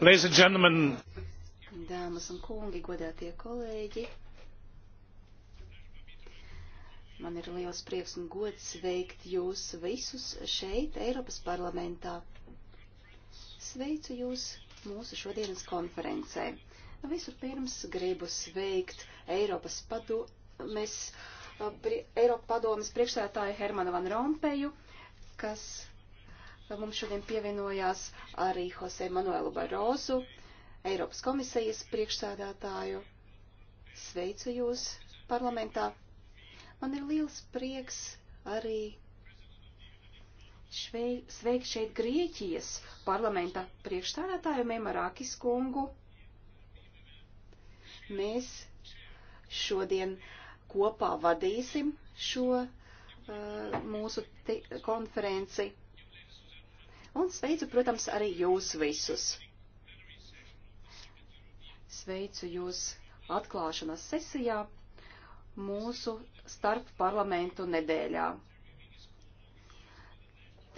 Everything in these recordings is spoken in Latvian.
Ladies and gentlemen. Dāmas un kungi, godātie kolēģi. Man ir liels prieks un gods sveikt jūs visus šeit, Eiropas parlamentā. Sveicu jūs mūsu šodienas konferencē. Nu, Vispirms gribu sveikt Eiropas padomes, Eiropa padomes priekšsētāju Hermanu Van Rompeju, kas Mums šodien pievienojās arī Jose Manuelu Barozu, Eiropas komisijas priekšsādātāju. Sveicu jūs parlamentā. Man ir liels prieks arī švei, sveikt šeit Grieķijas parlamenta priekšsādātāju Memarākis kungu. Mēs šodien kopā vadīsim šo uh, mūsu konferenci Un sveicu, protams, arī jūs visus. Sveicu jūs atklāšanas sesijā mūsu starp parlamentu nedēļā.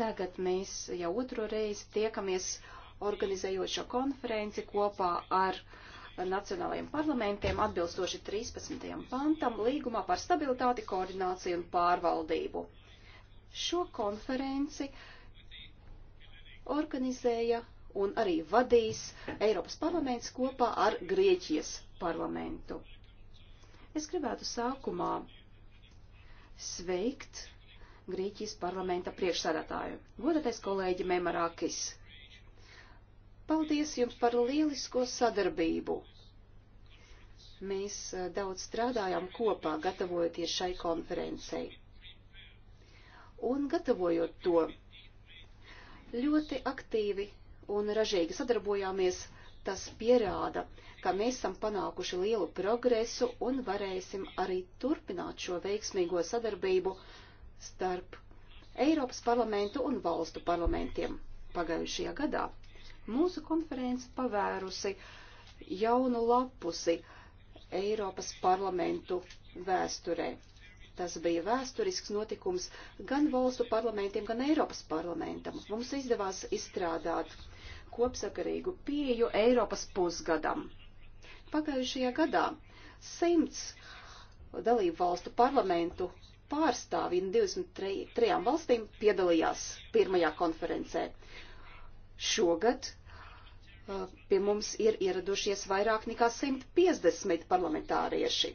Tagad mēs jau otro reizi tiekamies organizējot šo konferenci kopā ar nacionālajiem parlamentiem atbilstoši 13. pantam līgumā par stabilitāti, koordināciju un pārvaldību. Šo konferenci uh, organizēja un arī vadīs Eiropas parlaments kopā ar Grieķijas parlamentu. Es gribētu sākumā sveikt Grieķijas parlamenta priekšsādātāju, godatais kolēģi Memarākis. Paldies jums par lielisko sadarbību. Mēs eh, daudz strādājām kopā, gatavojoties šai konferencei. Un gatavojot to, ļoti aktīvi un ražīgi sadarbojāmies. Tas pierāda, ka mēs esam panākuši lielu progresu un varēsim arī turpināt šo veiksmīgo sadarbību starp Eiropas parlamentu un valstu parlamentiem. Pagājušajā gadā mūsu konference pavērusi jaunu lapusi Eiropas parlamentu vēsturē. Tas bija vēsturisks notikums gan valstu parlamentiem, gan Eiropas parlamentam. Mums izdevās izstrādāt kopsakarīgu pieju Eiropas pusgadam. Pagājušajā gadā simts dalību valstu parlamentu pārstāvji no 23 valstīm piedalījās pirmajā konferencē. Šogad uh, pie mums ir ieradušies vairāk nekā 150 parlamentārieši.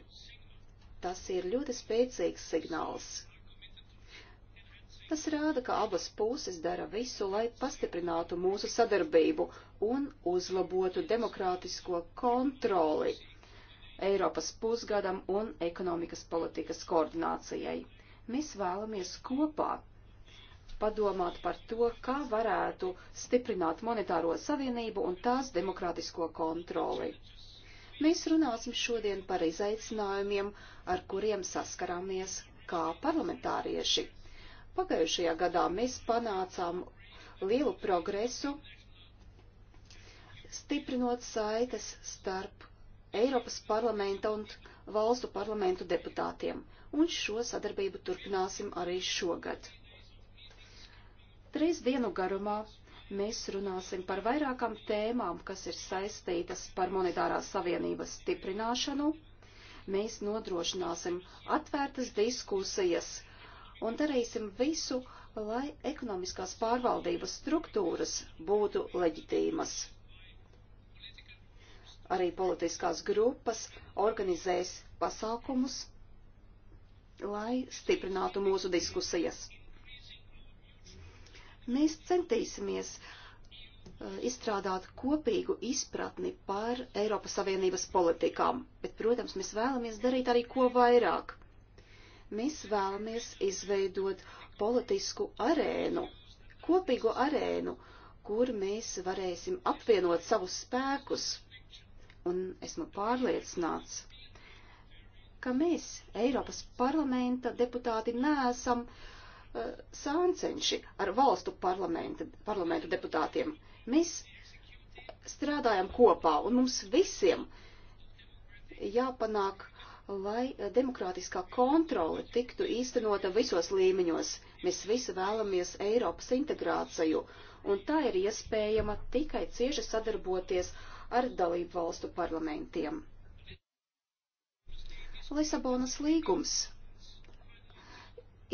Tas ir ļoti spēcīgs signāls. Tas rāda, ka abas puses dara visu, lai pastiprinātu mūsu sadarbību un uzlabotu demokrātisko kontroli Eiropas pusgadam un ekonomikas politikas koordinācijai. Mēs vēlamies kopā padomāt par to, kā varētu stiprināt monetāro savienību un tās demokrātisko kontroli. Mēs runāsim šodien par izaicinājumiem, ar kuriem saskarāmies kā parlamentārieši. Pagājušajā gadā mēs panācām lielu progresu, stiprinot saites starp Eiropas parlamenta un valstu parlamentu deputātiem, un šo sadarbību turpināsim arī šogad. Trīs dienu garumā mēs runāsim par vairākām tēmām, kas ir saistītas par monetārās savienības stiprināšanu. Mēs nodrošināsim atvērtas diskusijas un darīsim visu, lai ekonomiskās pārvaldības struktūras būtu leģitīmas. Arī politiskās grupas organizēs pasākumus, lai stiprinātu mūsu diskusijas. Mēs centīsimies uh, izstrādāt kopīgu izpratni par Eiropas Savienības politikām, bet, protams, mēs vēlamies darīt arī ko vairāk. Mēs vēlamies izveidot politisku arēnu, kopīgu arēnu, kur mēs varēsim apvienot savus spēkus. Un esmu pārliecināts, ka mēs, Eiropas parlamenta deputāti, neesam uh, Eh, sāncenši ar valstu parlamentu deputātiem. Mēs strādājam kopā un mums visiem jāpanāk, lai demokrātiskā kontrole tiktu īstenota visos līmeņos. Mēs visi vēlamies Eiropas integrāciju un tā ir iespējama tikai cieši sadarboties ar dalību valstu parlamentiem. Lisabonas līgums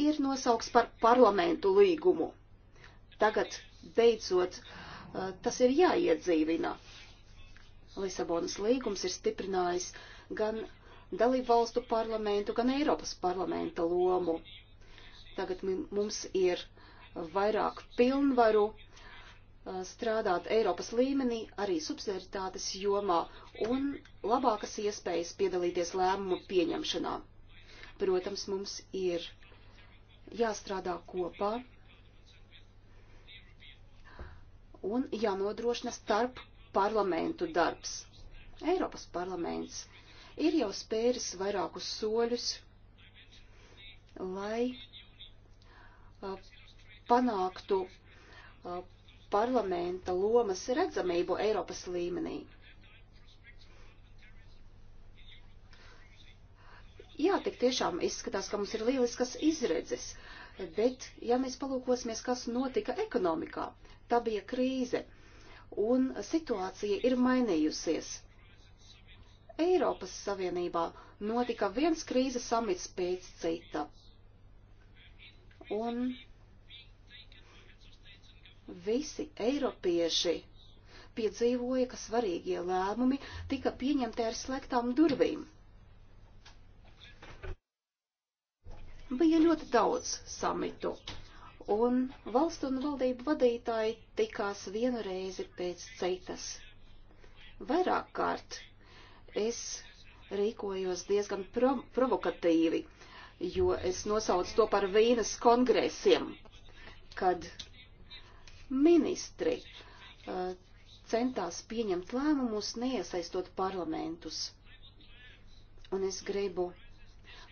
ir nosauks par parlamentu līgumu. Tagad beidzot uh, tas ir jāiedzīvina. Lisabonas līgums ir stiprinājis gan dalību valstu parlamentu, gan Eiropas parlamenta lomu. Tagad mums ir vairāk pilnvaru uh, strādāt Eiropas līmenī, arī subsidiaritātes jomā un labākas iespējas piedalīties lēmumu pieņemšanā. Protams, mums ir jāstrādā kopā un jānodrošina starp parlamentu darbs. Eiropas parlaments ir jau spēris vairākus soļus, lai a, panāktu a, parlamenta lomas redzamību Eiropas līmenī. Jā, tik tiešām izskatās, ka mums ir lieliskas izredzes bet ja mēs palūkosimies, kas notika ekonomikā, tā bija krīze, un situācija ir mainījusies. Eiropas Savienībā notika viens krīzes samits pēc cita. Un visi eiropieši piedzīvoja, ka svarīgie lēmumi tika pieņemti ar slēgtām durvīm. Bija ļoti daudz samitu, un valstu un valdību vadītāji tikās vienu reizi pēc citas. Vairāk kārt es rīkojos diezgan pro provokatīvi, jo es nosaucu to par vīnas kongresiem, kad ministri uh, centās pieņemt lēmumus, neiesaistot parlamentus. Un es gribu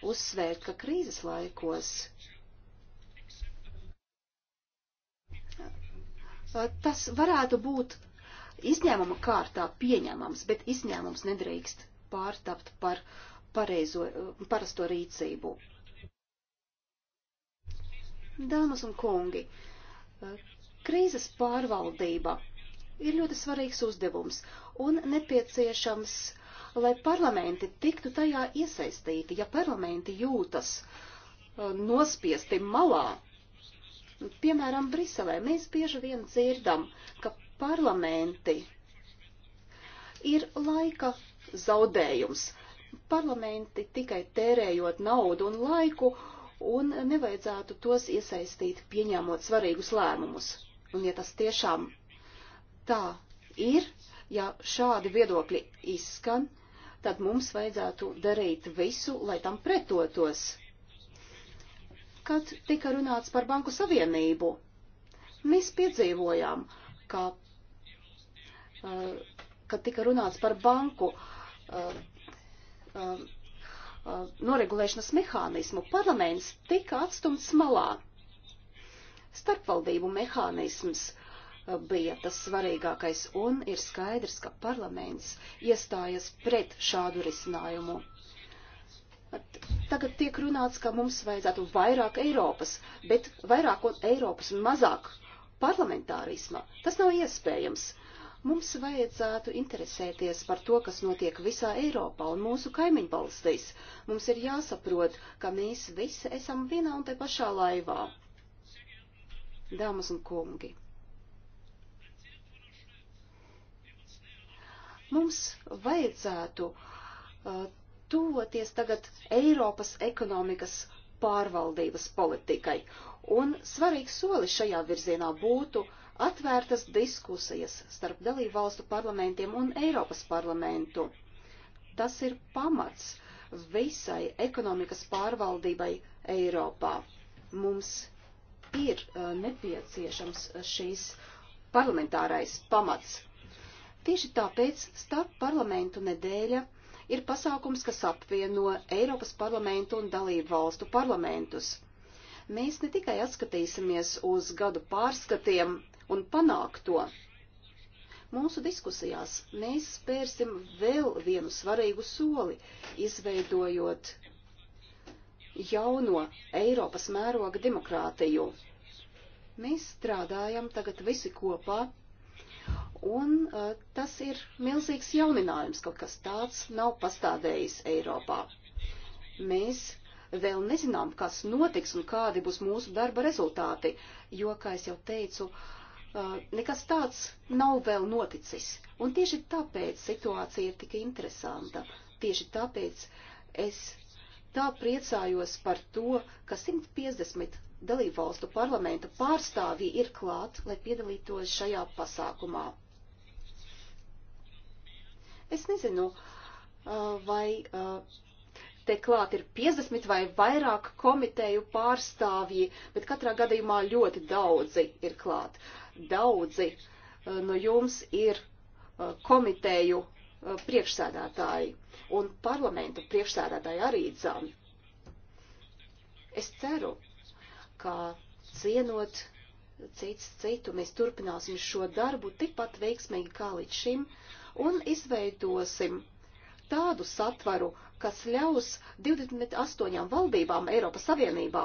uzsvērt, ka krīzes laikos tas varētu būt izņēmuma kārtā pieņemams, bet izņēmums nedrīkst pārtapt par pareizo, parasto rīcību. Dāmas un kungi, krīzes pārvaldība ir ļoti svarīgs uzdevums un nepieciešams lai parlamenti tiktu tajā iesaistīti. Ja parlamenti jūtas uh, nospiesti malā, piemēram, Briselē, mēs bieži vien dzirdam, ka parlamenti ir laika zaudējums. Parlamenti tikai tērējot naudu un laiku, un nevajadzētu tos iesaistīt, pieņēmot svarīgus lēmumus. Un ja tas tiešām tā ir, ja šādi viedokļi izskan, tad mums vajadzētu darīt visu, lai tam pretotos. Kad tika runāts par Banku Savienību, mēs piedzīvojām, ka, eh, kad tika runāts par banku eh, eh, noregulēšanas mehānismu, parlaments tika atstumts malā. Starpvaldību mehānisms bija tas svarīgākais, un ir skaidrs, ka parlaments iestājas pret šādu risinājumu. Tagad tiek runāts, ka mums vajadzētu vairāk Eiropas, bet vairāk Eiropas un mazāk parlamentārisma. Tas nav iespējams. Mums vajadzētu interesēties par to, kas notiek visā Eiropā un mūsu kaimiņu valstīs. Mums ir jāsaprot, ka mēs visi esam vienā un te pašā laivā. Dāmas un kungi! Mums vajadzētu uh, tuvoties tagad Eiropas ekonomikas pārvaldības politikai. Un svarīgs solis šajā virzienā būtu atvērtas diskusijas starp dalību valstu parlamentiem un Eiropas parlamentu. Tas ir pamats visai ekonomikas pārvaldībai Eiropā. Mums ir uh, nepieciešams šīs parlamentārais pamats. Tieši tāpēc starp parlamentu nedēļa ir pasākums, kas apvieno Eiropas parlamentu un dalību valstu parlamentus. Mēs ne tikai atskatīsimies uz gadu pārskatiem un panākto, mūsu diskusijās mēs spērsim vēl vienu svarīgu soli, izveidojot jauno Eiropas mēroga demokrātiju. Mēs strādājam tagad visi kopā Un uh, tas ir milzīgs jauninājums, kaut kas tāds nav pastādējis Eiropā. Mēs vēl nezinām, kas notiks un kādi būs mūsu darba rezultāti, jo, kā es jau teicu, uh, nekas tāds nav vēl noticis. Un tieši tāpēc situācija ir tik interesanta. Tieši tāpēc es tā priecājos par to, ka 150 dalībvalstu parlamentu pārstāvji ir klāt, lai piedalītos šajā pasākumā. Es nezinu, vai te klāt ir 50 vai vairāk komiteju pārstāvji, bet katrā gadījumā ļoti daudzi ir klāt. Daudzi no jums ir komiteju priekšsēdētāji un parlamentu priekšsēdētāji arī dzami. Es ceru, ka cienot cits citu, mēs turpināsim šo darbu tikpat veiksmīgi kā līdz šim. Uh, un izveidosim tādu satvaru, kas ļaus 28 valdībām Eiropas Savienībā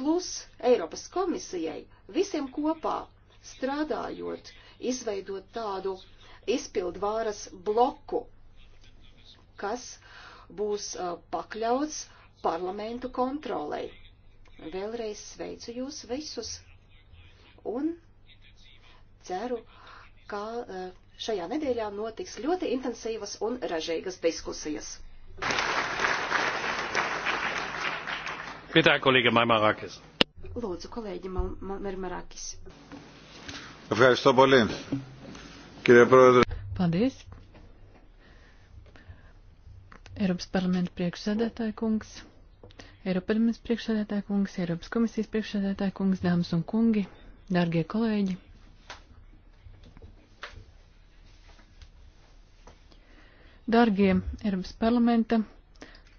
plus Eiropas komisijai visiem kopā strādājot, izveidot tādu izpildvāras bloku, kas būs uh, pakļauts parlamentu kontrolei. Vēlreiz sveicu jūs visus un ceru, ka uh, šajā nedēļā notiks ļoti intensīvas un ražīgas diskusijas. Pitā, kolēģi Maimarakis. Lūdzu, kolēģi Maimarakis. Ευχαριστώ πολύ, κύριε Πρόεδρε. Paldies. Eiropas parlamenta priekšsēdētāja kungs, Eiropas parlamenta priekšsēdētāja kungs, Eiropas komisijas priekšsēdētāja kungs, dāmas un kungi, dārgie kolēģi. Dargie Eiropas parlamenta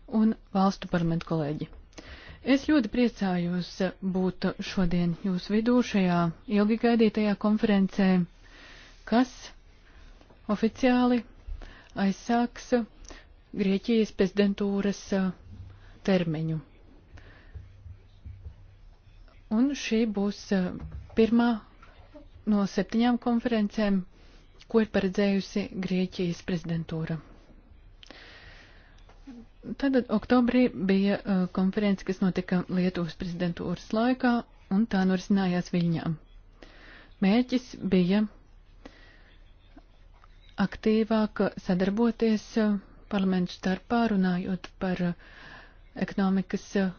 un valstu parlamentu kolēģi! Es ļoti priecājos būt šodien jūsu vidū šajā ilgi gaidītajā konferencē, kas oficiāli aizsāks Grieķijas prezidentūras termiņu. Un šī būs pirmā no septiņām konferencēm, ko ir paredzējusi Grieķijas prezidentūra. Tātad oktobrī bija uh, konference, kas notika Lietuvas prezidentūras laikā, un tā norisinājās Viļņā. Mērķis bija aktīvāk sadarboties uh, parlamentu starpā, runājot par uh, ekonomikas uh,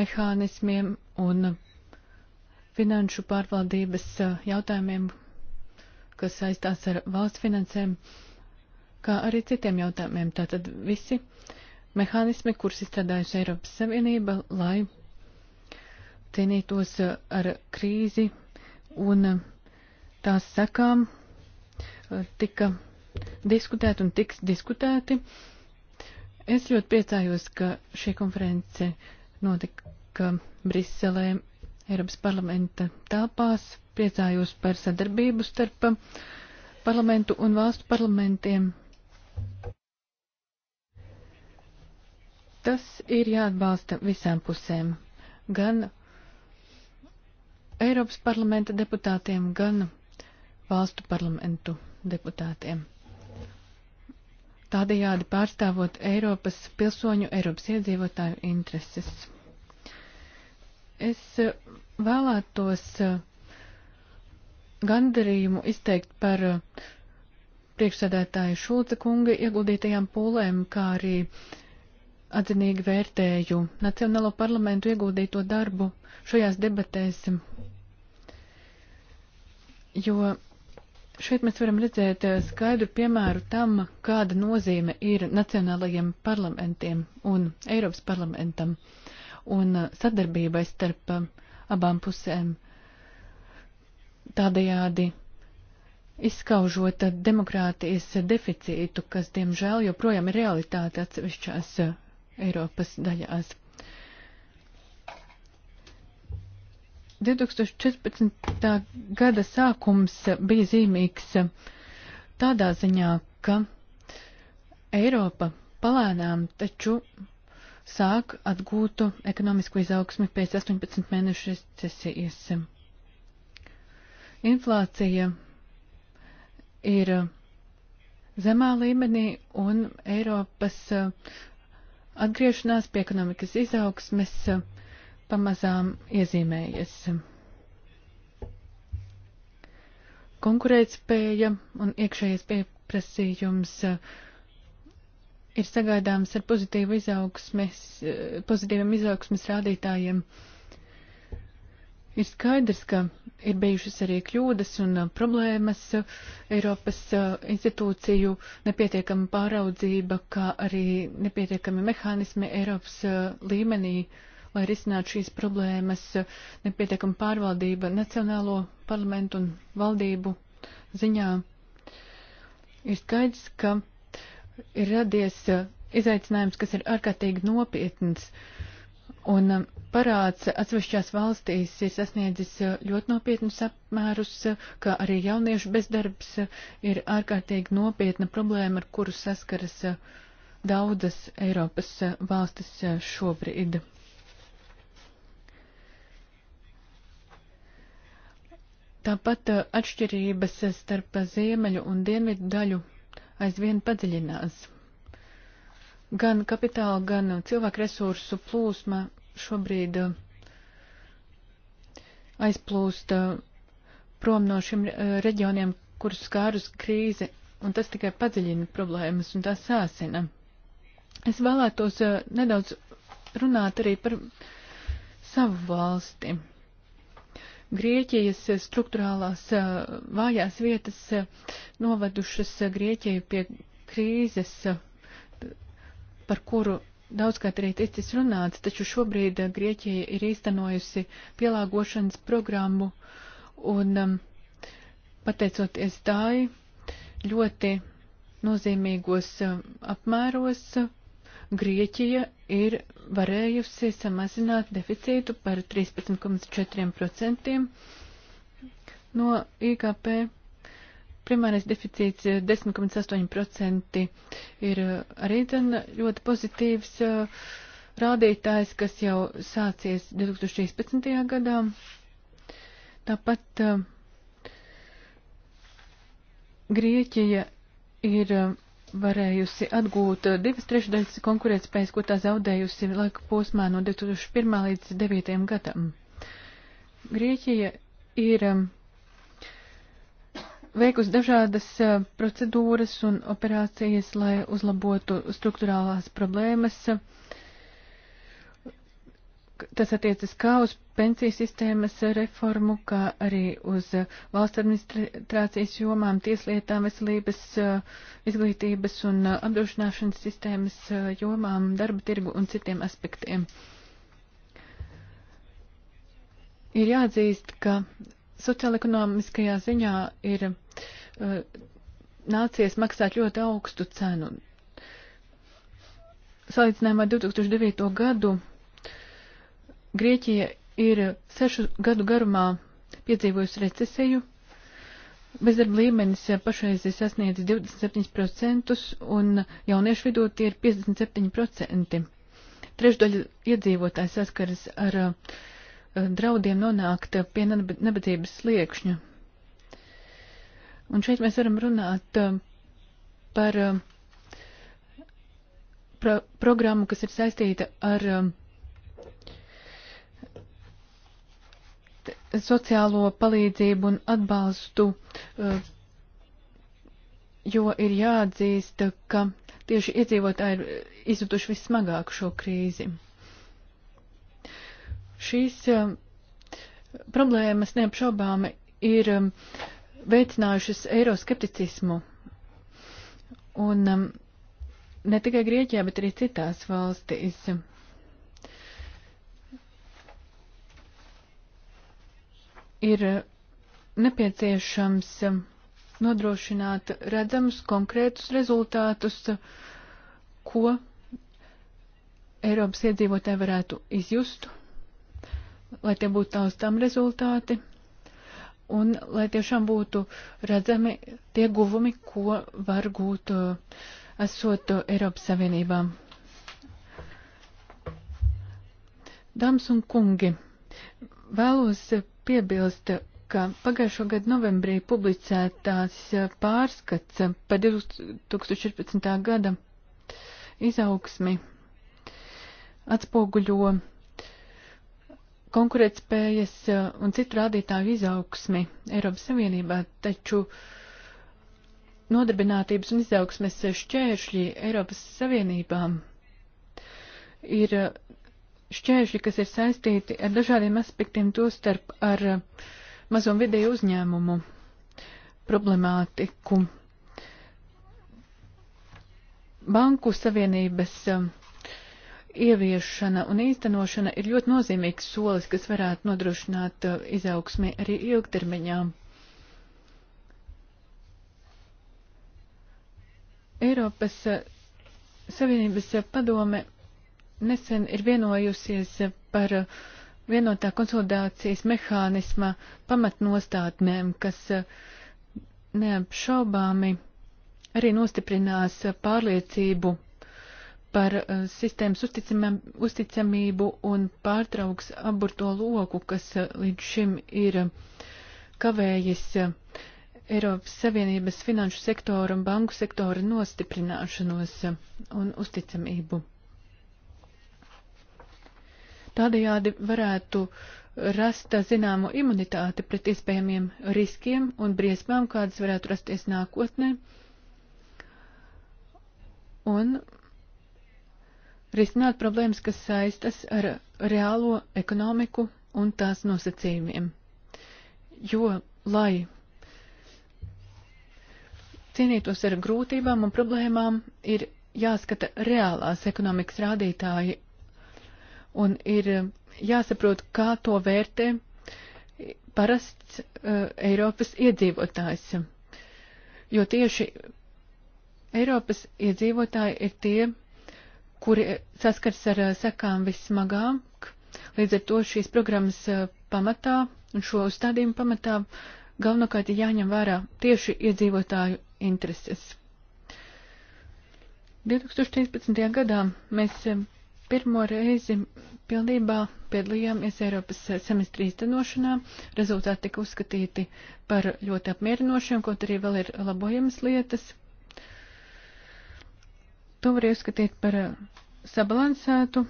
mehānismiem un finanšu pārvaldības jautājumiem, kas saistās ar valsts finansēm, kā arī citiem jautājumiem. Tātad visi uh, mehānismi, kurus izstrādājusi Eiropas Savienība, lai cīnītos ar krīzi un tās sakām tika diskutēti un tiks diskutēti. Es ļoti priecājos, ka šī konference notika Briselē, Eiropas parlamenta telpās. Priecājos par sadarbību starp parlamentu un valstu parlamentiem Tas ir jāatbalsta visām pusēm, gan Eiropas parlamenta deputātiem, gan valstu parlamentu deputātiem. Tādējādi pārstāvot Eiropas pilsoņu, Eiropas iedzīvotāju intereses. Es eh, vēlētos eh, gandarījumu izteikt par eh, priekšsēdētāju Šulca kunga ieguldītajām pūlēm, kā arī uh, atzinīgi vērtēju Nacionālo parlamentu ieguldīto darbu šajās debatēs, jo šeit mēs varam redzēt skaidru piemēru tam, kāda nozīme ir Nacionālajiem parlamentiem un Eiropas parlamentam un sadarbībai starp abām pusēm. Tādējādi izskaužot demokrātijas deficītu, kas, diemžēl, joprojām ir realitāte atsevišķās Eiropas daļās. 2014. gada sākums bija zīmīgs tādā ziņā, ka Eiropa palēnām taču sāk atgūtu ekonomisko izaugsmi pēc 18 mēnešu recesijas. Inflācija ir zemā līmenī un Eiropas atgriešanās pie ekonomikas izaugsmes eh, pamazām iezīmējies. Konkurētspēja un iekšējais pieprasījums eh, ir sagaidāms ar pozitīvu izaugsmes, eh, pozitīviem izaugsmes rādītājiem Ir skaidrs, ka ir bijušas arī kļūdas un uh, problēmas uh, Eiropas uh, institūciju, nepietiekama pāraudzība, kā arī nepietiekami mehānismi Eiropas līmenī, lai risinātu šīs problēmas, nepietiekama pārvaldība nacionālo parlamentu un valdību ziņā. Ir skaidrs, ka ir radies izaicinājums, kas ir ārkārtīgi nopietns. Un um, parāds atsevišķās valstīs ir sasniedzis uh, ļoti nopietnus apmērus, uh, ka arī jauniešu bezdarbs uh, ir ārkārtīgi nopietna problēma, ar kuru saskaras daudzas Eiropas valstis šobrīd. Tāpat atšķirības starp ziemeļu un dienvidu daļu aizvien padziļinās. Gan kapitāla, gan cilvēku resursu plūsma šobrīd uh, aizplūst uh, prom no šiem uh, reģioniem, kurus skārus krīze, un tas tikai padziļina problēmas un tās sāsina. Es vēlētos nedaudz runāt arī par savu valsti. Grieķijas struktūrālās vājās vietas novadušas Grieķiju pie krīzes, par kuru daudzkārt arī ticis runāts, taču šobrīd eh, Grieķija ir īstenojusi pielāgošanas programmu un um, pateicoties tai ļoti nozīmīgos um, apmēros Grieķija ir varējusi samazināt deficītu par 13,4% no IKP primārais deficīts 10,8% eh, ir eh, arī ļoti pozitīvs eh, rādītājs, kas jau sācies 2013. gadā. Tāpat Grieķija ir varējusi atgūt divas trešdaļas konkurētspējas, ko tā zaudējusi laika posmā no 2001. līdz 2009. gadam. Grieķija ir veikusi dažādas procedūras un operācijas, lai uzlabotu struktūrālās problēmas. Tas attiecas kā uz pensiju sistēmas reformu, kā arī uz valsts administrācijas jomām, tieslietām, veselības, izglītības un apdrošināšanas sistēmas jomām, darba tirgu un citiem aspektiem. Ir jāatzīst, ka sociālekonomiskajā ziņā ir uh, nācies maksāt ļoti augstu cenu. Salīdzinājumā 2009. gadu Grieķija ir sešu gadu garumā piedzīvojusi recesiju, bezdarba līmenis pašreiz ir sasniedzis 27% un jauniešu vidū tie ir 57%. Trešdaļa iedzīvotāji saskaras ar uh, draudiem nonākt pie nebadzības sliekšņa. Un šeit mēs varam runāt um, par um, pro programmu, kas ir saistīta ar um, sociālo palīdzību un atbalstu, uh, jo ir jāatzīst, ka tieši iedzīvotāji ir uh, izjutuši vissmagāk šo krīzi. Šīs um, problēmas neapšaubāmi ir um, veicinājušas eiroskepticismu. Un um, ne tikai Grieķijā, bet arī citās valstīs. Ir uh, nepieciešams nodrošināt redzamus konkrētus rezultātus, ko Eiropas iedzīvotāji varētu izjust lai tie būtu taustām rezultāti un lai tiešām būtu redzami tie guvumi, ko var gūt uh, esot uh, Eiropas Savienībā. Dāmas un kungi, vēlos piebilst, ka pagājušo gadu novembrī publicētās uh, pārskats par 2014. gada izaugsmi atspoguļo konkurētspējas eh, un citu rādītāju izaugsmi Eiropas Savienībā, taču nodarbinātības un izaugsmes šķēršļi Eiropas Savienībām ir eh, šķēršļi, kas ir saistīti ar dažādiem aspektiem, tostarp ar eh, mazo un vidēju uzņēmumu problemātiku. Banku savienības uh, ieviešana un īstenošana ir ļoti nozīmīgs solis, kas varētu nodrošināt uh, izaugsmi arī ilgtermiņā. Eiropas uh, Savienības uh, padome nesen ir vienojusies par vienotā konsolidācijas mehānisma pamatnostādnēm, kas neapšaubāmi arī nostiprinās pārliecību par uh, sistēmas uzticamam, uzticamību un pārtrauks aburto loku, kas uh, līdz šim ir uh, kavējis uh, Eiropas Savienības finanšu sektoru un banku sektoru nostiprināšanos uh, un uzticamību. Tādējādi varētu rast zināmu imunitāti pret iespējamiem riskiem un briesmām, kādas varētu rasties nākotnē. Un risināt problēmas, kas saistas ar reālo ekonomiku un tās nosacījumiem. Jo, lai cīnītos ar grūtībām un problēmām, ir jāskata reālās ekonomikas rādītāji un ir jāsaprot, kā to vērtē parasts uh, Eiropas iedzīvotājs. Jo tieši Eiropas iedzīvotāji ir tie, kuri saskars ar sekām vismagāk. Līdz ar to šīs programmas pamatā un šo uzstādījumu pamatā galvenokārt ir jāņem vērā tieši iedzīvotāju intereses. 2013. gadā mēs pirmo reizi pilnībā piedalījāmies Eiropas semestri īstenošanā. Rezultāti tika uzskatīti par ļoti apmierinošiem, kaut arī vēl ir labojamas lietas. To var ieskatīt par eh, sabalansētu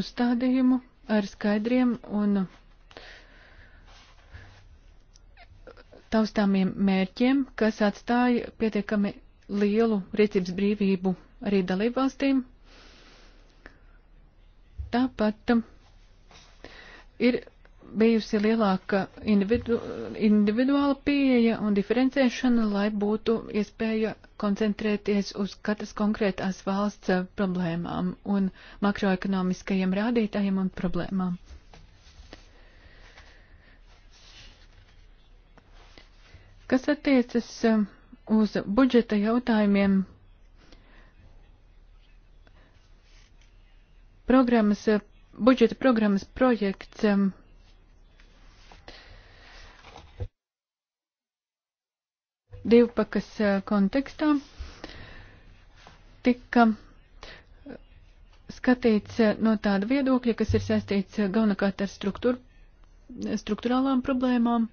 uzstādījumu ar skaidriem un taustāmiem mērķiem, kas atstāja pietiekami lielu rīcības brīvību arī dalībvalstīm. Tāpat ir bijusi lielāka individu, individuāla pieeja un diferencēšana, lai būtu iespēja koncentrēties uz katras konkrētās valsts problēmām un makroekonomiskajiem rādītājiem un problēmām. Kas attiecas um, uz budžeta jautājumiem, programmas, budžeta programmas projekts um, divpakas kontekstā tika skatīts no tāda viedokļa, kas ir saistīts galvenokārt ar struktūru, struktūrālām problēmām.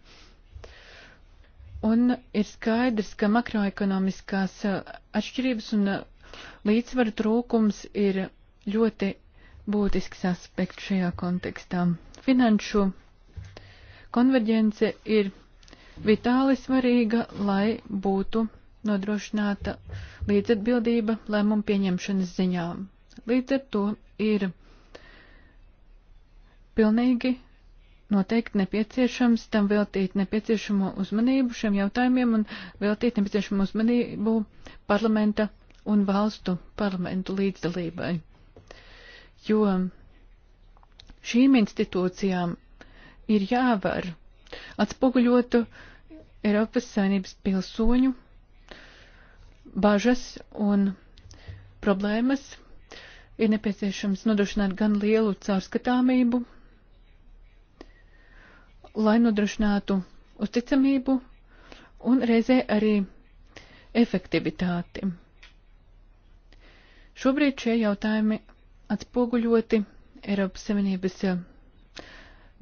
Un ir skaidrs, ka makroekonomiskās atšķirības un līdzsvaru trūkums ir ļoti būtisks aspekts šajā kontekstā. Finanšu konverģence ir vitāli svarīga, lai būtu nodrošināta līdzatbildība lēmumu pieņemšanas ziņā. Līdz ar to ir pilnīgi noteikti nepieciešams tam veltīt nepieciešamo uzmanību šiem jautājumiem un veltīt nepieciešamo uzmanību parlamenta un valstu parlamentu līdzdalībai. Jo šīm institūcijām ir jāvar atspoguļotu Eiropas Savienības pilsoņu bažas un problēmas. Ir nepieciešams nodrošināt gan lielu caurskatāmību, lai nodrošinātu uzticamību un reizē arī efektivitāti. Šobrīd šie jautājumi atspoguļoti Eiropas Savienības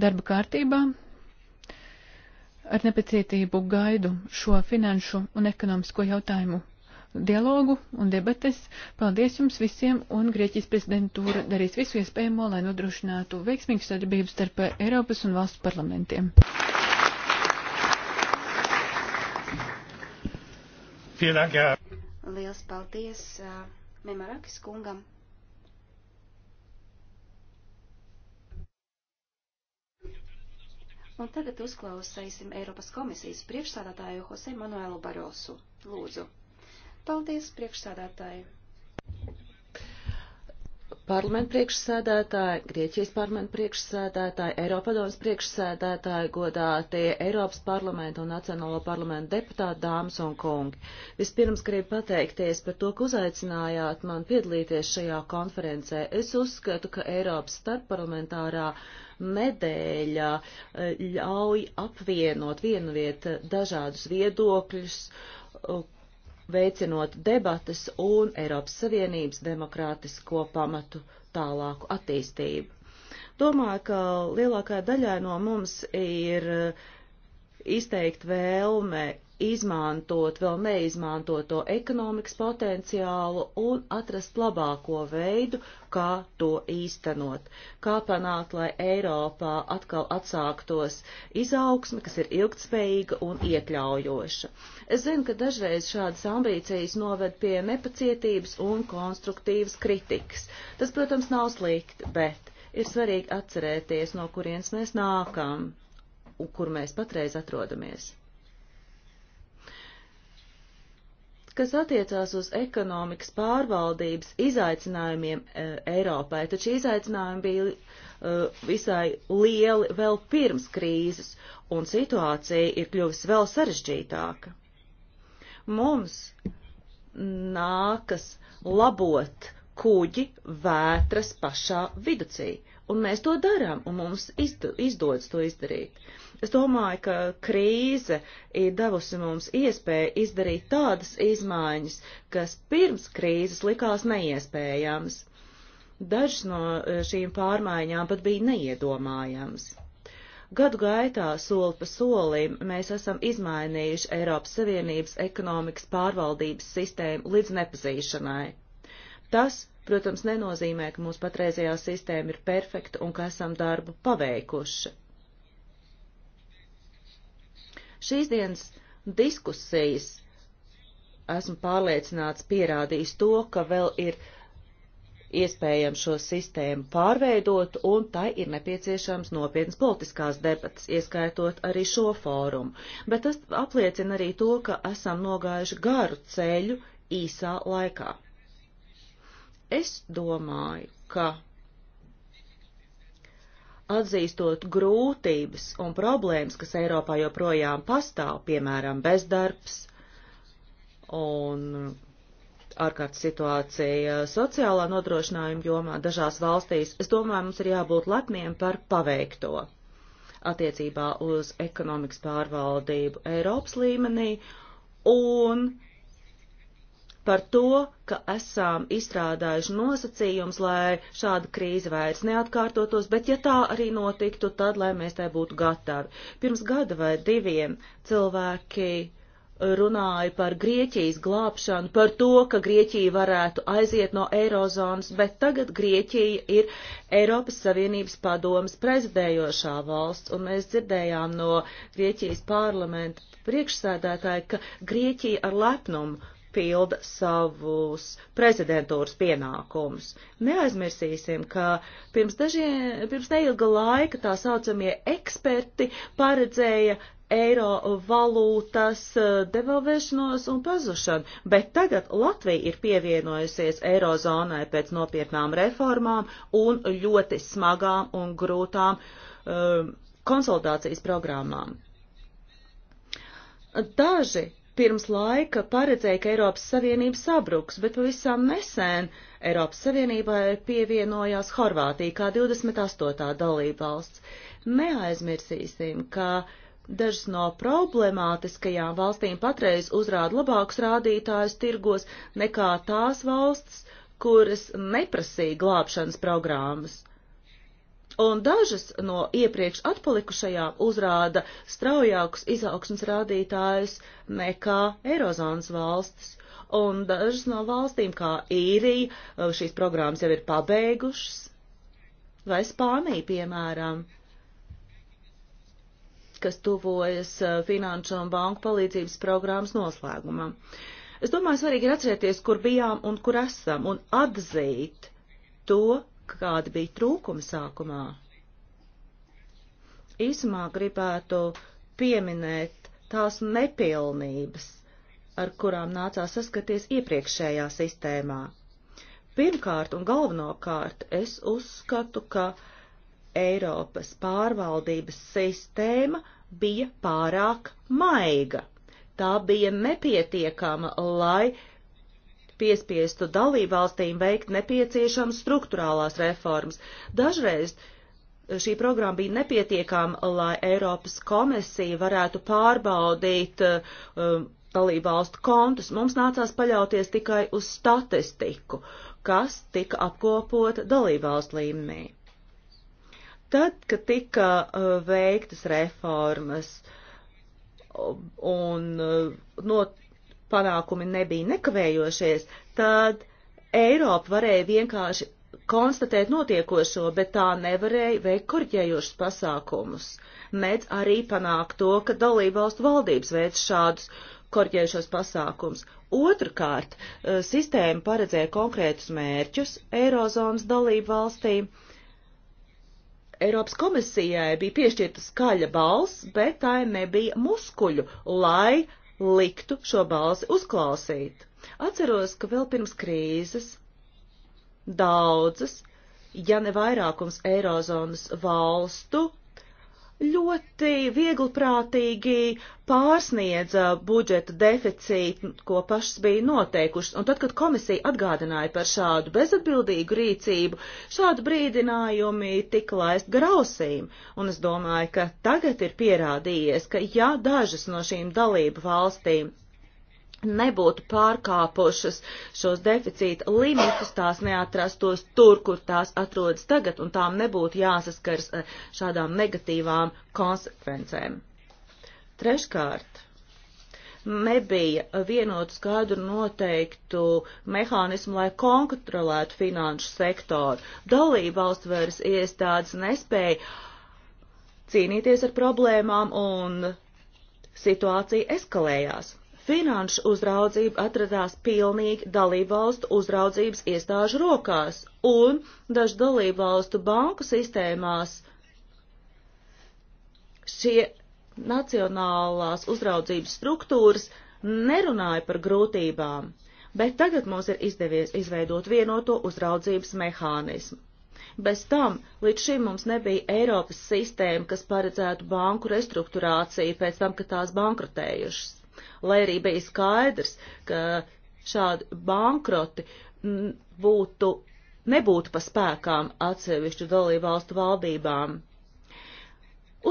darba kārtībā, ar nepacietību gaidu šo finanšu un ekonomisko jautājumu dialogu un debates. Paldies jums visiem, un Grieķijas prezidentūra darīs visu iespējamo, lai nodrošinātu veiksmīgu sadarbību starp Eiropas un valstu parlamentiem. Liels paldies uh, Memarakis kungam! Un tagad uzklausīsim Eiropas komisijas priekšsādātāju Jose Manuelu Barosu. Lūdzu. Paldies, priekšsādātāji! parlamentu priekšsēdētāji, Grieķijas parlamentu priekšsēdētāji, Eiropadomas priekšsēdētāji, godātie Eiropas parlamentu un Nacionālo parlamentu deputāti, dāmas un kungi. Vispirms gribu pateikties par to, ka uzaicinājāt man piedalīties šajā konferencē. Es uzskatu, ka Eiropas starpparlamentārā nedēļa eh, ļauj apvienot vienu vietu dažādus viedokļus veicinot debatas un Eiropas Savienības demokrātisko pamatu tālāku attīstību. Domāju, ka lielākajai daļai no mums ir eh, izteikt vēlme izmantot vēl neizmantoto ekonomikas potenciālu un atrast labāko veidu, kā to īstenot. Kā panākt, lai Eiropā atkal atsāktos izaugsme, kas ir ilgtspējīga un iekļaujoša. Es zinu, ka dažreiz šādas ambīcijas noved pie nepacietības un konstruktīvas kritikas. Tas, protams, nav slikti, bet ir svarīgi atcerēties, no kurienes mēs nākam un kur mēs patreiz atrodamies. kas attiecās uz ekonomikas pārvaldības izaicinājumiem e, Eiropai, tad šī izaicinājumi bija e, visai lieli vēl pirms krīzes, un situācija ir kļuvusi vēl sarežģītāka. Mums nākas labot kuģi vētras pašā viducī, un mēs to darām, un mums izdodas to izdarīt. Uh, Es domāju, ka krīze ir devusi mums iespēju izdarīt tādas izmaiņas, kas pirms krīzes likās neiespējams. Dažas no eh, šīm pārmaiņām pat bija neiedomājams. Gadu gaitā soli pa solim mēs esam izmainījuši Eiropas Savienības ekonomikas pārvaldības sistēmu līdz nepazīšanai. Tas, protams, nenozīmē, ka mūsu patreizējā sistēma ir perfekta un ka esam darbu paveikuši Šīs dienas diskusijas, esmu pārliecināts, pierādīs to, ka vēl ir iespējams šo sistēmu pārveidot, un tai ir nepieciešams nopietnas politiskās debatas, ieskaitot arī šo fórumu. Bet tas apliecina arī to, ka esam nogājuši garu ceļu īsā laikā. Es domāju, ka atzīstot grūtības un problēmas, kas Eiropā joprojām pastāv, piemēram, bezdarbs un ārkārtas situācija sociālā nodrošinājuma jomā dažās valstīs, es domāju, mums ir jābūt lepniem par paveikto attiecībā uz ekonomikas pārvaldību Eiropas līmenī un par to, ka esam izstrādājuši nosacījums, lai šāda krīze vairs neatkārtotos, bet ja tā arī notiktu, tad lai mēs tai būtu gatavi. Pirms gada vai diviem cilvēki runāja par Grieķijas glābšanu, par to, ka Grieķija varētu aiziet no Eirozonas, bet tagad Grieķija ir Eiropas Savienības padomas prezidējošā valsts, un mēs dzirdējām no Grieķijas parlamenta priekšsēdētāja, ka Grieķija ar lepnumu pilda savus prezidentūras pienākumus. Neaizmirsīsim, ka pirms, dažie, pirms neilga laika tā saucamie eksperti paredzēja eiro valūtas eh, devalvēšanos un pazušanu, bet tagad Latvija ir pievienojusies eirozonai pēc nopietnām reformām un ļoti smagām un grūtām um, eh, konsultācijas programmām. Daži pirms laika paredzēja, ka Eiropas Savienība sabruks, bet pavisam nesen Eiropas Savienībai pievienojās Horvātija kā 28. dalībvalsts. Neaizmirsīsim, ka dažas no problemātiskajām valstīm patreiz uzrāda labākus rādītājus tirgos nekā tās valstis, kuras neprasīja glābšanas programmas. Un dažas no iepriekš atpalikušajām uzrāda straujākus izaugsmas rādītājus nekā Eirozonas valstis. Un dažas no valstīm, kā īrija, šīs programmas jau ir pabeigušas, vai Spānija, piemēram, kas tuvojas eh, finanšu un banku palīdzības programmas noslēgumam. Es domāju, svarīgi ir atcerēties, kur bijām un kur esam, un atzīt to, kāda bija trūkuma sākumā. Īsumā gribētu pieminēt tās nepilnības, ar kurām nācās saskaties iepriekšējā sistēmā. Pirmkārt un galvenokārt es uzskatu, ka Eiropas pārvaldības sistēma bija pārāk maiga. Tā bija nepietiekama, lai piespiestu dalībvalstīm veikt nepieciešams struktūrālās reformas. Dažreiz šī programma bija nepietiekama, lai Eiropas komisija varētu pārbaudīt uh, dalībvalstu kontus. Mums nācās paļauties tikai uz statistiku, kas tika apkopota dalībvalstu līmenī. Tad, kad tika uh, veiktas reformas un uh, not panākumi nebija nekavējošies, tad Eiropa varēja vienkārši konstatēt notiekošo, bet tā nevarēja veikt korģējošus pasākumus. Mēdz arī panākt to, ka dalībvalstu valdības veids šādus korģējušos pasākums. Otrakārt, eh, sistēma paredzēja konkrētus mērķus Eirozonas dalību valstīm. Eiropas komisijai bija piešķirta skaļa balss, bet tā nebija muskuļu, lai liktu šo balsi uzklausīt. Atceros, ka vēl pirms krīzes daudzas, ja ne vairākums Eirozonas valstu ļoti viegliprātīgi pārsniedza budžeta deficītu, ko pašas bija noteikušas. Un tad, kad komisija atgādināja par šādu bezatbildīgu rīcību, šādu brīdinājumi tika laist grausīm. Un es domāju, ka tagad ir pierādījies, ka ja dažas no šīm dalību valstīm nebūtu pārkāpušas šos deficīta limitus, tās neatrastos tur, kur tās atrodas tagad, un tām nebūtu jāsaskars ar eh, šādām negatīvām konsekvencēm. Treškārt, nebija vienotu skaidru noteiktu mehānismu, lai kontrolētu finanšu sektoru. Dalībvalstu varas iestādes nespēja cīnīties ar problēmām un situācija eskalējās. Finanšu uzraudzība atradās pilnīgi dalībvalstu uzraudzības iestāžu rokās, un dažu dalībvalstu banku sistēmās šie nacionālās uzraudzības struktūras nerunāja par grūtībām, bet tagad mums ir izdevies izveidot vienoto uzraudzības mehānismu. Bez tam līdz šim mums nebija Eiropas sistēma, kas paredzētu banku restruktūrāciju pēc tam, kad tās bankrotējušas lai arī bija skaidrs, ka šādi bankroti būtu, nebūtu pa spēkām atsevišķu dalību valstu valdībām.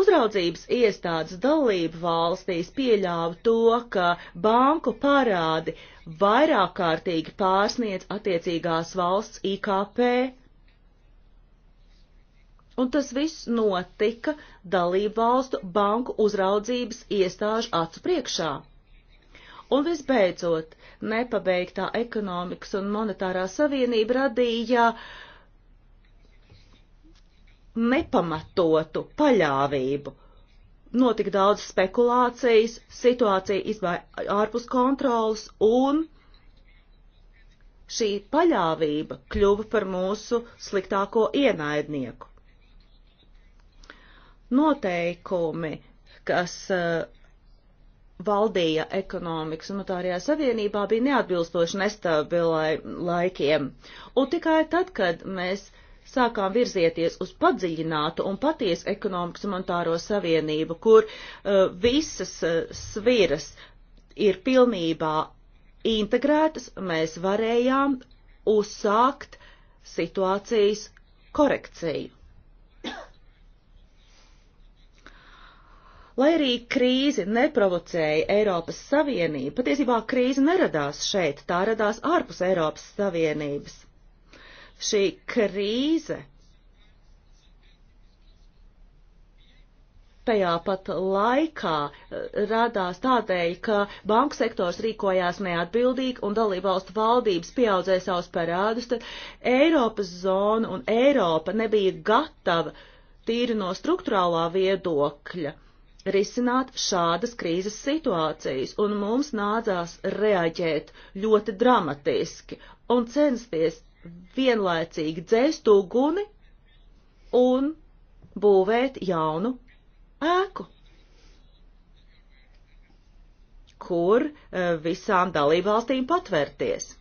Uzraudzības iestādes dalību valstīs pieļāva to, ka banku parādi vairāk kārtīgi pārsniedz attiecīgās valsts IKP. Un tas viss notika dalību valstu banku uzraudzības iestāžu acu priekšā. Un visbeidzot, nepabeigtā ekonomikas un monetārā savienība radīja nepamatotu paļāvību. Notika daudz spekulācijas, situācija izbēja ārpus kontrolas un šī paļāvība kļuva par mūsu sliktāko ienaidnieku. Noteikumi, kas uh, valdīja ekonomikas un monetārajā savienībā bija neatbilstoši nestabilai laikiem. Un tikai tad, kad mēs sākām virzieties uz padziļinātu un patiesu ekonomikas un monetāro savienību, kur uh, visas uh, sviras ir pilnībā integrētas, mēs varējām uzsākt situācijas korekciju. Lai arī krīzi neprovocēja Eiropas Savienība, patiesībā krīze neradās šeit, tā radās ārpus Eiropas Savienības. Šī krīze tajā pat laikā eh, radās tādēļ, ka banku sektors rīkojās neatbildīgi un dalībvalstu valdības pieaudzēja savus parādus, tad Eiropas zona un Eiropa nebija gatava tīri no struktūrālā viedokļa risināt šādas krīzes situācijas, un mums nācās reaģēt ļoti dramatiski un censties vienlaicīgi dzēst uguni un būvēt jaunu ēku, kur eh, visām dalībvalstīm patvērties.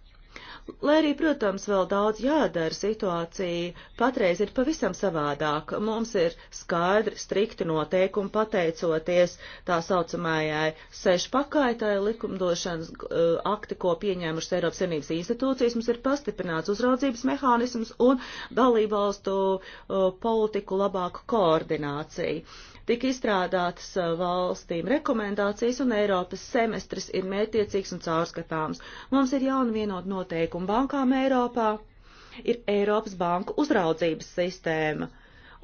Lai arī, protams, vēl daudz jādara, situācija patreiz ir pavisam savādāk. Mums ir skaidri, strikti noteikumi pateicoties tā saucamājai sešu pakaitai likumdošanas uh, akti, ko pieņēmušas Eiropas Savienības institūcijas. Mums ir pastiprināts uzraudzības mehānisms un dalībvalstu uh, politiku labāku koordināciju. Tika izstrādātas uh, valstīm rekomendācijas, un Eiropas semestris ir mērķiecīgs un caurskatāms. Mums ir jauna vienot noteikumu bankām Eiropā, ir Eiropas banku uzraudzības sistēma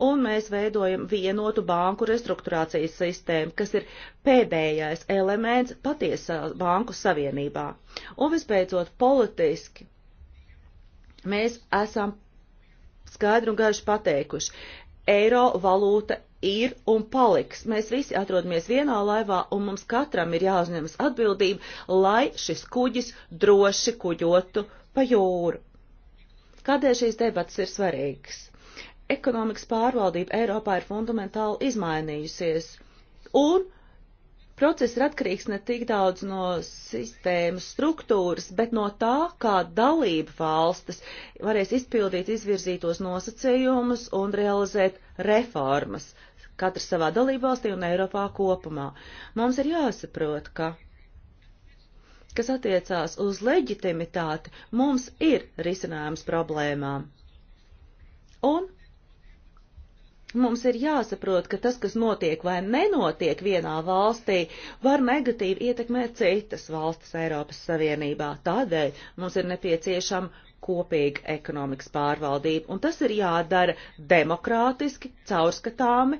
un mēs veidojam vienotu banku restruktūrācijas sistēmu, kas ir pēdējais elements patiesā banku savienībā. Un vispēcot politiski, mēs esam skaidru un gaišu pateikuši, eiro valūta ir un paliks. Mēs visi atrodamies vienā laivā, un mums katram ir jāuzņemas atbildība, lai šis kuģis droši kuģotu pa jūru. Kādēļ šīs debatas ir svarīgas? Ekonomikas pārvaldība Eiropā ir fundamentāli izmainījusies, un process ir atkarīgs ne tik daudz no sistēmas struktūras, bet no tā, kā dalība valstis varēs izpildīt izvirzītos nosacījumus un realizēt reformas katrs savā dalībvalstī un Eiropā kopumā. Mums ir jāsaprot, ka kas attiecās uz leģitimitāti, mums ir risinājums problēmām. Un mums ir jāsaprot, ka tas, kas notiek vai nenotiek vienā valstī, var negatīvi ietekmēt citas valstis Eiropas Savienībā. Tādēļ mums ir nepieciešama kopīga ekonomikas pārvaldība, un tas ir jādara demokrātiski, caurskatāmi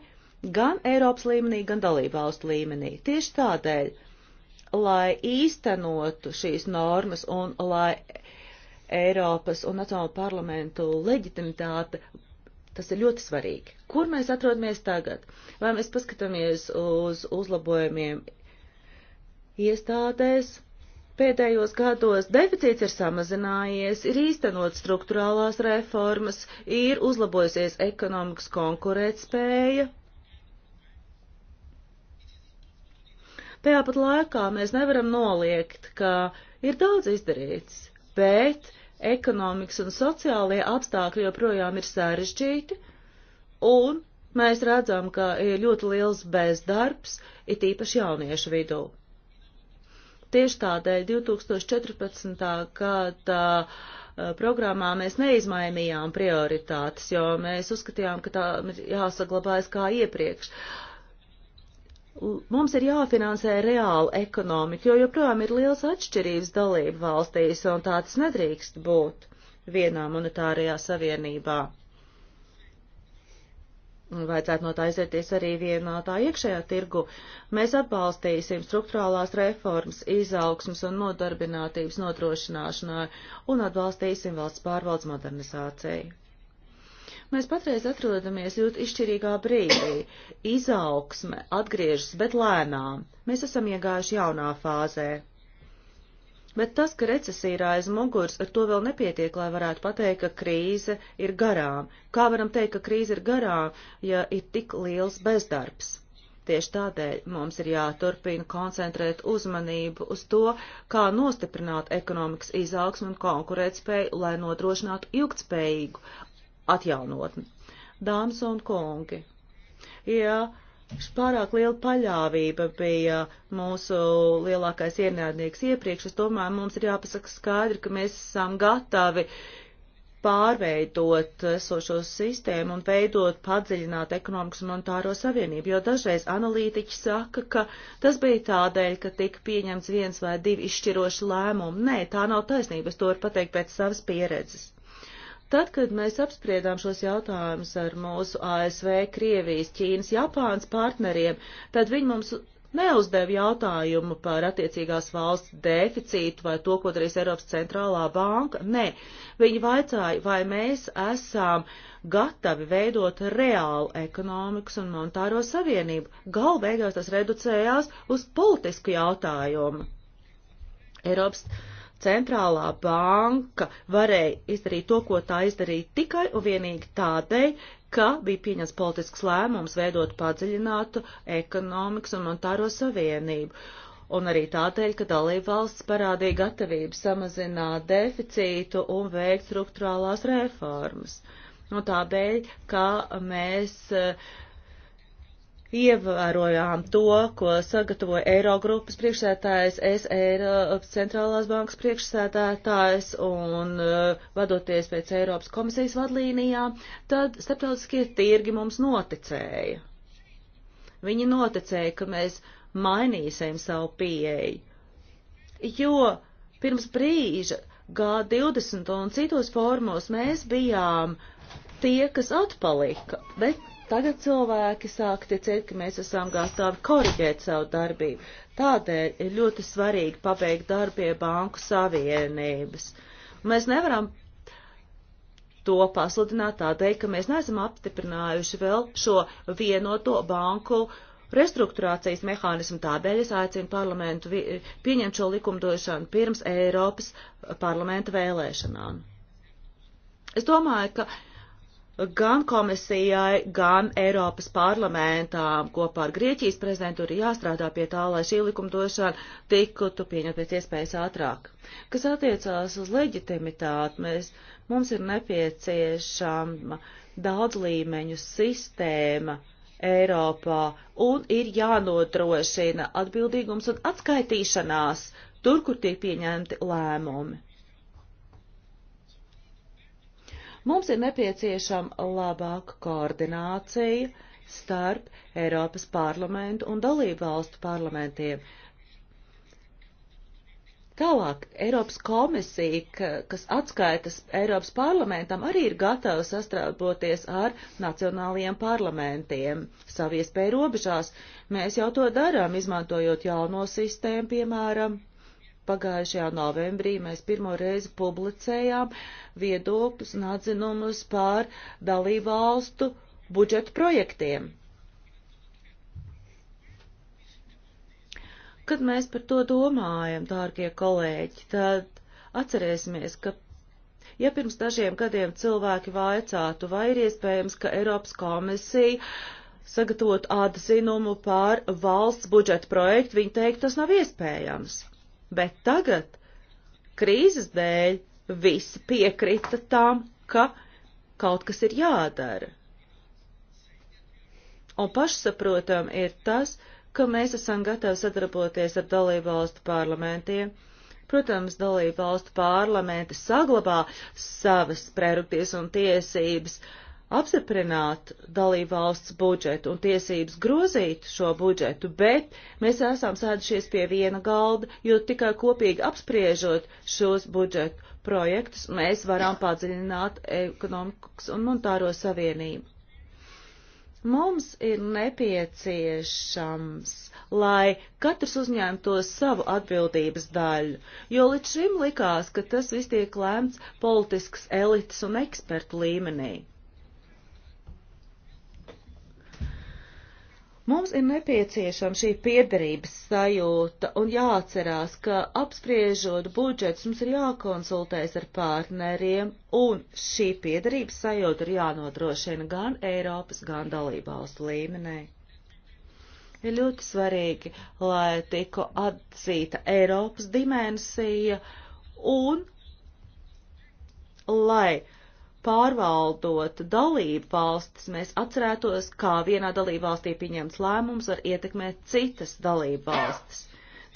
gan Eiropas līmenī, gan dalību valstu līmenī. Tieši tādēļ, lai īstenotu šīs normas un lai Eiropas un Nacionālo parlamentu leģitimitāte, tas ir ļoti svarīgi. Kur mēs atrodamies tagad? Vai mēs paskatāmies uz uzlabojumiem iestādēs? Pēdējos gados deficīts ir samazinājies, ir īstenot struktūrālās reformas, ir uzlabojusies ekonomikas konkurētspēja, Tajā pat laikā mēs nevaram noliegt, ka ir daudz izdarīts, bet ekonomikas un sociālie apstākļi joprojām ir sarežģīti, un mēs redzam, ka ir ļoti liels bezdarbs, it īpaši jauniešu vidū. Tieši tādēļ 2014. gada programmā mēs neizmainījām prioritātes, jo mēs uzskatījām, ka tā jāsaglabājas kā iepriekš. Uh, mums ir jāfinansē reāla ekonomika, jo joprojām ir liels atšķirības dalību valstīs, un tā tas nedrīkst būt vienā monetārajā savienībā. Vajadzētu no tā izvērties arī vienā tā iekšējā tirgu. Mēs atbalstīsim struktūrālās reformas, izaugsmas un nodarbinātības nodrošināšanai un atbalstīsim valsts pārvaldes modernizāciju. Mēs patreiz atrodamies ļoti izšķirīgā brīdī. Izaugsme atgriežas, bet lēnām. Mēs esam iegājuši jaunā fāzē. Bet tas, ka recesija ir aiz muguras, ar to vēl nepietiek, lai varētu pateikt, ka krīze ir garām. Kā varam teikt, ka krīze ir garām, ja ir tik liels bezdarbs? Tieši tādēļ mums ir jāturpina koncentrēt uzmanību uz to, kā nostiprināt ekonomikas izaugsmu un konkurētspēju, lai nodrošinātu ilgtspējīgu atjaunotni. Dāmas un kungi, ja pārāk liela paļāvība bija mūsu lielākais ienaidnieks iepriekš, es domāju, mums ir jāpasaka skaidri, ka mēs esam gatavi pārveidot esošo sistēmu un veidot padziļināt ekonomikas un monetāro savienību, jo dažreiz analītiķi saka, ka tas bija tādēļ, ka tika pieņemts viens vai divi izšķiroši lēmumi. Nē, tā nav taisnība, es to varu pateikt pēc savas pieredzes. Tad, kad mēs apspriedām šos jautājumus ar mūsu ASV, Krievijas, Ķīnas, Japānas partneriem, tad viņi mums neuzdev jautājumu par attiecīgās valsts deficītu vai to, ko darīs Eiropas centrālā banka. Nē, viņi vaicāja, vai mēs esam gatavi veidot reālu ekonomikas un monetāro savienību. Galu beigās tas reducējās uz politisku jautājumu. Eiropas centrālā banka varēja izdarīt to, ko tā izdarīja tikai un vienīgi tādēļ, ka bija pieņemts politisks lēmums veidot padziļinātu ekonomikas un monetāro savienību. Un arī tādēļ, ka dalībvalsts parādīja gatavību samazināt deficītu un veikt struktūrālās reformas. Un tādēļ, ka mēs uh, ievērojām to, ko sagatavoja Eirogrupas priekšsētājs, es Eiropas centrālās bankas priekšsētājs un uh, vadoties pēc Eiropas komisijas vadlīnijām, tad starptautiskie tirgi mums noticēja. Viņi noticēja, ka mēs mainīsim savu pieeju, jo pirms brīža G20 un citos formos mēs bijām tie, kas atpalika, bet Tagad cilvēki sāk ticēt, ka mēs esam gatavi korģēt savu darbību. Tādēļ ir ļoti svarīgi pabeigt darbu pie banku savienības. Mēs nevaram to pasludināt tādēļ, ka mēs neesam apstiprinājuši vēl šo vienoto banku restruktūrācijas mehānismu. Tādēļ es aicinu parlamentu pieņemt šo likumdošanu pirms Eiropas parlamenta vēlēšanām. Es domāju, ka gan komisijai, gan Eiropas parlamentām kopā ar Grieķijas prezidentu ir jāstrādā pie tā, lai šī likumdošana tiktu pieņemta pēc iespējas ātrāk. Kas attiecās uz leģitimitāti, mēs, mums ir nepieciešama daudz līmeņu sistēma Eiropā un ir jānodrošina atbildīgums un atskaitīšanās tur, kur tiek pieņemti lēmumi. Mums ir nepieciešama labāka koordinācija starp Eiropas parlamentu un dalību valstu parlamentiem. Tālāk, Eiropas komisija, kas atskaitas Eiropas parlamentam, arī ir gatava sastrāboties ar nacionālajiem parlamentiem. Savu iespēju robežās mēs jau to darām, izmantojot jauno sistēmu, piemēram, Pagājušajā novembrī mēs pirmo reizi publicējām viedokļus un atzinumus pār dalību valstu budžetu projektiem. Kad mēs par to domājam, dārgie kolēģi, tad atcerēsimies, ka ja pirms dažiem gadiem cilvēki vaicātu, vai ir iespējams, ka Eiropas komisija sagatavot atzinumu pār valsts budžeta projektu, viņi teikt, tas nav iespējams bet tagad krīzes dēļ visi piekrita tam, ka kaut kas ir jādara. Un pašsaprotam ir tas, ka mēs esam gatavi sadarboties ar dalību valstu parlamentiem. Protams, dalību valstu parlamenti saglabā savas prerogatīvas un tiesības uh, apstiprināt dalībvalsts budžetu un tiesības grozīt šo budžetu, bet mēs esam sēdušies pie viena galda, jo tikai kopīgi apspriežot šos budžetu projektus, mēs varam padziļināt ekonomikas un monetāro savienību. Mums ir nepieciešams, lai katrs uzņemtos savu atbildības daļu, jo līdz šim likās, ka tas viss tiek lēmts politisks elites un ekspertu līmenī. Mums ir nepieciešama šī piederības sajūta un jāatcerās, ka apspriežot budžets mums ir jākonsultēs ar partneriem, un šī piederības sajūta ir jānodrošina gan Eiropas, gan dalībvalstu līmenī. Ir ļoti svarīgi, lai tiku atzīta Eiropas dimensija un lai pārvaldot dalību valstis, mēs atcerētos, kā vienā dalību valstī pieņemts lēmums var ietekmēt citas dalību valstis.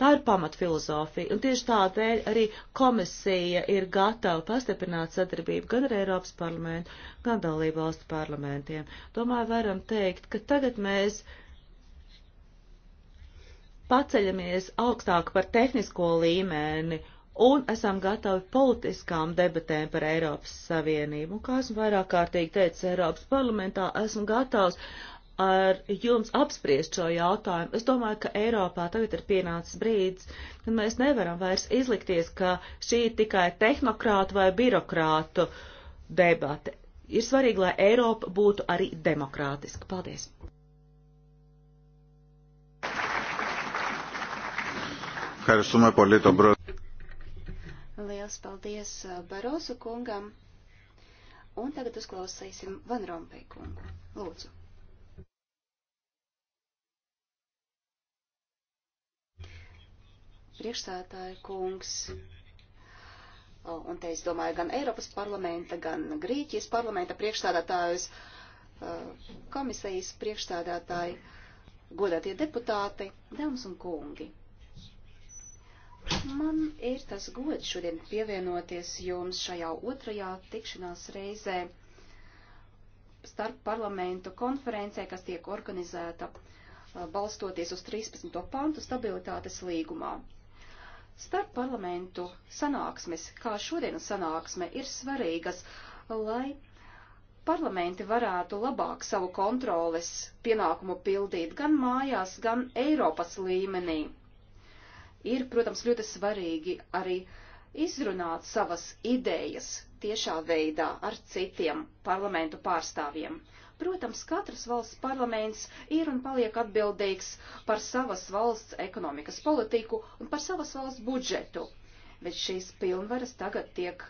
Tā ir pamatfilozofija, un tieši tādēļ arī komisija ir gatava pastiprināt sadarbību gan ar Eiropas parlamentu, gan dalību valstu parlamentiem. Domāju, varam teikt, ka tagad mēs paceļamies augstāk par tehnisko līmeni un esam gatavi politiskām debatēm par Eiropas Savienību. Un, kā esmu vairāk kārtīgi teicis Eiropas parlamentā, esmu gatavs ar jums apspriest šo jautājumu. Es domāju, ka Eiropā tagad ir pienācis brīdis, kad mēs nevaram vairs izlikties, ka šī ir tikai tehnokrātu vai birokrātu debate. Ir svarīgi, lai Eiropa būtu arī demokrātiska. Paldies! Ευχαριστούμε πολύ τον πρόεδρο. Liels paldies uh, Barosu kungam. Un tagad uzklausīsim Van Rompēju kungu. Lūdzu. Priekšsētāja kungs. Un te es domāju gan Eiropas parlamenta, gan Grīķijas parlamenta priekšstādātājus, uh, komisijas priekšstādātāji, godātie deputāti, dāmas un kungi. Man ir tas gods šodien pievienoties jums šajā otrajā tikšanās reizē starp parlamentu konferencē, kas tiek organizēta balstoties uz 13. pantu stabilitātes līgumā. Starp parlamentu sanāksmes, kā šodienas sanāksme, ir svarīgas, lai parlamenti varētu labāk savu kontroles pienākumu pildīt gan mājās, gan Eiropas līmenī ir, protams, ļoti svarīgi arī izrunāt savas idejas tiešā veidā ar citiem parlamentu pārstāvjiem. Protams, katras valsts parlaments ir un paliek atbildīgs par savas valsts ekonomikas politiku un par savas valsts budžetu, bet šīs pilnvaras tagad tiek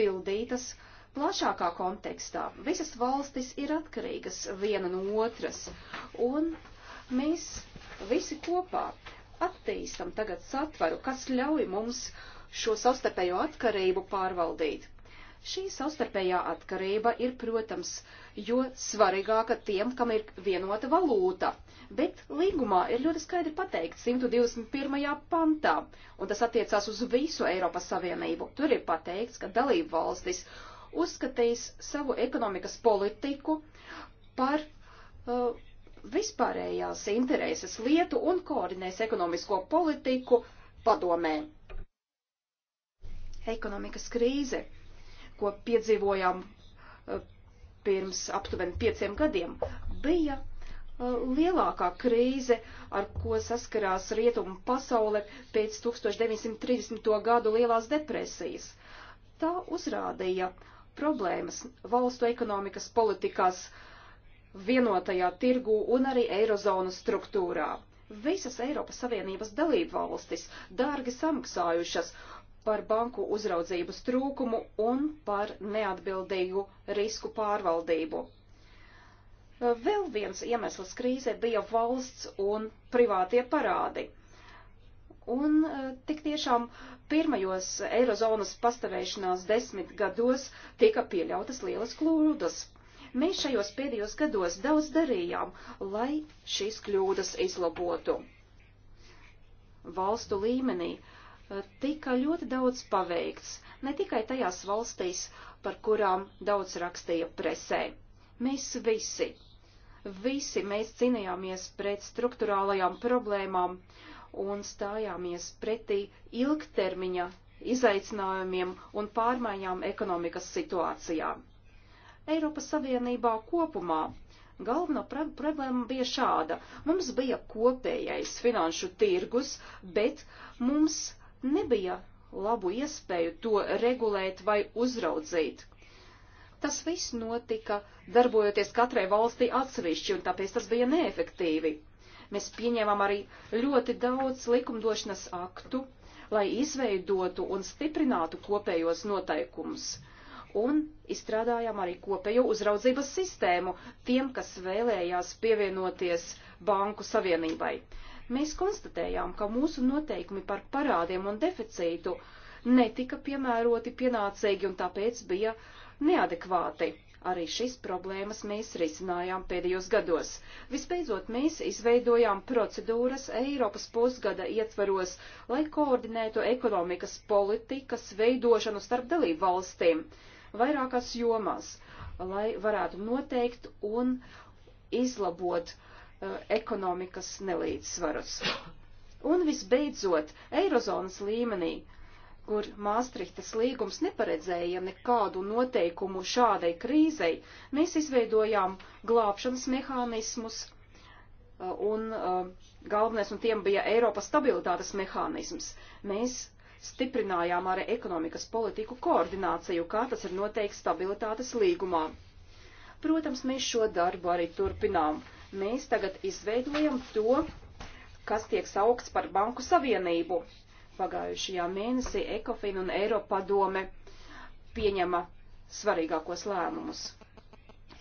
pildītas plašākā kontekstā. Visas valstis ir atkarīgas viena no otras, un mēs visi kopā attīstam tagad satvaru, kas ļauj mums šo savstarpējo atkarību pārvaldīt. Šī savstarpējā atkarība ir, protams, jo svarīgāka tiem, kam ir vienota valūta, bet līgumā ir ļoti skaidri pateikts 121. pantā, un tas attiecās uz visu Eiropas Savienību. Tur ir pateikts, ka dalību valstis uzskatīs savu ekonomikas politiku par uh, vispārējās intereses lietu un koordinēs ekonomisko politiku padomē. Ekonomikas krīze, ko piedzīvojām eh, pirms aptuveni pieciem gadiem, bija eh, lielākā krīze, ar ko saskarās rietumu pasaule pēc 1930. gadu lielās depresijas. Tā uzrādīja problēmas valstu ekonomikas politikās uh, vienotajā tirgū un arī eirozonas struktūrā. Visas Eiropas Savienības dalību valstis dārgi samaksājušas par banku uzraudzības trūkumu un par neatbildīgu risku pārvaldību. Vēl viens iemesls krīzē bija valsts un privātie parādi. Un e, tik tiešām pirmajos eirozonas pastāvēšanās desmit gados tika pieļautas lielas kļūdas Mēs šajos pēdējos gados daudz darījām, lai šīs kļūdas izlabotu. Valstu līmenī eh, tika ļoti daudz paveikts, ne tikai tajās valstīs, par kurām daudz rakstīja presē. Mēs visi, visi mēs cīnījāmies pret struktūrālajām problēmām un stājāmies pretī ilgtermiņa izaicinājumiem un pārmaiņām ekonomikas situācijām. Eiropas Savienībā kopumā galvenā problēma bija šāda. Mums bija kopējais finanšu tirgus, bet mums nebija labu iespēju to regulēt vai uzraudzīt. Tas viss notika, darbojoties katrai valstī atsevišķi, un tāpēc tas bija neefektīvi. Mēs pieņēmām arī ļoti daudz likumdošanas aktu, lai izveidotu un stiprinātu kopējos noteikumus un izstrādājām arī kopējo uzraudzības sistēmu tiem, kas vēlējās pievienoties Banku Savienībai. Mēs konstatējām, ka mūsu noteikumi par parādiem un deficītu netika piemēroti pienācīgi un tāpēc bija neadekvāti. Arī šīs problēmas mēs risinājām pēdējos gados. Vispēdzot, mēs izveidojām procedūras Eiropas pusgada ietvaros, lai koordinētu ekonomikas politikas veidošanu starp dalību valstīm vairākās jomās, lai varētu noteikt un izlabot uh, ekonomikas nelīdzsvarus. Un visbeidzot, Eirozonas līmenī, kur Māstrihtas līgums neparedzēja nekādu noteikumu šādai krīzei, mēs izveidojām glābšanas mehānismus, uh, un uh, galvenais un tiem bija Eiropas stabilitātes mehānisms. Mēs stiprinājām arī ekonomikas politiku koordināciju, kā tas ir noteikts stabilitātes līgumā. Protams, mēs šo darbu arī turpinām. Mēs tagad izveidojam to, kas tiek saukts par Banku Savienību. Pagājušajā mēnesī Ekofin un Eiropadome pieņema svarīgākos lēmumus.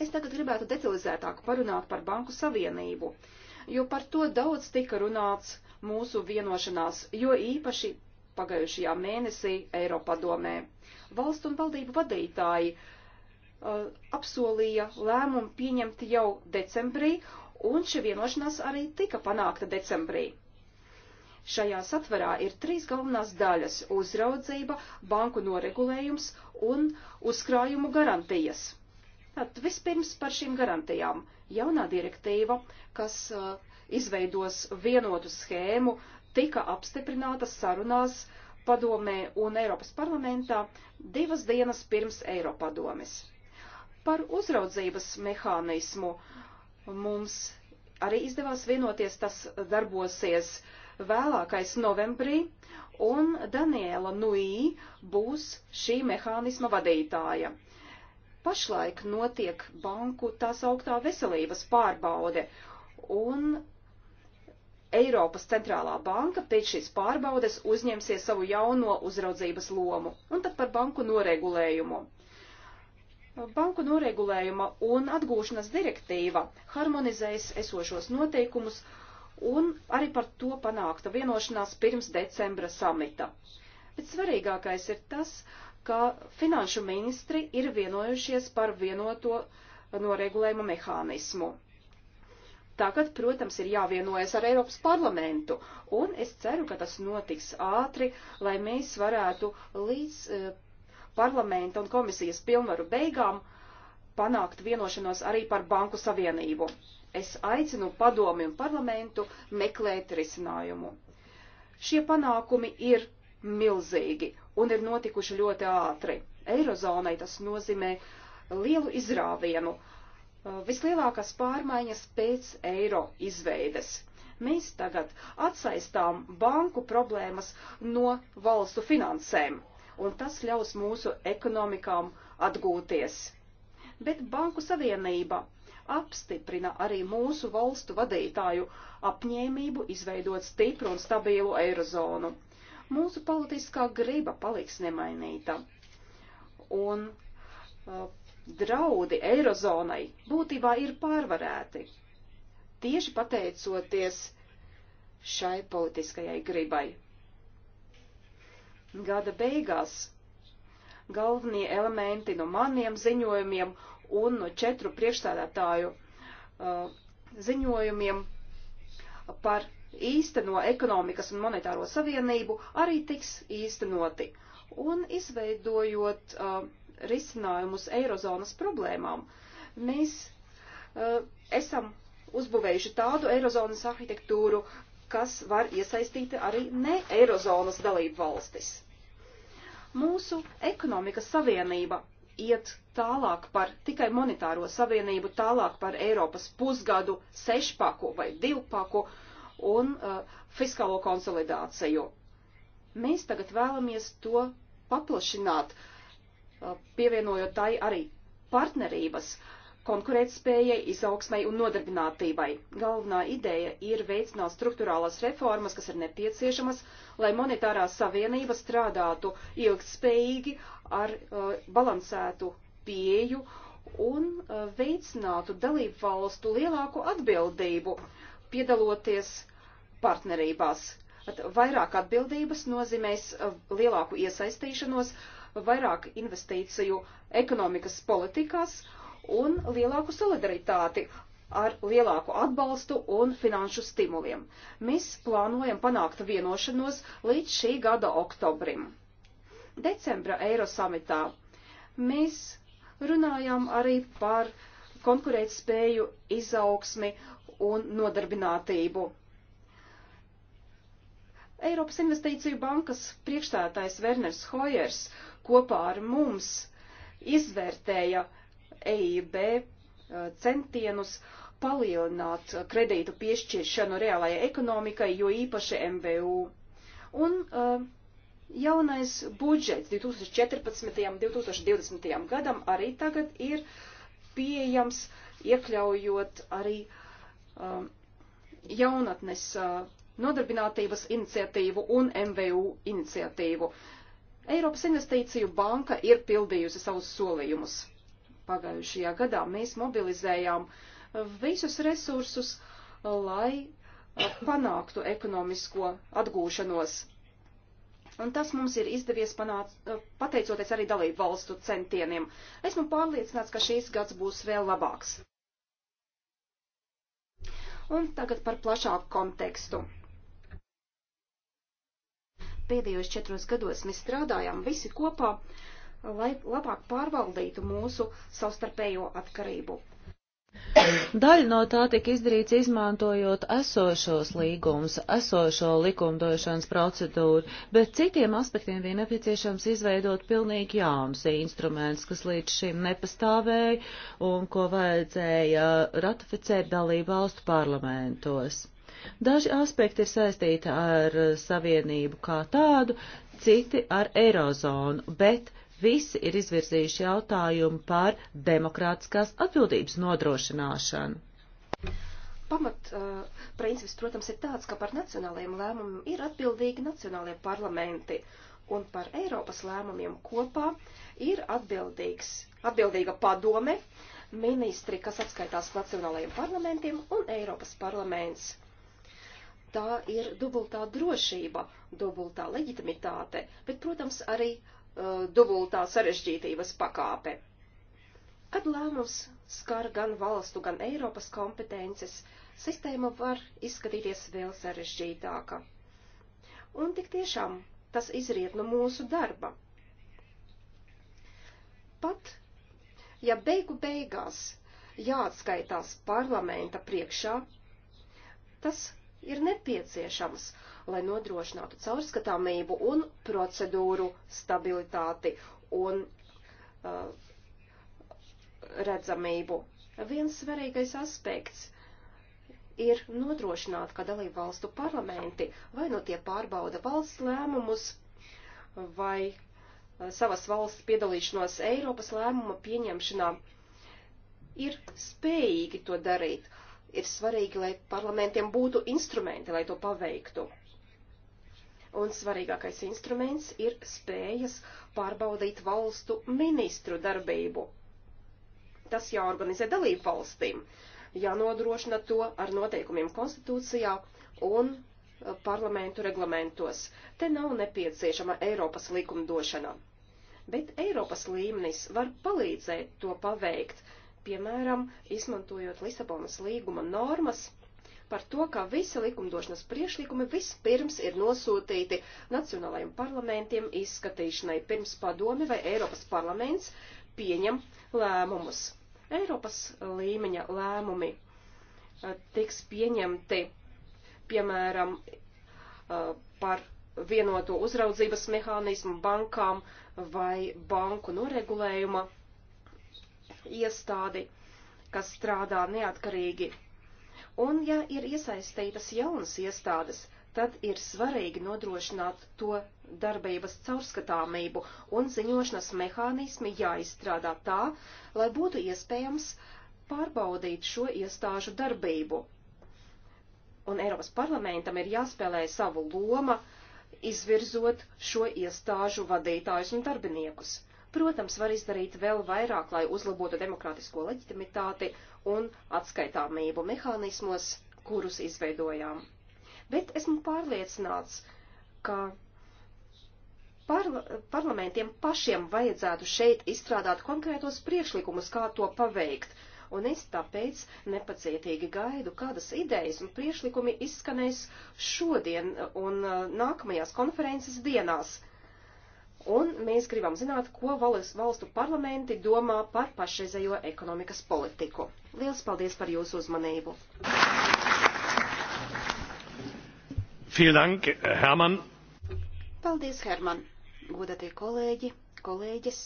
Es tagad gribētu detalizētāk parunāt par Banku Savienību, jo par to daudz tika runāts mūsu vienošanās, jo īpaši pagājušajā mēnesī Eiropadomē. Valstu un valdību vadītāji uh, apsolīja lēmumu pieņemt jau decembrī, un šī vienošanās arī tika panākta decembrī. Šajā satverā ir trīs galvenās daļas - uzraudzība, banku noregulējums un uzkrājumu garantijas. Tad vispirms par šīm garantijām. Jaunā direktīva, kas uh, izveidos vienotu schēmu tika apstiprinātas sarunās padomē un Eiropas parlamentā divas dienas pirms Eiropadomes. Par uzraudzības mehānismu mums arī izdevās vienoties, tas darbosies vēlākais novembrī, un Daniela Nui būs šī mehānisma vadītāja. Pašlaik notiek banku tās augtā veselības pārbaude, un Eiropas centrālā banka pēc šīs pārbaudes uzņemsies savu jauno uzraudzības lomu un tad par banku noregulējumu. Banku noregulējuma un atgūšanas direktīva harmonizēs esošos noteikumus un arī par to panākta vienošanās pirms decembra samita. Bet svarīgākais ir tas, ka finanšu ministri ir vienojušies par vienoto noregulējumu mehānismu. Tagad, protams, ir jāvienojas ar Eiropas parlamentu, un es ceru, ka tas notiks ātri, lai mēs varētu līdz uh, parlamenta un komisijas pilnvaru beigām panākt vienošanos arī par banku savienību. Es aicinu padomi un parlamentu meklēt risinājumu. Šie panākumi ir milzīgi un ir notikuši ļoti ātri. Eirozonai tas nozīmē lielu izrāvienu. Uh, Uh, vislielākās pārmaiņas pēc eiro izveides. Mēs tagad atsaistām banku problēmas no valstu finansēm, un tas ļaus mūsu ekonomikām atgūties. Bet Banku Savienība apstiprina arī mūsu valstu vadītāju apņēmību izveidot stipru un stabilu eirozonu. Mūsu politiskā griba paliks nemainīta. Un uh, draudi Eirozonai būtībā ir pārvarēti. Tieši pateicoties šai politiskajai gribai. Gada beigās galvenie elementi no maniem ziņojumiem un no četru priekšstādātāju uh, ziņojumiem par īsteno ekonomikas un monetāro savienību arī tiks īstenoti. Un izveidojot uh, risinājumus eirozonas problēmām. Mēs uh, esam uzbūvējuši tādu eirozonas arhitektūru, kas var iesaistīt arī ne eirozonas dalību valstis. Mūsu ekonomikas savienība iet tālāk par tikai monetāro savienību, tālāk par Eiropas pusgadu, sešpaku vai divpaku un uh, fiskālo konsolidāciju. Mēs tagad vēlamies to paplašināt, uh, Uh, pievienojot tai arī partnerības konkurētspējai, izaugsmai un nodarbinātībai. Galvenā ideja ir veicināt struktūrālās reformas, kas ir nepieciešamas, lai monetārā savienība strādātu ilgspējīgi ar uh, balansētu pieju un uh, veicinātu dalību valstu lielāku atbildību, piedaloties partnerībās. At, vairāk atbildības nozīmēs uh, lielāku iesaistīšanos, uh, vairāk investīciju ekonomikas politikās un lielāku solidaritāti ar lielāku atbalstu un finanšu stimuliem. Mēs plānojam panākt vienošanos līdz šī gada oktobrim. Decembra Eirosamitā mēs runājām arī par konkurētspēju, izaugsmi un nodarbinātību. Eiropas Investīciju bankas priekšstādātājs Werners Hojers kopā ar mums izvērtēja EIB uh, centienus palielināt kredītu piešķiršanu reālajai ekonomikai, jo īpaši MVU. Un uh, jaunais budžets 2014. un 2020. gadam arī tagad ir pieejams, iekļaujot arī uh, jaunatnes uh, nodarbinātības iniciatīvu un MVU iniciatīvu. Eiropas investīciju banka ir pildījusi savus solījumus. Pagājušajā gadā mēs mobilizējām uh, visus resursus, uh, lai uh, panāktu ekonomisko atgūšanos. Un tas mums ir izdevies panākt, pateicoties arī dalību valstu centieniem. Esmu pārliecināts, ka šīs gads būs vēl labāks. Un tagad par plašāku kontekstu pēdējos četros gados mēs strādājām visi kopā, lai labāk pārvaldītu mūsu savstarpējo atkarību. Daļa no tā tika izdarīts izmantojot esošos līgumus, esošo likumdošanas procedūru, bet citiem aspektiem bija nepieciešams izveidot pilnīgi jaunus instrumentus, kas līdz šim nepastāvēja un ko vajadzēja ratificēt dalību valstu parlamentos. Daži aspekti ir saistīti ar eh, savienību kā tādu, citi ar eirozonu, bet visi ir izvirzījuši jautājumu par demokrātiskās atbildības nodrošināšanu. Pamat uh, princips, protams, ir tāds, ka par nacionālajiem lēmumiem ir atbildīgi nacionālajie parlamenti, un par Eiropas lēmumiem kopā ir atbildīgs, atbildīga padome, ministri, kas atskaitās nacionālajiem parlamentiem, un Eiropas parlaments tā ir dubultā drošība, dubultā leģitimitāte, bet, protams, arī uh, dubultā sarežģītības pakāpe. Kad lēmums skar gan valstu, gan Eiropas kompetences, sistēma var izskatīties vēl sarežģītāka. Un tik tiešām tas izriet no mūsu darba. Pat, ja beigu beigās jāatskaitās parlamenta priekšā, tas ir nepieciešamas, lai nodrošinātu caurskatāmību un procedūru stabilitāti un uh, redzamību. Viens svarīgais aspekts ir nodrošināt, ka dalību valstu parlamenti vai nu no tie pārbauda valsts lēmumus vai uh, savas valsts piedalīšanos Eiropas lēmuma pieņemšanā ir spējīgi to darīt, ir svarīgi, lai parlamentiem būtu instrumenti, lai to paveiktu. Un svarīgākais instruments ir spējas pārbaudīt valstu ministru darbību. Tas jāorganizē dalību valstīm, jānodrošina to ar noteikumiem konstitūcijā un uh, parlamentu reglamentos. Te nav nepieciešama Eiropas likumdošana. Bet Eiropas līmenis var palīdzēt to paveikt, piemēram, izmantojot Lisabonas līguma normas par to, ka visi likumdošanas priešlikumi vispirms ir nosūtīti nacionālajiem parlamentiem izskatīšanai pirms padomi vai Eiropas parlaments pieņem lēmumus. Eiropas līmeņa lēmumi eh, tiks pieņemti, piemēram, eh, par vienoto uzraudzības mehānismu bankām vai banku noregulējuma iestādi, kas strādā neatkarīgi. Un, ja ir iesaistītas jaunas iestādes, tad ir svarīgi nodrošināt to darbības caurskatāmību un ziņošanas mehānismi jāizstrādā tā, lai būtu iespējams pārbaudīt šo iestāžu darbību. Un Eiropas parlamentam ir jāspēlē savu loma, izvirzot šo iestāžu vadītājus un darbiniekus. Protams, var izdarīt vēl vairāk, lai uzlabotu demokrātisko leģitimitāti un atskaitāmību mehānismos, kurus izveidojām. Bet esmu pārliecināts, ka parla parlamentiem pašiem vajadzētu šeit izstrādāt konkrētos priekšlikumus, kā to paveikt, un es tāpēc nepacietīgi gaidu, kādas idejas un priekšlikumi izskanēs šodien un uh, nākamajās konferences dienās un mēs gribam zināt, ko valstu parlamenti domā par pašreizējo ekonomikas politiku. Liels paldies par jūsu uzmanību! Dank, Herman. Paldies, Herman! Godatie kolēģi, kolēģis!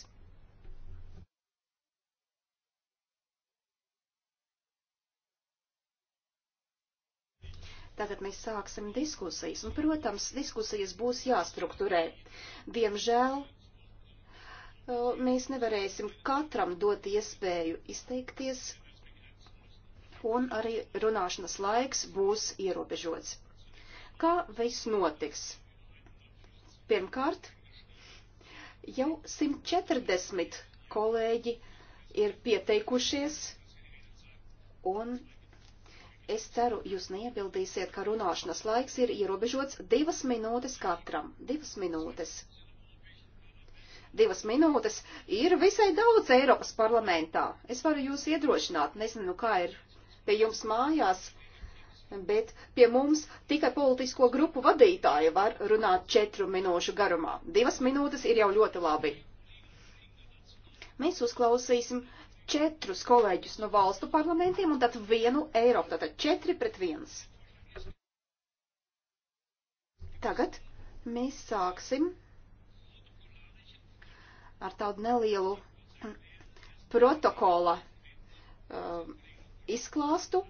Tagad mēs sāksim diskusijas, un, protams, diskusijas būs jāstrukturē. Diemžēl uh, mēs nevarēsim katram dot iespēju izteikties, un arī runāšanas laiks būs ierobežots. Kā viss notiks? Pirmkārt, jau 140 kolēģi ir pieteikušies, un Es ceru, jūs neiebildīsiet, ka runāšanas laiks ir ierobežots divas minūtes katram. Divas minūtes. Divas minūtes ir visai daudz Eiropas parlamentā. Es varu jūs iedrošināt, nezinu, kā ir pie jums mājās, bet pie mums tikai politisko grupu vadītāji var runāt četru minūšu garumā. Divas minūtes ir jau ļoti labi. Mēs uzklausīsim četrus kolēģus no valstu parlamentiem un tad vienu Eiropu, tātad četri pret viens. Tagad mēs sāksim ar tādu nelielu mm, protokola um, izklāstu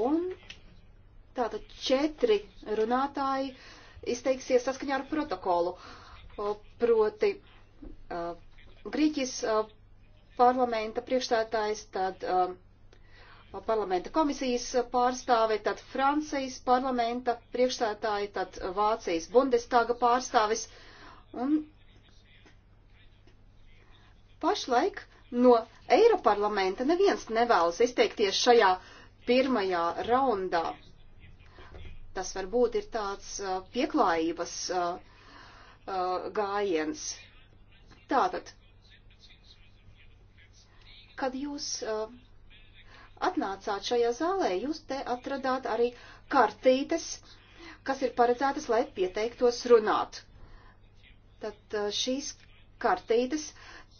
un tātad četri runātāji izteiksies saskaņā ar protokolu, proti uh, Grieķijas uh, parlamenta priekšstādājs, tad um, parlamenta komisijas pārstāve, tad Francijas parlamenta priekšstādāji, tad Vācijas Bundestāga pārstāvis. Un pašlaik no Eiroparlamenta neviens nevēlas izteikties šajā pirmajā raundā. Tas varbūt ir tāds uh, pieklājības uh, uh, gājiens. Tātad Kad jūs uh, atnācāt šajā zālē, jūs te atradāt arī kartītes, kas ir paredzētas, lai pieteiktos runāt. Tad uh, šīs kartītes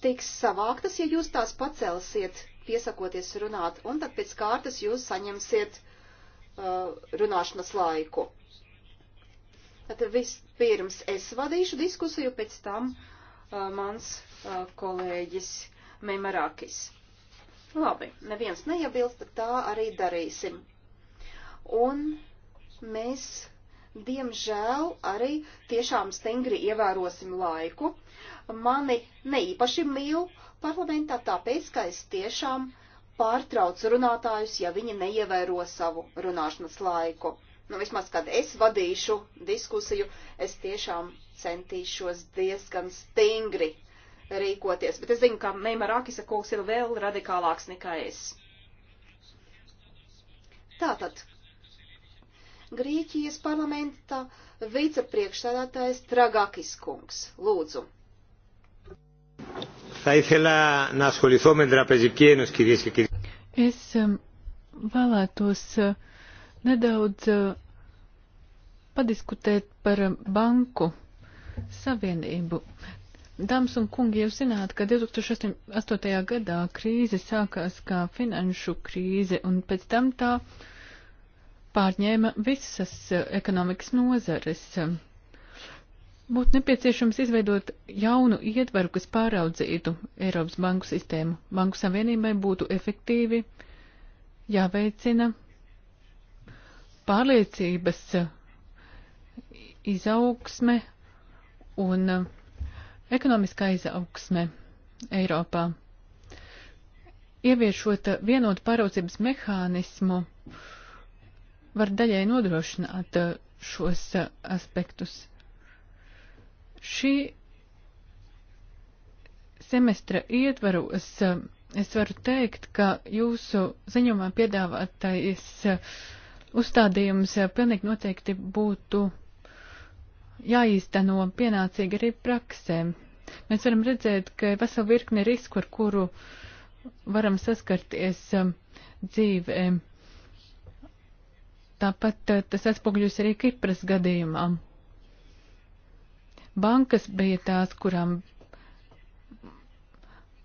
tiks savāktas, ja jūs tās pacelsiet, piesakoties runāt, un tad pēc kārtas jūs saņemsiet uh, runāšanas laiku. Tātad vispirms es vadīšu diskusiju, pēc tam uh, mans uh, kolēģis Memerakis. Labi, neviens neiebilst, tā arī darīsim. Un mēs, diemžēl, arī tiešām stingri ievērosim laiku. Mani neīpaši mīl parlamentā, tāpēc, ka es tiešām pārtrauc runātājus, ja viņi neievēro savu runāšanas laiku. Nu, vismaz, kad es vadīšu diskusiju, es tiešām centīšos diezgan stingri rīkoties, bet es zinu, ka Meimarakisa kungs ir vēl radikālāks nekā es. Tātad, Grieķijas parlamenta vicepriekšsēdētājs Tragakis kungs, lūdzu. Es vēlētos nedaudz padiskutēt par banku savienību. Dāmas un kungi, jūs zināt, ka 2008. gadā krīze sākās kā finanšu krīze, un pēc tam tā pārņēma visas eh, ekonomikas nozares. Būtu nepieciešams izveidot jaunu ietvaru, kas pāraudzītu Eiropas banku sistēmu. Banku savienībai būtu efektīvi jāveicina pārliecības eh, izaugsme un uh, Ekonomiskā izaugsme Eiropā. Ieviešot vienotu pāraudzības mehānismu, var daļai nodrošināt šos aspektus. Šī semestra ietvaros es varu teikt, ka jūsu ziņumā piedāvātais uzstādījums pilnīgi noteikti būtu jāīsteno pienācīgi arī praksē. Mēs varam redzēt, ka vesela virkne risku, ar kuru varam saskarties um, dzīvē. Tāpat uh, tas atspoguļus arī Kipras gadījumā. Bankas bija tās, kurām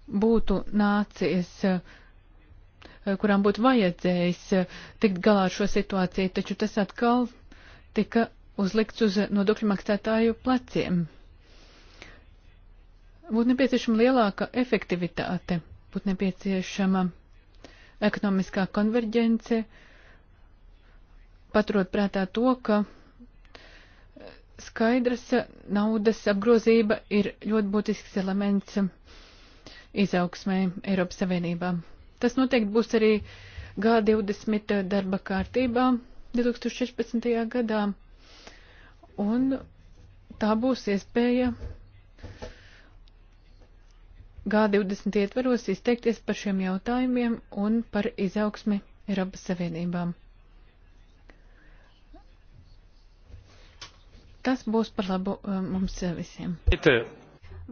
būtu nācies, uh, kurām būtu vajadzējis uh, tikt galā ar šo situāciju, taču tas atkal tika uzlikts uz nodokļu maksātāju pleciem. Būtu nepieciešama lielāka efektivitāte, būtu nepieciešama ekonomiskā konverģence, paturot prātā to, ka skaidras naudas apgrozība ir ļoti būtisks elements izaugsmē Eiropas Savienībā. Tas noteikti būs arī G20 darba kārtībā 2016. gadā un tā būs iespēja G20 ietveros izteikties par šiem jautājumiem un par izaugsmi Eiropas Savienībām. Tas būs par labu eh, mums visiem.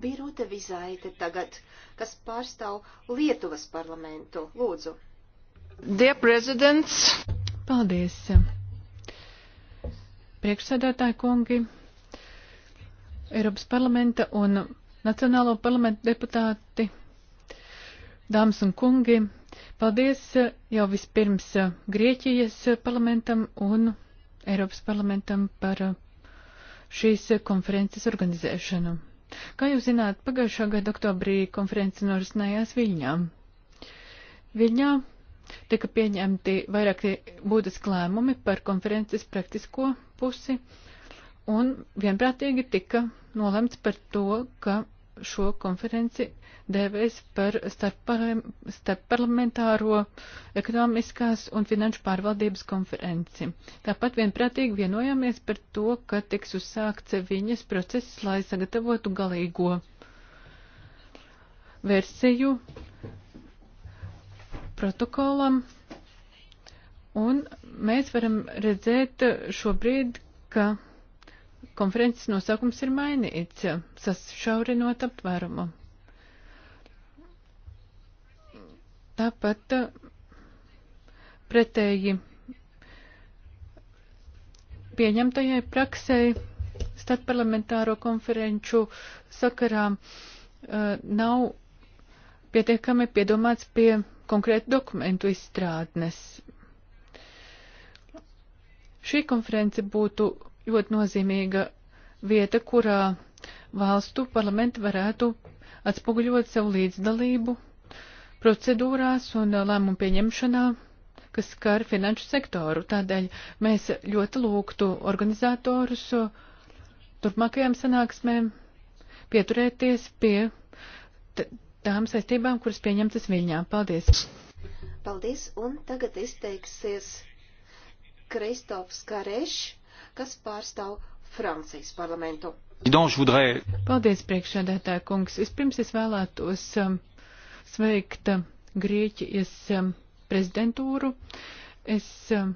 Birūte Vizaite tagad, kas pārstāv Lietuvas parlamentu. Lūdzu. Dear Presidents. Paldies priekšsēdētāji kungi, Eiropas parlamenta un Nacionālo parlamentu deputāti, dāmas un kungi, paldies jau vispirms Grieķijas parlamentam un Eiropas parlamentam par šīs konferences organizēšanu. Kā jūs zināt, pagājušā gada oktobrī konference norisinājās Viļņā. Viļņā tika pieņemti vairāki būtiski lēmumi par konferences praktisko pusi, un vienprātīgi tika nolemts par to, ka šo konferenci dēvēs par starpparlamentāro starp ekonomiskās un finanšu pārvaldības konferenci. Tāpat vienprātīgi vienojāmies par to, ka tiks uzsākts viņas process, lai sagatavotu galīgo versiju protokolam Un mēs varam redzēt šobrīd, ka konferences nosaukums ir mainīts, sašaurinot apvērumu. Tāpat pretēji pieņemtajai praksei starpparlamentāro konferenču sakarā eh, nav pietiekami piedomāts pie konkrētu dokumentu izstrādnes. Šī konference būtu ļoti nozīmīga vieta, kurā valstu parlamenti varētu atspoguļot savu līdzdalību procedūrās un lēmumu pieņemšanā, kas skar finanšu sektoru. Tādēļ mēs ļoti lūgtu organizatorus turpmākajām sanāksmēm pieturēties pie tām saistībām, kuras pieņemtas viņā. Paldies! Paldies, un tagad izteiksies Kristofs Karešs, kas pārstāv Francijas parlamentu. Paldies, priekšsēdētāja kungs. Vispirms es vēlētos um, sveikt um, Grieķijas um, prezidentūru. Es um,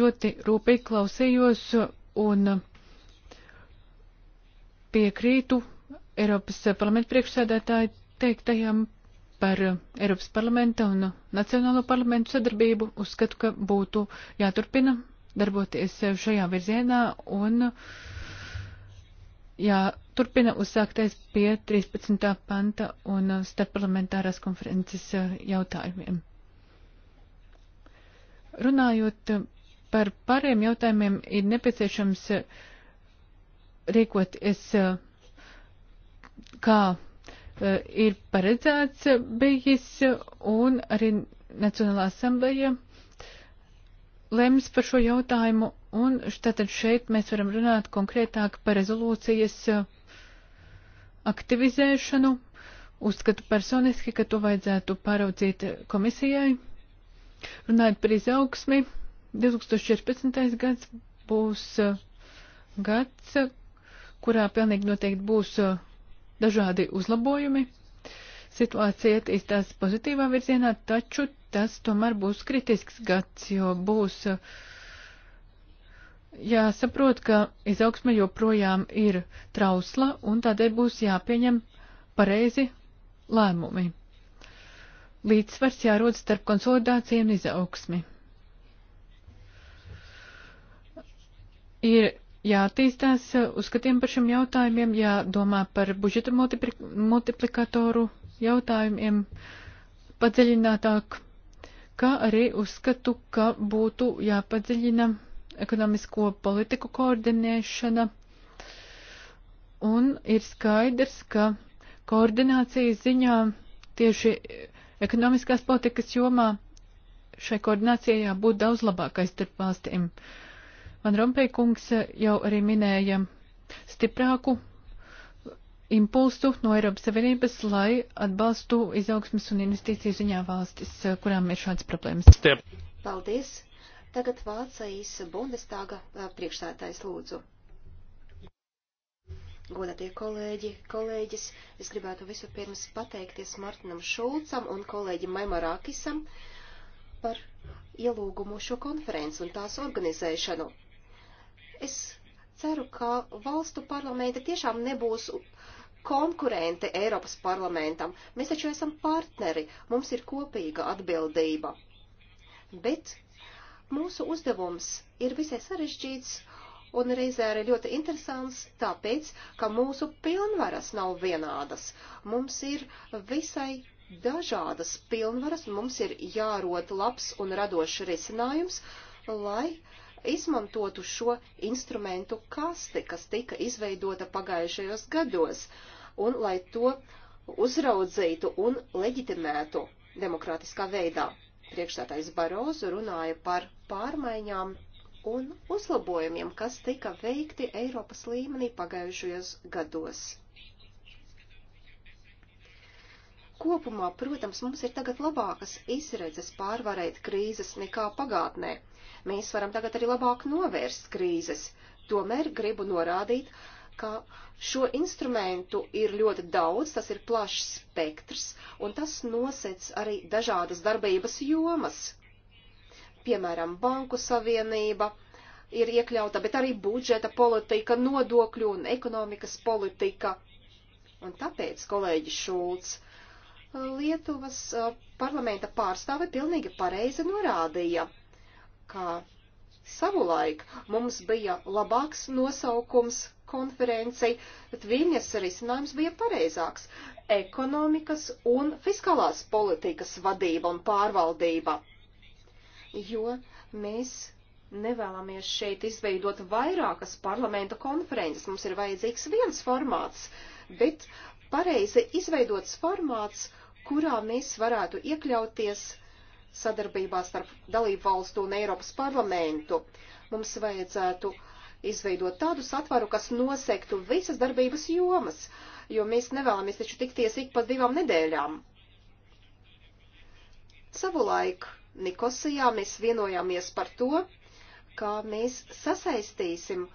ļoti rūpīgi klausījos un um, piekrītu Eiropas uh, parlamenta priekšsēdētāju teiktajam par eh, Eiropas parlamenta un Nacionālo parlamentu sadarbību, uzskatu, ka būtu jāturpina darboties eh, šajā virzienā un jāturpina uzsāktais pie 13. panta un eh, starpparlamentārās konferences jautājumiem. Runājot par pāriem jautājumiem, ir nepieciešams rīkoties kā Eh, ir paredzēts bijis un arī Nacionālā asambleja lems par šo jautājumu un tātad šeit mēs varam runāt konkrētāk par rezolūcijas eh, aktivizēšanu. Uzskatu personiski, ka to vajadzētu pāraudzīt komisijai. Runājot par izaugsmi, 2014. gads būs eh, gads, kurā pilnīgi noteikti būs dažādi uzlabojumi. Situācija attīstās pozitīvā virzienā, taču tas tomēr būs kritisks gads, jo būs eh, jāsaprot, ka izaugsme joprojām ir trausla un tādēļ būs jāpieņem pareizi lēmumi. Līdzsvars jārod starp konsolidāciju un izaugsmi. Ir jātīstās uzskatiem par šiem jautājumiem, jādomā par budžeta multiplikatoru jautājumiem padziļinātāk, kā arī uzskatu, ka būtu jāpadziļina ekonomisko politiku koordinēšana. Un ir skaidrs, ka koordinācijas ziņā tieši ekonomiskās politikas jomā šai koordinācijai jābūt daudz labākai starp valstīm. Uh, Van Rompēkungs jau arī minēja stiprāku impulsu no Eiropas Savienības, lai atbalstu izaugsmas un investīciju ziņā valstis, kurām ir šādas problēmas. Stiep. Paldies! Tagad Vācijas Bundestāga priekšsētājs lūdzu. Godātie kolēģi, kolēģis, es gribētu vispirms pateikties Martinam Šulcam un kolēģim Maimarākisam par ielūgumu šo konferenci un tās organizēšanu. Es ceru, ka valstu parlamenti tiešām nebūs konkurenti Eiropas parlamentam. Mēs taču esam partneri, mums ir kopīga atbildība. Bet mūsu uzdevums ir visai sarežģīts un reizē arī ļoti interesants, tāpēc, ka mūsu pilnvaras nav vienādas. Mums ir visai dažādas pilnvaras, mums ir jārod labs un radošs risinājums, lai uh, izmantotu šo instrumentu kasti, kas tika izveidota pagājušajos gados, un lai to uzraudzītu un leģitimētu demokrātiskā veidā. Priekšstādājs Barozu runāja par pārmaiņām un uzlabojumiem, kas tika veikti Eiropas līmenī pagājušajos gados. Kopumā, protams, mums ir tagad labākas izredzes pārvarēt krīzes nekā pagātnē. Mēs varam tagad arī labāk novērst krīzes. Tomēr gribu norādīt, ka šo instrumentu ir ļoti daudz, tas ir plašs spektrs, un tas nosec arī dažādas darbības jomas. Piemēram, banku savienība ir iekļauta, bet arī budžeta politika, nodokļu un ekonomikas politika. Un tāpēc, kolēģi Šulcs, Lietuvas parlamenta pārstāve pilnīgi pareizi norādīja, ka savulaik mums bija labāks nosaukums konferencei, bet viņas risinājums bija pareizāks - ekonomikas un fiskālās politikas vadība un pārvaldība. Jo mēs nevēlamies šeit izveidot vairākas parlamenta konferences, mums ir vajadzīgs viens formāts, bet pareizi izveidots formāts, uh, kurā mēs varētu iekļauties sadarbībā starp dalību valstu un Eiropas parlamentu. Mums vajadzētu izveidot tādu satvaru, kas nosektu visas darbības jomas, jo mēs nevēlamies taču tikties ik pēc divām nedēļām. Savulaik Nikosijā mēs vienojāmies par to, kā mēs sasaistīsim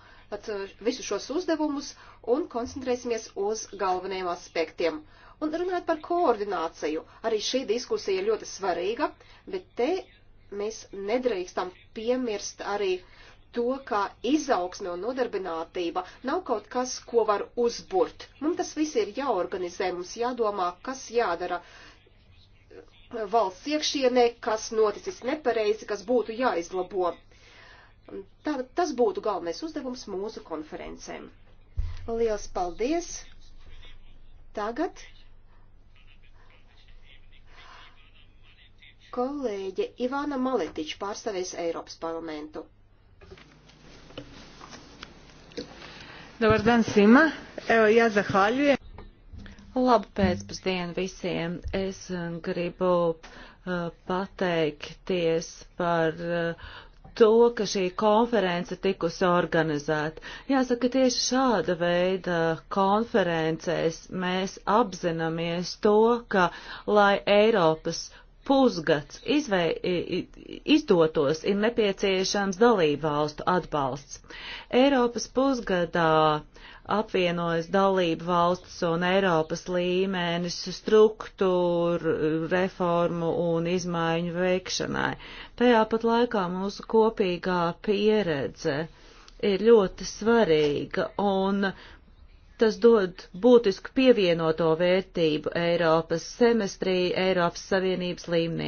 visus šos uzdevumus un koncentrēsimies uz galvenajiem aspektiem. Uh, Un runājot par koordināciju, arī šī diskusija ir ļoti svarīga, bet te mēs nedrīkstam piemirst arī to, ka izaugsme un nodarbinātība nav kaut kas, ko var uzburt. Mums tas viss ir jāorganizē, mums jādomā, kas jādara valsts iekšienē, kas noticis nepareizi, kas būtu jāizlabo. Tā, tas būtu galvenais uzdevums mūsu konferencēm. Liels paldies! Tagad Kolēģe Ivana Maletič pārstāvēs Eiropas parlamentu. Dobar dan svima. Evo, ja zahvaljujem. Labu pēcpusdienu visiem. Es eh, gribu uh, pateikties par uh, to, ka šī konference tikusi organizēta. Jāsaka, tieši šāda veida konferencēs mēs apzināmies to, ka, lai Eiropas pusgads izvei, izdotos, ir nepieciešams dalību valstu atbalsts. Eiropas pusgadā apvienojas dalību valsts un Eiropas līmenis struktūru reformu un izmaiņu veikšanai. Tajā pat laikā mūsu kopīgā pieredze ir ļoti svarīga un Tas dod būtisku pievienoto vērtību Eiropas semestrī, Eiropas Savienības līmenī.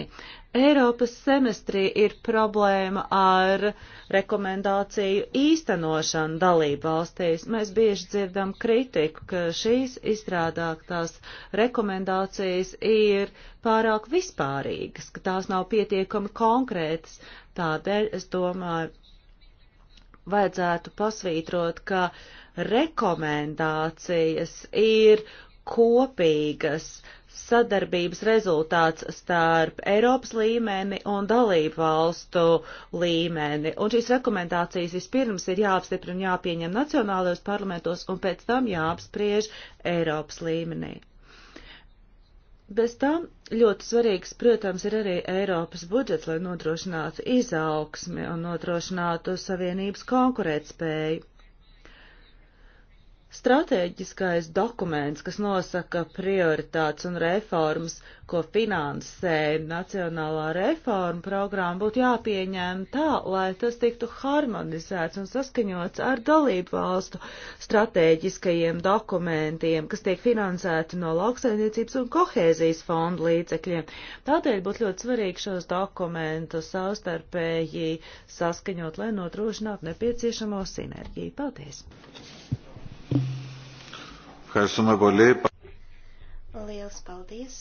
Eiropas semestrī ir problēma ar rekomendāciju īstenošanu dalību valstīs. Mēs bieži dzirdam kritiku, ka šīs izstrādātās rekomendācijas ir pārāk vispārīgas, ka tās nav pietiekami konkrētas. Tādēļ es domāju, vajadzētu pasvītrot, ka uh, rekomendācijas ir kopīgas sadarbības rezultāts starp Eiropas līmeni un dalību valstu līmeni. Un šīs rekomendācijas vispirms ir jāapstiprina, jāpieņem nacionālajos parlamentos un pēc tam jāapspriež Eiropas līmenī. Bez tam ļoti svarīgs, protams, ir arī Eiropas budžets, lai nodrošinātu izaugsmi un nodrošinātu savienības konkurētspēju. Stratēģiskais dokuments, kas nosaka prioritātes un reformas, ko finansē Nacionālā reforma programma, būtu jāpieņem tā, lai tas tiktu harmonizēts un saskaņots ar dalību valstu stratēģiskajiem dokumentiem, kas tiek finansēti no lauksainiecības un kohēzijas fonda līdzekļiem. Tādēļ būtu ļoti svarīgi šos dokumentus savstarpēji saskaņot, lai notrošinātu nepieciešamo sinerģiju. Paldies! Ευχαριστούμε πολύ. Liels paldies!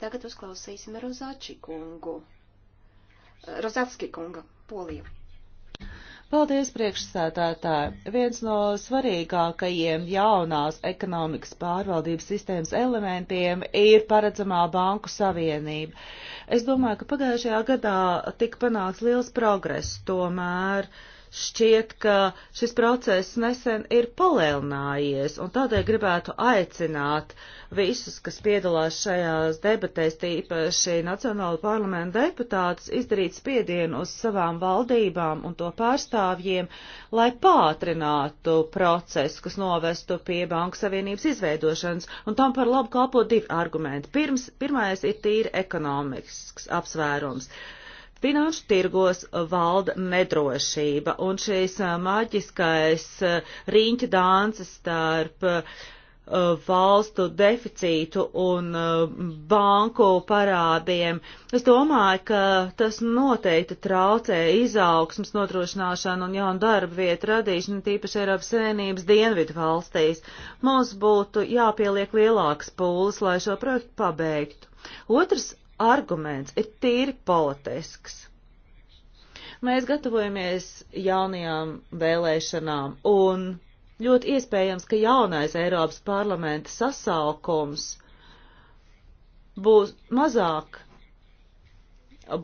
Tagad uzklausīsim Rozāči kungu. Rozātski kunga, Polija. Paldies, priekšsētētāji! Viens no svarīgākajiem jaunās ekonomikas pārvaldības sistēmas elementiem ir paredzamā banku savienība. Es domāju, ka pagājušajā gadā tika panāks liels progress, tomēr. Uh, šķiet, ka šis process nesen ir palielinājies, un tādēļ gribētu aicināt visus, kas piedalās šajās debatēs, tīpaši Nacionāla parlamenta deputātus, izdarīt spiedienu uz savām valdībām un to pārstāvjiem, lai pātrinātu procesu, kas novestu pie Banku Savienības izveidošanas, un tam par labu kalpo divi argumenti. Pirms, pirmais ir tīri ekonomisks apsvērums. Uh, Finanšu tirgos valda nedrošība, un šīs maģiskais riņķa danses starp valstu deficītu un banku parādiem. Es domāju, ka tas noteikti traucē izaugsmas nodrošināšanu un jaunu darba vietu radīšanu, tīpaši Eiropas Savienības dienvidu valstīs. Mums būtu jāpieliek lielāks pūles, lai šo projektu pabeigtu. Otrs arguments ir tīri politisks. Mēs gatavojamies jaunajām vēlēšanām un ļoti iespējams, ka jaunais Eiropas parlamenta sasaukums būs mazāk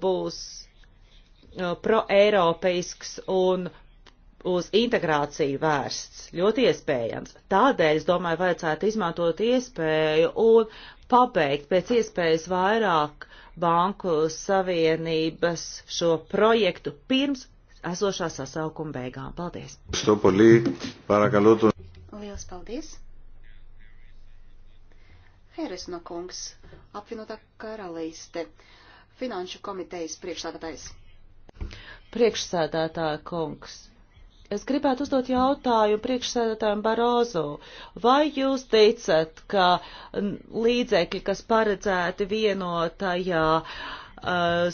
būs uh, proeiropeisks un uz integrāciju vērsts. Ļoti iespējams. Tādēļ, es domāju, vajadzētu izmantot iespēju un pabeigt pēc iespējas vairāk Banku Savienības šo projektu pirms esošā sasaukuma beigām. Paldies! Lielas paldies! Heresno kungs, apvienotā karalīste, finanšu komitejas priekšsādātājs. Priekšsādātā kungs. Es gribētu uzdot jautājumu priekšsēdētājiem Barozo. Vai jūs teicat, ka līdzekļi, kas paredzēti vienotajā uh,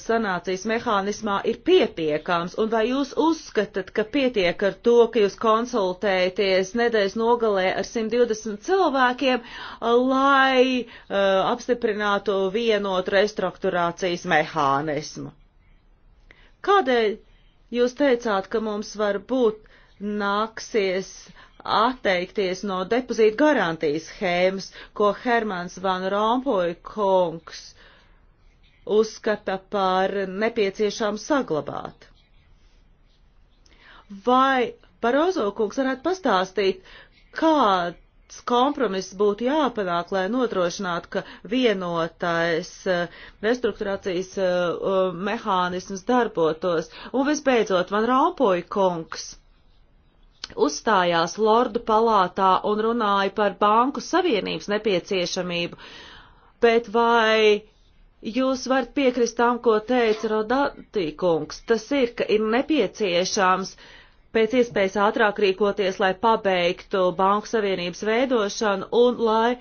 sanācijas mehānismā, ir pietiekams, un vai jūs uzskatat, ka pietiek ar to, ka jūs konsultēties nedēļas nogalē ar 120 cilvēkiem, lai uh, apstiprinātu vienotu restruktūrācijas mehānismu? Kādēļ Jūs teicāt, ka mums var būt nāksies atteikties no depozīta garantijas schēmas, ko Hermans Van Rompuy kungs uzskata par nepieciešām saglabāt. Vai Barozo kungs varētu pastāstīt, kāda kompromiss būtu jāpanāk, lai notrošinātu, ka vienotais eh, restruktūrācijas eh, eh, mehānisms darbotos. Un visbeidzot, man raupoja kungs uzstājās Lordu palātā un runāja par banku savienības nepieciešamību, bet vai jūs varat piekrist tam, ko teica Rodatī kungs? Tas ir, ka ir nepieciešams uh, pēc iespējas ātrāk rīkoties, lai pabeigtu Banku Savienības veidošanu un lai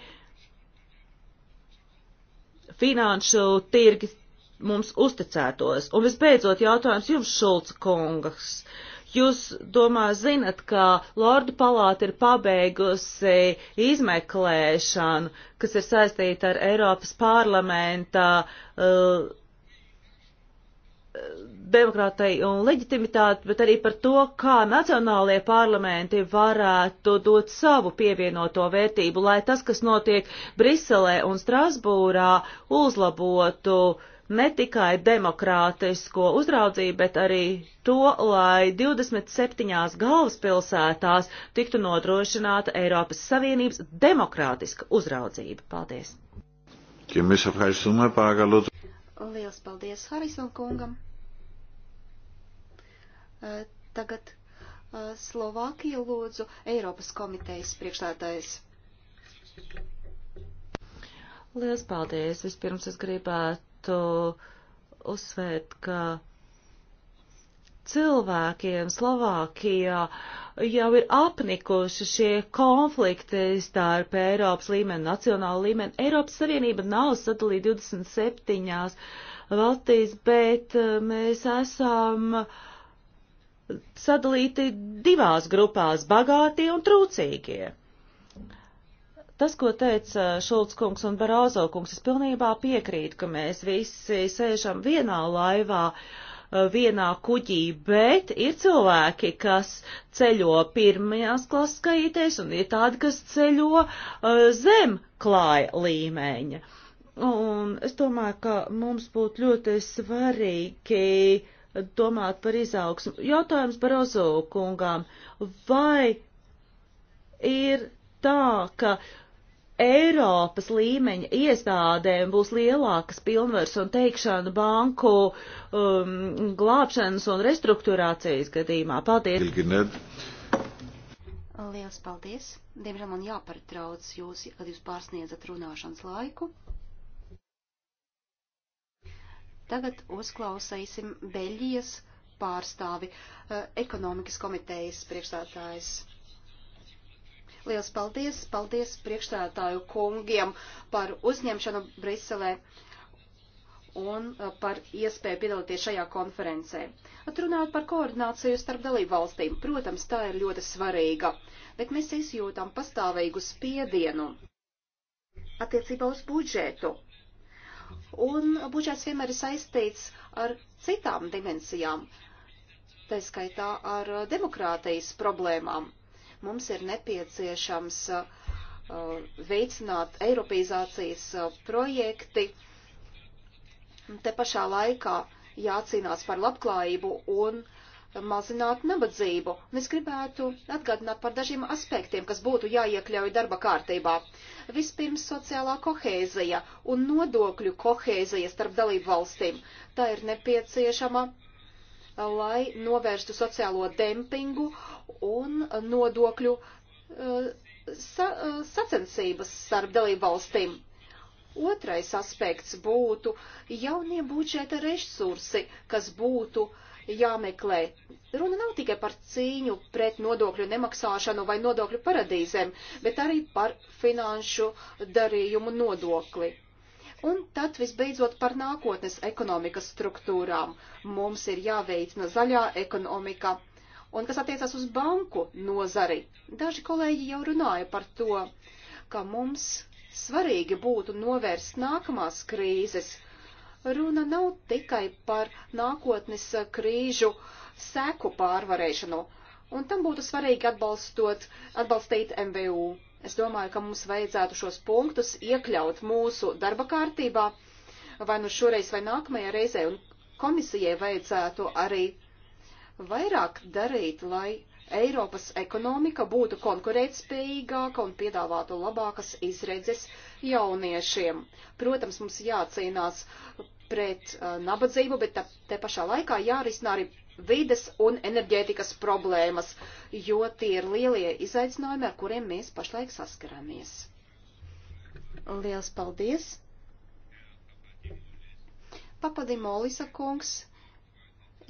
finanšu tirgi mums uzticētos. Un visbeidzot jautājums jums, Šulca kungas. Jūs, domā, zinat, ka Lordu palāta ir pabeigusi izmeklēšanu, kas ir saistīta ar Eiropas parlamenta uh, demokrātai un leģitimitāti, bet arī par to, kā nacionālajie parlamenti varētu dot savu pievienoto vērtību, lai tas, kas notiek Briselē un Strasbūrā, uzlabotu ne tikai demokrātisko uzraudzību, bet arī to, lai 27. galvaspilsētās tiktu nodrošināta Eiropas Savienības demokrātiska uzraudzība. Paldies! Ja mēs apkārt sumē pārgalot. Liels paldies Harisam kungam! Eh, tagad eh, Slovākija lūdzu Eiropas komitejas priekšstādājas. Lielas paldies! Vispirms es gribētu uzsvērt, ka cilvēkiem Slovākijā jau ir apnikuši šie konflikti starp Eiropas līmeni, nacionālu līmeni. Eiropas Savienība nav sadalīta 27 valstīs, bet eh, mēs esam uh, sadalīti divās grupās - bagātie un trūcīgie. Tas, ko teica Šulc kungs un Barāzo kungs, es pilnībā piekrītu, ka mēs visi sēžam vienā laivā, uh, vienā kuģī, bet ir cilvēki, kas ceļo pirmajās klases skaitēs un ir tādi, kas ceļo uh, zem klāja līmeņa. Un es domāju, ka mums būtu ļoti svarīgi uh, domāt par izaugsmu. Jautājums par Ozokungām. Vai ir tā, ka Eiropas līmeņa iestādēm būs lielākas pilnvars un teikšana banku um, glābšanas un restruktūrācijas gadījumā? Paldies! Liels paldies! Diemžēl man jāparatrauc jūs, kad jūs pārsniedzat runāšanas laiku. Tagad uzklausīsim Beļģijas pārstāvi, eh, ekonomikas komitejas priekšstādātājs. Liels paldies, paldies priekšstādātāju kungiem par uzņemšanu Briselē un eh, par iespēju piedalīties šajā konferencē. Atrunājot par koordināciju starp dalību valstīm, protams, tā ir ļoti svarīga, bet mēs izjūtam pastāvīgu spiedienu attiecībā uz budžetu un budžets vienmēr ir saistīts ar citām dimensijām, tā skaitā ar demokrātijas problēmām. Mums ir nepieciešams uh, veicināt eiropeizācijas uh, projekti, te pašā laikā jācīnās par labklājību un uh, mazināt nabadzību. Un es gribētu atgādināt par dažiem aspektiem, kas būtu jāiekļauj darba kārtībā. Vispirms sociālā kohēzija un nodokļu kohēzija starp dalību valstīm. Tā ir nepieciešama, lai novērstu sociālo dempingu un nodokļu uh, sa, uh, sacensības starp dalību valstīm. Otrais aspekts būtu jaunie budžeta resursi, kas būtu uh, jāmeklē. Runa nav tikai par cīņu pret nodokļu nemaksāšanu vai nodokļu paradīzēm, bet arī par finanšu darījumu nodokli. Un tad visbeidzot par nākotnes ekonomikas struktūrām. Mums ir jāveicina zaļā ekonomika. Un kas attiecas uz banku nozari, daži kolēģi jau runāja par to, ka mums svarīgi būtu novērst nākamās krīzes Runa nav tikai par nākotnes eh, krīžu seku pārvarēšanu, un tam būtu svarīgi atbalstot, atbalstīt MVU. Es domāju, ka mums vajadzētu šos punktus iekļaut mūsu darba kārtībā, vai nu šoreiz vai nākamajā reizē, un komisijai vajadzētu arī vairāk darīt, lai Eiropas ekonomika būtu konkurētspējīgāka un piedāvātu labākas izredzes jauniešiem. Protams, mums jācīnās pret uh, nabadzību, bet te, te pašā laikā jārisina arī vides un enerģētikas problēmas, jo tie ir lielie izaicinājumi, ar kuriem mēs pašlaik saskaramies. Liels paldies! Papadimolis kungs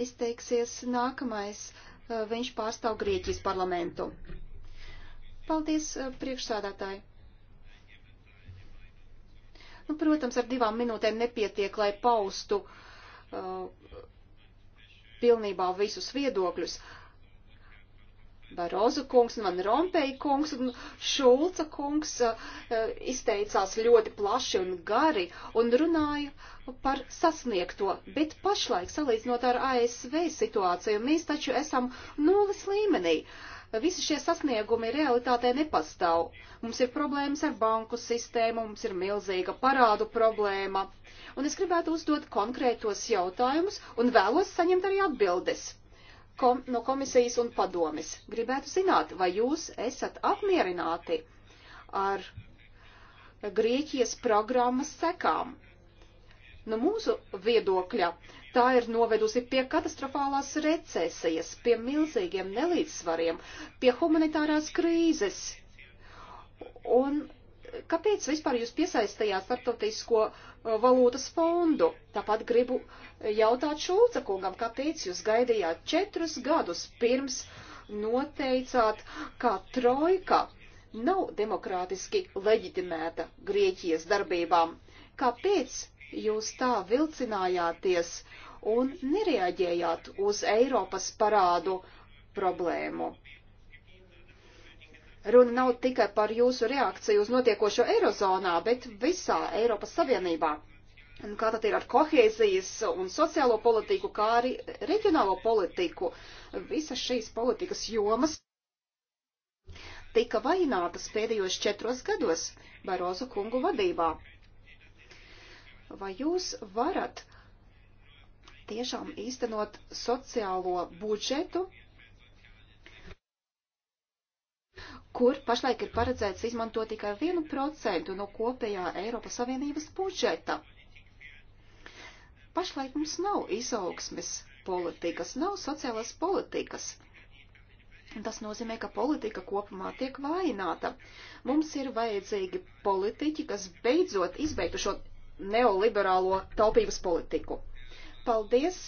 izteiksies nākamais. Uh, Eh, viņš pārstāv Grieķijas parlamentu. Paldies, eh, priekšsādātāji! Nu, protams, ar divām minūtēm nepietiek, lai paustu uh, pilnībā visus viedokļus. Barozu kungs un Van Rompeja kungs un Šulca kungs uh, izteicās ļoti plaši un gari un runāja par sasniegto, bet pašlaik salīdzinot ar ASV situāciju, mēs taču esam nulles līmenī. Visi šie sasniegumi realitātē nepastāv. Mums ir problēmas ar banku sistēmu, mums ir milzīga parādu problēma. Un es gribētu uzdot konkrētos jautājumus un vēlos saņemt arī atbildes kom, no komisijas un padomes. Gribētu zināt, vai jūs esat apmierināti ar Grieķijas programmas sekām? No mūsu viedokļa tā ir novedusi pie katastrofālās recesijas, pie milzīgiem nelīdzsvariem, pie humanitārās krīzes. Un kāpēc vispār jūs piesaistījāt starptautisko uh, valūtas fondu? Tāpat gribu jautāt Šulca kungam, kāpēc jūs gaidījāt četrus gadus pirms noteicāt, kā trojka nav demokrātiski leģitimēta Grieķijas darbībām? Kāpēc jūs tā vilcinājāties un nereaģējāt uz Eiropas parādu problēmu? Runa nav tikai par jūsu reakciju uz notiekošo Eirozonā, bet visā Eiropas Savienībā. Un kā tad ir ar kohēzijas un sociālo politiku, kā arī reģionālo politiku? Visas šīs politikas jomas tika vainātas pēdējos četros gados Barozu kungu vadībā. Vai jūs varat tiešām īstenot sociālo budžetu kur pašlaik ir paredzēts izmantot tikai 1% no kopējā Eiropas Savienības budžeta. Pašlaik mums nav izaugsmes politikas, nav sociālās politikas. Tas nozīmē, ka politika kopumā tiek vaināta. Mums ir vajadzīgi politiķi, kas beidzot izbeigtu šo neoliberālo taupības politiku. Paldies!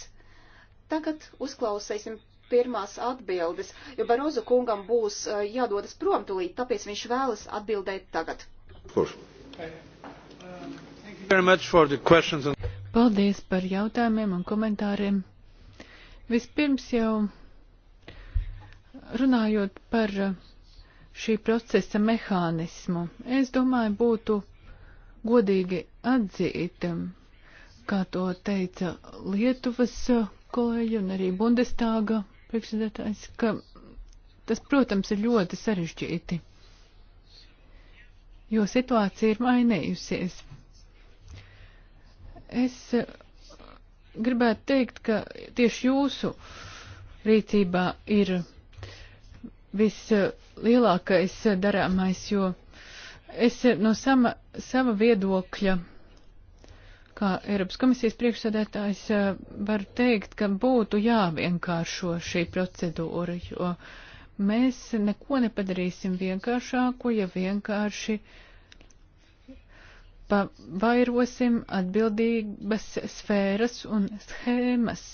Tagad uzklausīsim pirmās atbildes, jo Barozu kungam būs eh, jādodas prom tulīt, tāpēc viņš vēlas atbildēt tagad. Kurš? Um, Paldies par jautājumiem un komentāriem. Vispirms jau runājot par eh, šī procesa mehānismu, es domāju, būtu godīgi atzīt, eh, kā to teica Lietuvas kolēģi un arī Bundestāga priekšsēdētājs, ka tas, protams, ir ļoti sarežģīti, jo situācija ir mainījusies. Es eh, gribētu teikt, ka tieši jūsu rīcībā ir vislielākais darāmais, jo es no sama, sava viedokļa kā Eiropas komisijas priekšsēdētājs eh, var teikt, ka būtu jāvienkāršo šī procedūra, jo mēs neko nepadarīsim vienkāršāko, ja vienkārši pavairosim atbildības sfēras un schēmas.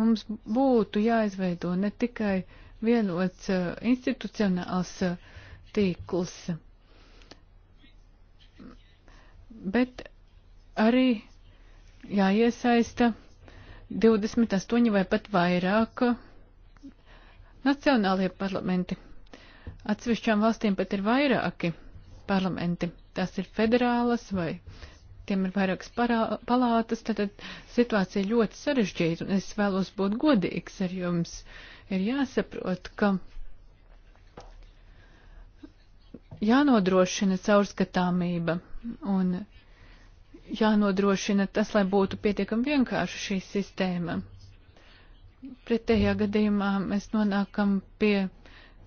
Mums būtu jāizveido ne tikai vienots eh, institucionāls eh, tīkls, bet arī jāiesaista 28 vai pat vairāk nacionālie parlamenti. Atsevišķām valstīm pat ir vairāki parlamenti. Tās ir federālas vai tiem ir vairākas parā, palātas, tad situācija ļoti sarežģīta un es vēlos būt godīgs ar jums. Ir jāsaprot, ka jānodrošina caurskatāmība un jānodrošina tas, lai būtu pietiekami vienkārši šī sistēma. Pretējā gadījumā mēs nonākam pie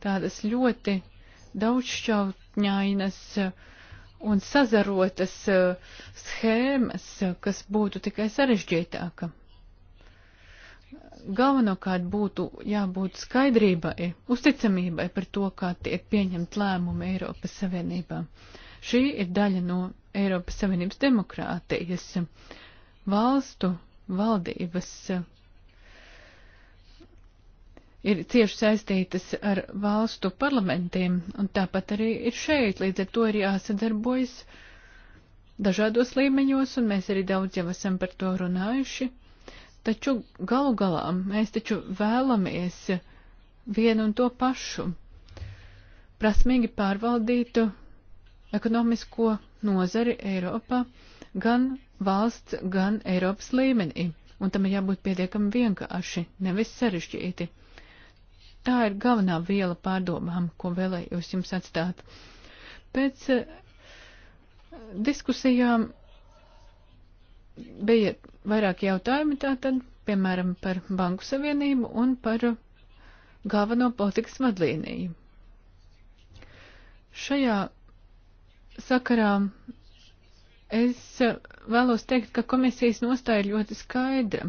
tādas ļoti daudzšķautņainas uh, un sazarotas uh, schēmas, uh, kas būtu tikai sarežģītāka. Galvenokārt būtu jābūt skaidrībai, uzticamībai par to, kā tiek pieņemt lēmumi Eiropas Savienībā. Šī ir daļa no Eiropas Savienības demokrātijas. Valstu valdības ir cieši saistītas ar valstu parlamentiem, un tāpat arī ir šeit, līdz ar to ir jāsadarbojas dažādos līmeņos, un mēs arī daudz jau esam par to runājuši. Taču galu galā mēs taču vēlamies vienu un to pašu - prasmīgi pārvaldītu ekonomisko nozari Eiropā gan valsts, gan Eiropas līmenī, un tam ir jābūt pietiekami vienkārši, nevis sarežģīti. Tā ir galvenā viela pārdomām, ko vēlējos jums atstāt. Pēc eh, diskusijām bija vairāk jautājumi tātad, piemēram, par Banku Savienību un par galveno politikas vadlīniju. Šajā sakarā es vēlos teikt, ka komisijas nostāja ir ļoti skaidra.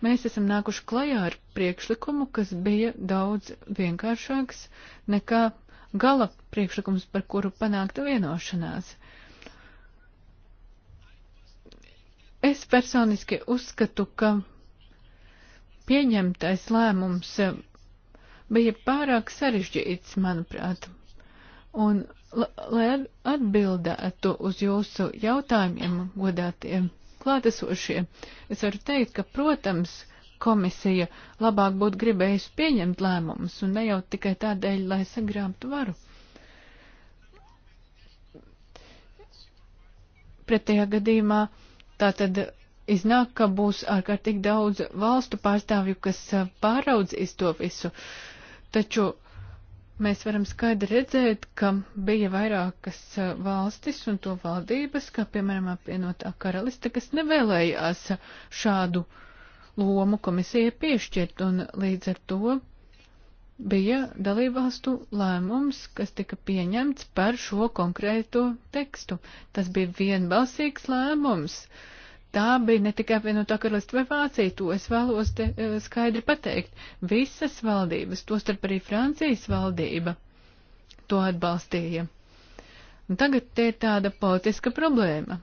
Mēs esam nākuši klajā ar priekšlikumu, kas bija daudz vienkāršāks nekā gala priekšlikums, par kuru panākta vienošanās. Es personiski uzskatu, ka pieņemtais lēmums bija pārāk sarežģīts, manuprāt. Un, lai atbildētu uz jūsu jautājumiem, godātie klātesošie, es varu teikt, ka, protams, komisija labāk būtu gribējusi pieņemt lēmumus un ne jau tikai tādēļ, lai sagrābtu varu. Pretējā gadījumā tā tad iznāk, ka būs ārkārtīgi daudz valstu pārstāvju, kas pāraudzīs to visu. Taču uh, mēs varam skaidri redzēt, ka bija vairākas valstis un to valdības, kā piemēram apvienotā karaliste, kas nevēlējās šādu lomu komisijai piešķirt, un līdz ar to bija dalībvalstu lēmums, kas tika pieņemts par šo konkrēto tekstu. Tas bija vienbalsīgs lēmums. Uh, tā bija ne tikai apvienotā karalista vai Vācija, to es vēlos te eh, skaidri pateikt. Visas valdības, tostarp arī Francijas valdība, to atbalstīja. Un tagad te ir tāda politiska problēma.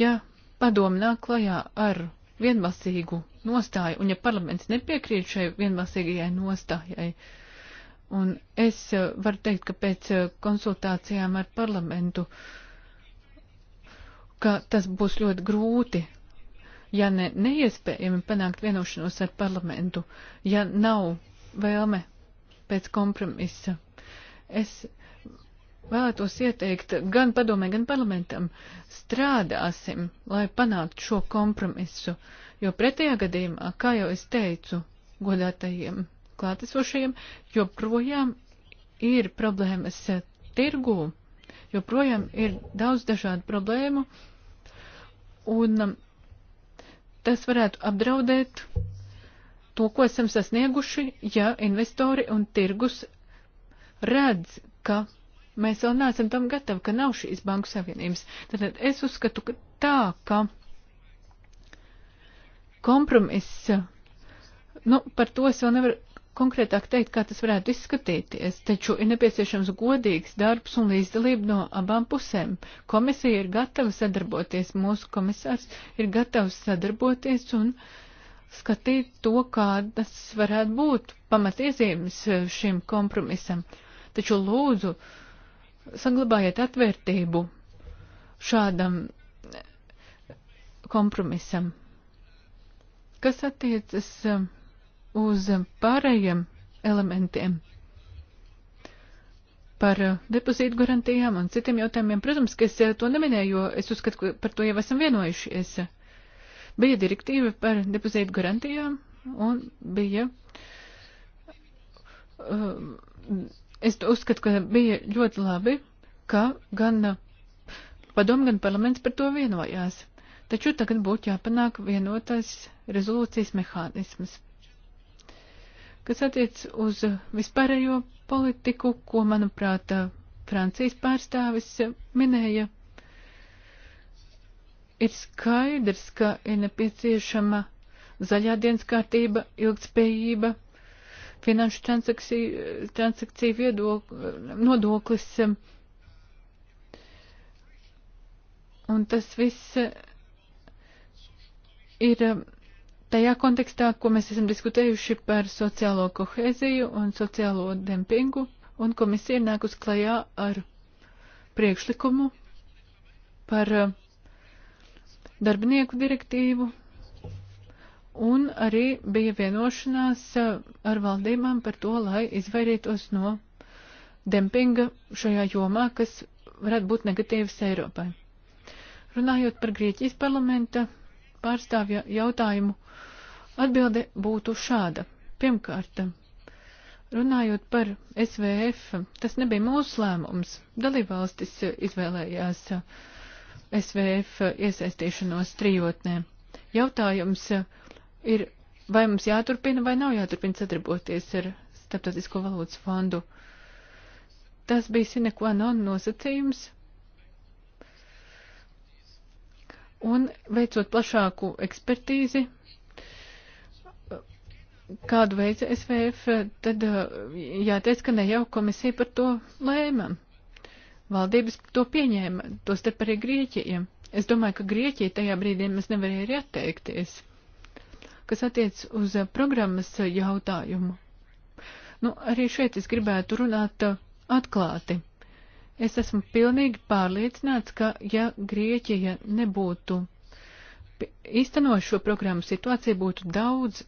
Ja padomu nāk klajā ar vienbalsīgu nostāju, un ja parlaments nepiekrīt šai vienbalsīgajai nostājai, un es eh, varu teikt, ka pēc eh, konsultācijām ar parlamentu uh, ka tas būs ļoti grūti, ja ne neiespējami panākt vienošanos ar parlamentu, ja nav vēlme pēc kompromisa. Es vēlētos ieteikt gan padomē, gan parlamentam strādāsim, lai panāktu šo kompromisu, jo pretējā gadījumā, kā jau es teicu, godātajiem klātesošajiem, joprojām ir problēmas tirgū, joprojām ir daudz dažādu problēmu, uh, Un um, tas varētu apdraudēt to, ko esam sasnieguši, ja investori un tirgus redz, ka mēs vēl neesam tam gatavi, ka nav šīs banku savienības. Tātad es uzskatu, ka tā, ka kompromiss, nu, par to es vēl nevaru konkrētāk teikt, kā tas varētu izskatīties, taču ir nepieciešams godīgs darbs un līdzdalība no abām pusēm. Komisija ir gatava sadarboties, mūsu komisārs ir gatavs sadarboties un skatīt to, kādas varētu būt pamatiezīmes šim kompromisam. Taču lūdzu, saglabājiet atvērtību šādam kompromisam. Kas attiecas. Uh, uz pārējiem elementiem par depozītu garantijām un citiem jautājumiem. Protams, ka es eh, to neminēju, jo es uzskatu, ka par to jau esam vienojušies. Bija direktīva par depozītu garantijām un bija. Eh, es uzskatu, ka bija ļoti labi, ka gan padomu, gan parlaments par to vienojās. Taču tagad būtu jāpanāk vienotais rezolūcijas mehānisms. Kas attiec uz vispārējo politiku, ko, manuprāt, Francijas pārstāvis minēja, ir skaidrs, ka ir nepieciešama zaļā dienas kārtība, ilgspējība, finanšu transakciju, transakciju viedok, nodoklis. Un tas viss ir tajā kontekstā, ko mēs esam diskutējuši par sociālo kohēziju un sociālo dempingu, un komisija ir nākus klajā ar priekšlikumu par uh, darbinieku direktīvu, un arī bija vienošanās uh, ar valdībām par to, lai izvairītos no dempinga šajā jomā, kas varētu būt negatīvs Eiropai. Runājot par Grieķijas parlamenta pārstāvja jautājumu atbilde būtu šāda. Pirmkārt, runājot par SVF, tas nebija mūsu lēmums. Dalībvalstis izvēlējās SVF iesaistīšanos trijotnē. Jautājums ir, vai mums jāturpina vai nav jāturpina sadarboties ar Starptautisko valūtas fondu. Tas bija sinekva non nosacījums un veicot plašāku ekspertīzi, kādu veidu SVF, tad eh, jāteic, ka ne jau komisija par to lēma. Valdības to pieņēma, to starp arī Grieķijiem. Es domāju, ka Grieķija tajā brīdī mēs nevarēja arī atteikties, kas attiec uz eh, programmas jautājumu. Nu, arī šeit es gribētu runāt eh, atklāti. Es esmu pilnīgi pārliecināts, ka ja Grieķija nebūtu īstenot šo programmu, situācija būtu daudz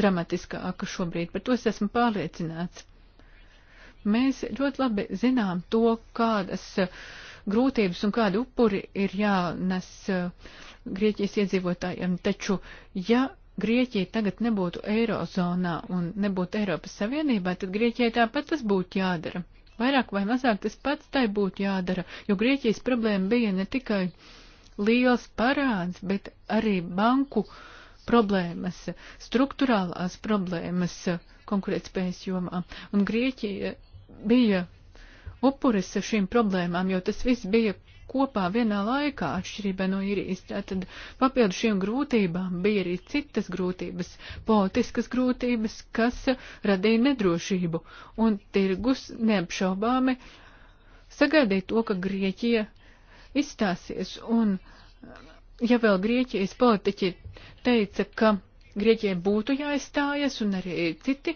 dramatiskāka šobrīd. Par to es esmu pārliecināts. Mēs ļoti labi zinām to, kādas eh, grūtības un kādi upuri ir jānes eh, Grieķijas iedzīvotājiem, taču ja Grieķija tagad nebūtu Eirozonā un nebūtu Eiropas Savienībā, tad Grieķijai tāpat tas būtu jādara. Vairāk vai mazāk tas pats tai būtu jādara, jo Grieķijas problēma bija ne tikai liels parāds, bet arī banku problēmas, struktūrālās problēmas konkurētspējas jomā. Un Grieķija bija upuris šīm problēmām, jo tas viss bija kopā vienā laikā atšķirībā no īrijas. Tātad papildu šiem grūtībām bija arī citas grūtības, politiskas grūtības, kas radīja nedrošību. Un tirgus neapšaubāmi sagaidīja to, ka Grieķija izstāsies. Un ja vēl Grieķijas politiķi teica, ka Grieķiem būtu jāizstājas, un arī citi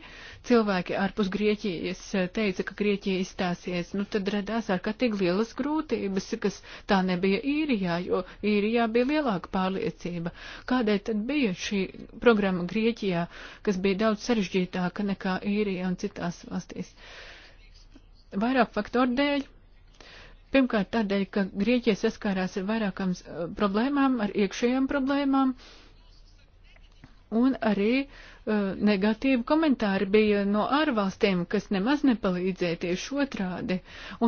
cilvēki ārpus Grieķijas teica, ka Grieķija izstāsies. Nu, tad radās ārkārtīgi lielas grūtības, kas tā nebija īrijā, jo īrijā bija lielāka pārliecība. Kādēļ tad bija šī programma Grieķijā, kas bija daudz sarežģītāka nekā īrijā un citās valstīs? Vairāk faktoru dēļ. Pirmkārt, tādēļ, ka Grieķija saskārās ar vairākām problēmām, ar iekšējām problēmām, uh, Un arī uh, negatīvi komentāri bija no ārvalstīm, kas nemaz nepalīdzēja tieši otrādi.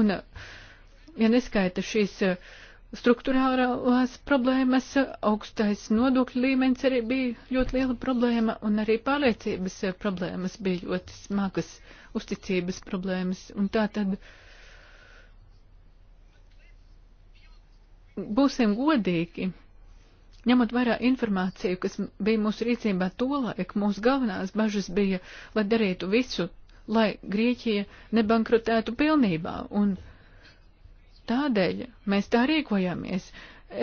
Un, uh, ja neskaita šīs uh, struktūrālās problēmas, uh, augstais nodokļu līmenis arī bija ļoti liela problēma, un arī pārliecības problēmas bija ļoti smagas, uzticības problēmas. Un tā tad būsim godīgi Ņemot vērā informāciju, kas bija mūsu rīcībā tolaik, mūsu galvenās bažas bija, lai darītu visu, lai Grieķija nebankrotētu pilnībā, un tādēļ mēs tā rīkojāmies.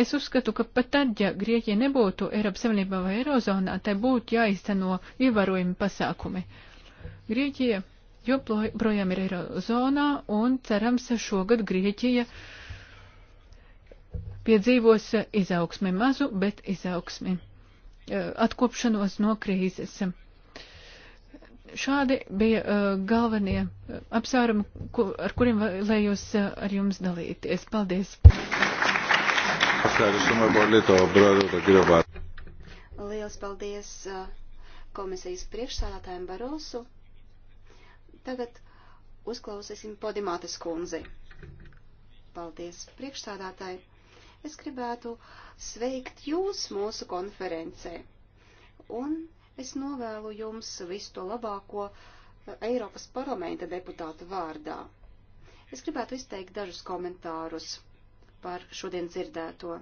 Es uzskatu, ka pat tad, ja Grieķija nebūtu Eiropas Savienībā vai Eirozonā, tai būtu jāizceno ievērojami pasākumi. Grieķija joprojām ir Eirozonā, un cerams, šogad Grieķija uh, piedzīvos eh, izaugsmi mazu, bet izaugsmi eh, atkopšanos no krīzes. Šādi bija uh, galvenie apsvērumi, ku, ar kuriem vēlējos uh, ar jums dalīties. Paldies! Lielas paldies uh, komisijas priekšsādātājiem Barosu. Tagad uzklausīsim Podimātes kundzi. Paldies priekšsādātāji! Es gribētu sveikt jūs mūsu konferencē. Un es novēlu jums visu to labāko eh, Eiropas parlamenta deputātu vārdā. Es gribētu izteikt dažus komentārus par šodien dzirdēto.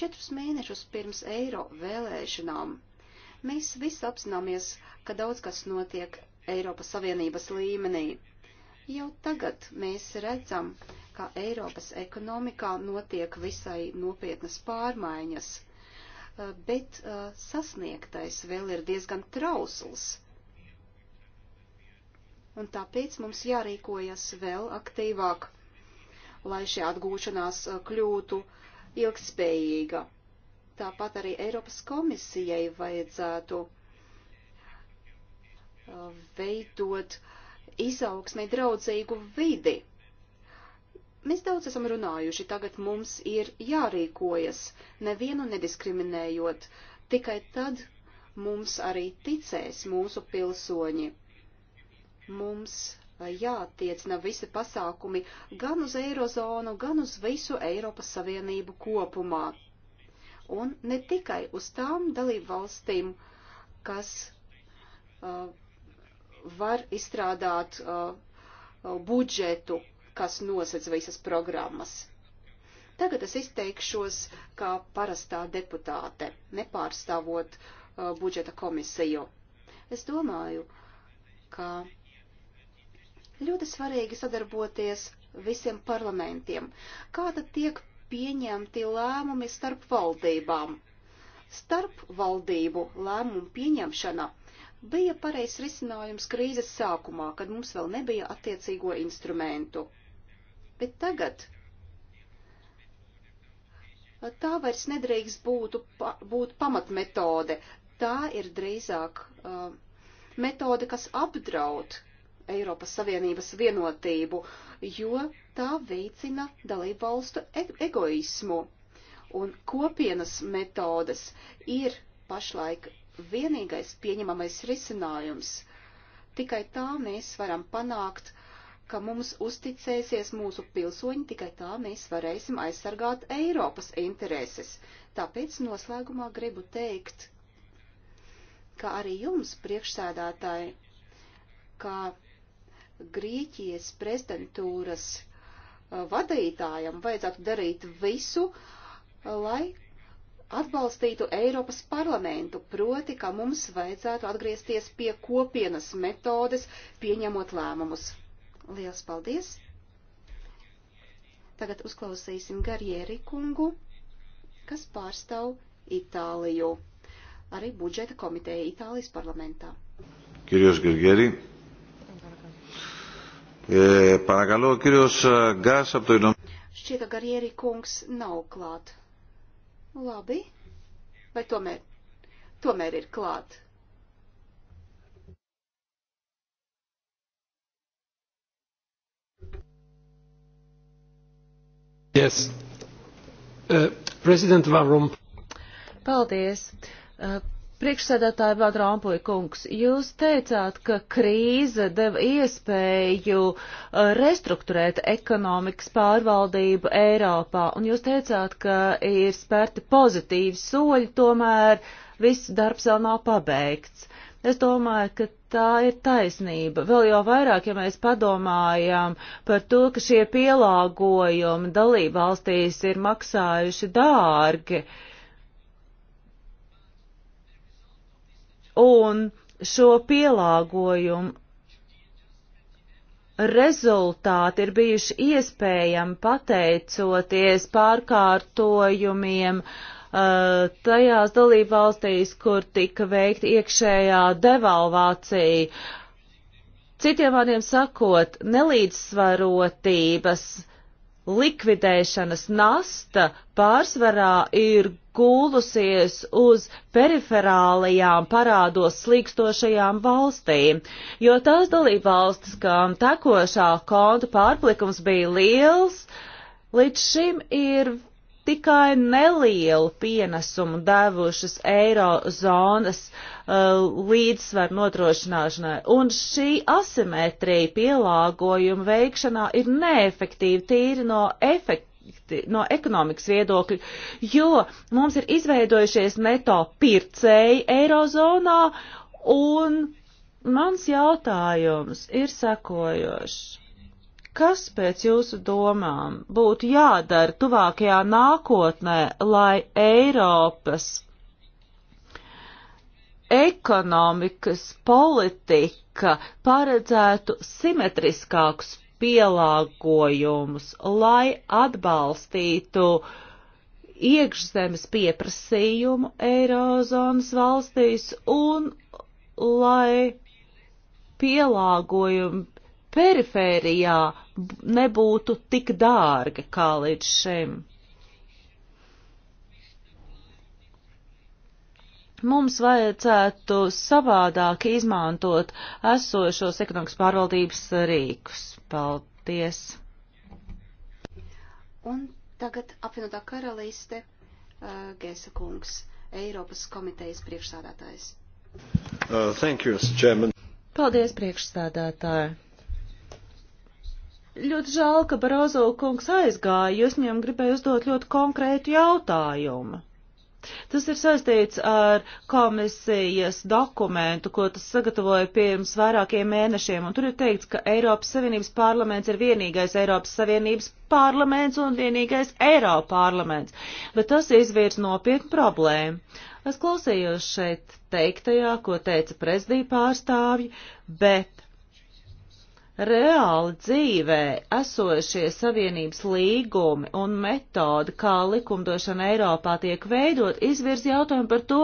Četrus mēnešus pirms eiro vēlēšanām mēs visi apzināmies, ka daudz kas notiek Eiropas Savienības līmenī. Jau tagad mēs redzam, ka Eiropas ekonomikā notiek visai nopietnas pārmaiņas, eh, bet eh, sasniegtais vēl ir diezgan trausls. Un tāpēc mums jārīkojas vēl aktīvāk, lai šī atgūšanās eh, kļūtu ilgspējīga. Tāpat arī Eiropas komisijai vajadzētu veidot izaugsmē draudzīgu vidi Mēs daudz esam runājuši, tagad mums ir jārīkojas, nevienu nediskriminējot, tikai tad mums arī ticēs mūsu pilsoņi. Mums eh, jātiecina visi pasākumi gan uz Eirozonu, gan uz visu Eiropas Savienību kopumā. Un ne tikai uz tām dalību valstīm, kas uh, var izstrādāt uh, budžetu kas nosedz visas programmas. Tagad es izteikšos kā parastā deputāte, nepārstāvot uh, budžeta komisiju. Es domāju, ka ļoti svarīgi sadarboties visiem parlamentiem. Kāda tiek pieņemti lēmumi starp valdībām? Starp valdību lēmumu pieņemšana bija pareizs risinājums krīzes sākumā, kad mums vēl nebija attiecīgo instrumentu. Bet tagad tā vairs nedrīkst būt, būt pamatmetode. Tā ir drīzāk uh, metode, kas apdraud Eiropas Savienības vienotību, jo tā veicina dalībvalstu e egoismu. Un kopienas metodas ir pašlaik vienīgais pieņemamais risinājums. Tikai tā mēs varam panākt ka mums uzticēsies mūsu pilsoņi, tikai tā mēs varēsim aizsargāt Eiropas intereses. Tāpēc noslēgumā gribu teikt, ka arī jums, priekšsēdātāji, kā Grieķijas prezidentūras uh, vadītājam vajadzētu darīt visu, uh, lai atbalstītu Eiropas parlamentu, proti, ka mums vajadzētu atgriezties pie kopienas metodes, pieņemot lēmumus. Liels paldies! Tagad uzklausīsim Garjeri kungu, kas pārstāv Itāliju, arī budžeta komiteja Itālijas parlamentā. Kirjos Garjeri. E, Paragalo, Kirjos e, Gās, ap to ir. Šķiet, ka Garjeri kungs nav klāt. Labi, vai tomēr, tomēr ir klāt? Yes. Uh, President Van Rompuy. Paldies. Uh, Priekšsēdētāji Vada Rampoja kungs, jūs teicāt, ka krīze deva iespēju uh, restruktūrēt ekonomikas pārvaldību Eiropā, un jūs teicāt, ka ir spērti pozitīvi soļi, tomēr viss darbs vēl nav pabeigts. Es domāju, ka tā ir taisnība. Vēl jau vairāk, ja mēs padomājam par to, ka šie pielāgojumi dalībvalstīs ir maksājuši dārgi. Un šo pielāgojumu rezultāti ir bijuši iespējami pateicoties pārkārtojumiem, uh, Eh, tajās dalībvalstīs, kur tika veikta iekšējā devalvācija. Citiem vārdiem sakot, nelīdzsvarotības likvidēšanas nasta pārsvarā ir gūlusies uz periferālajām parādos slīkstošajām valstīm, jo tās dalībvalstis, kam tekošā konta pārplikums bija liels, līdz šim ir tikai nelielu pienesumu devušas eirozonas uh, līdzsvaru nodrošināšanai, un šī asimetrija pielāgojuma veikšanā ir neefektīva tīri no efekta no ekonomikas viedokļa, jo mums ir izveidojušies neto pircēji Eirozonā, un mans jautājums ir sekojošs. Kas pēc jūsu domām būtu jādara tuvākajā nākotnē, lai Eiropas ekonomikas politika paredzētu simetriskākus pielāgojumus, lai atbalstītu iekšzemes pieprasījumu Eirozonas valstīs un lai pielāgojumi perifērijā nebūtu tik dārga kā līdz šim. Mums vajadzētu savādāk izmantot esošos ekonomikas pārvaldības rīkus. Paldies! Un tagad apvienotā karalīste uh, Gēsa kungs, Eiropas komitejas priekšsādātājs. Uh, thank you, Chairman. Paldies, priekšsādātāji! Ļoti žēl, ka Barozo kungs aizgāja, jo es viņam gribēju uzdot ļoti konkrētu jautājumu. Tas ir saistīts ar komisijas dokumentu, ko tas sagatavoja pirms vairākiem mēnešiem, un tur ir teikts, ka Eiropas Savienības parlaments ir vienīgais Eiropas Savienības parlaments un vienīgais Eiropa parlaments, bet tas izvirs nopietnu problēmu. Es klausījos šeit teiktajā, ko teica prezidija pārstāvji, bet reāli dzīvē esošie savienības līgumi un metodi, kā likumdošana Eiropā tiek veidot, izvirz jautājumu par to,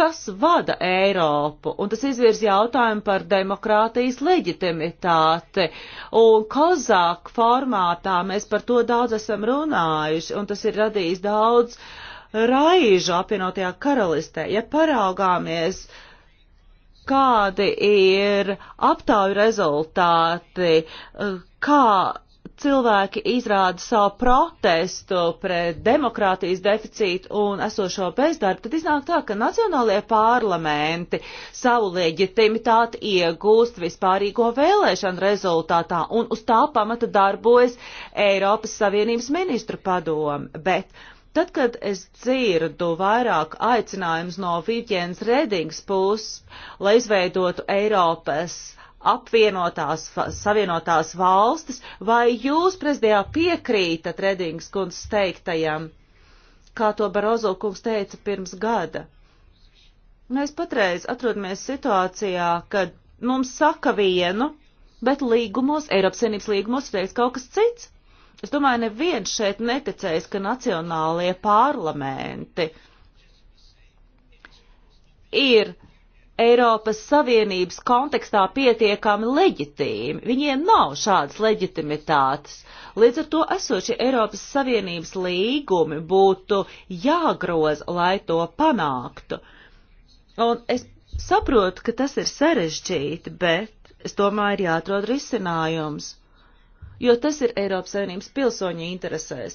kas vada Eiropu, un tas izvirz jautājumu par demokrātijas leģitimitāti. Un kozāk formātā mēs par to daudz esam runājuši, un tas ir radījis daudz raižu apvienotajā karalistē. Ja paraugāmies uh, kādi ir aptauju rezultāti, kā cilvēki izrāda savu protestu pret demokrātijas deficītu un esošo bezdarbu, tad iznāk tā, ka nacionālajie parlamenti savu leģitimitāti iegūst vispārīgo vēlēšanu rezultātā un uz tā pamata darbojas Eiropas Savienības ministru padomu. Bet Tad, kad es dzirdu vairāk aicinājums no Vīķēnas Redings puses, lai izveidotu Eiropas apvienotās, savienotās valstis, vai jūs, prezidijā, piekrītat Redings kundzes teiktajam, kā to Barozo kungs teica pirms gada? Mēs patreiz atrodamies situācijā, kad mums saka vienu, bet līgumos, Eiropas Savienības līgumos, teiks kaut kas cits. Es domāju, neviens šeit neticēs, ka nacionālie parlamenti ir Eiropas Savienības kontekstā pietiekami leģitīmi. Viņiem nav šādas leģitimitātes. Līdz ar to esošie Eiropas Savienības līgumi būtu jāgroza, lai to panāktu. Un es saprotu, ka tas ir sarežģīti, bet es domāju, ir jāatrod risinājums jo tas ir Eiropas Savienības pilsoņu interesēs.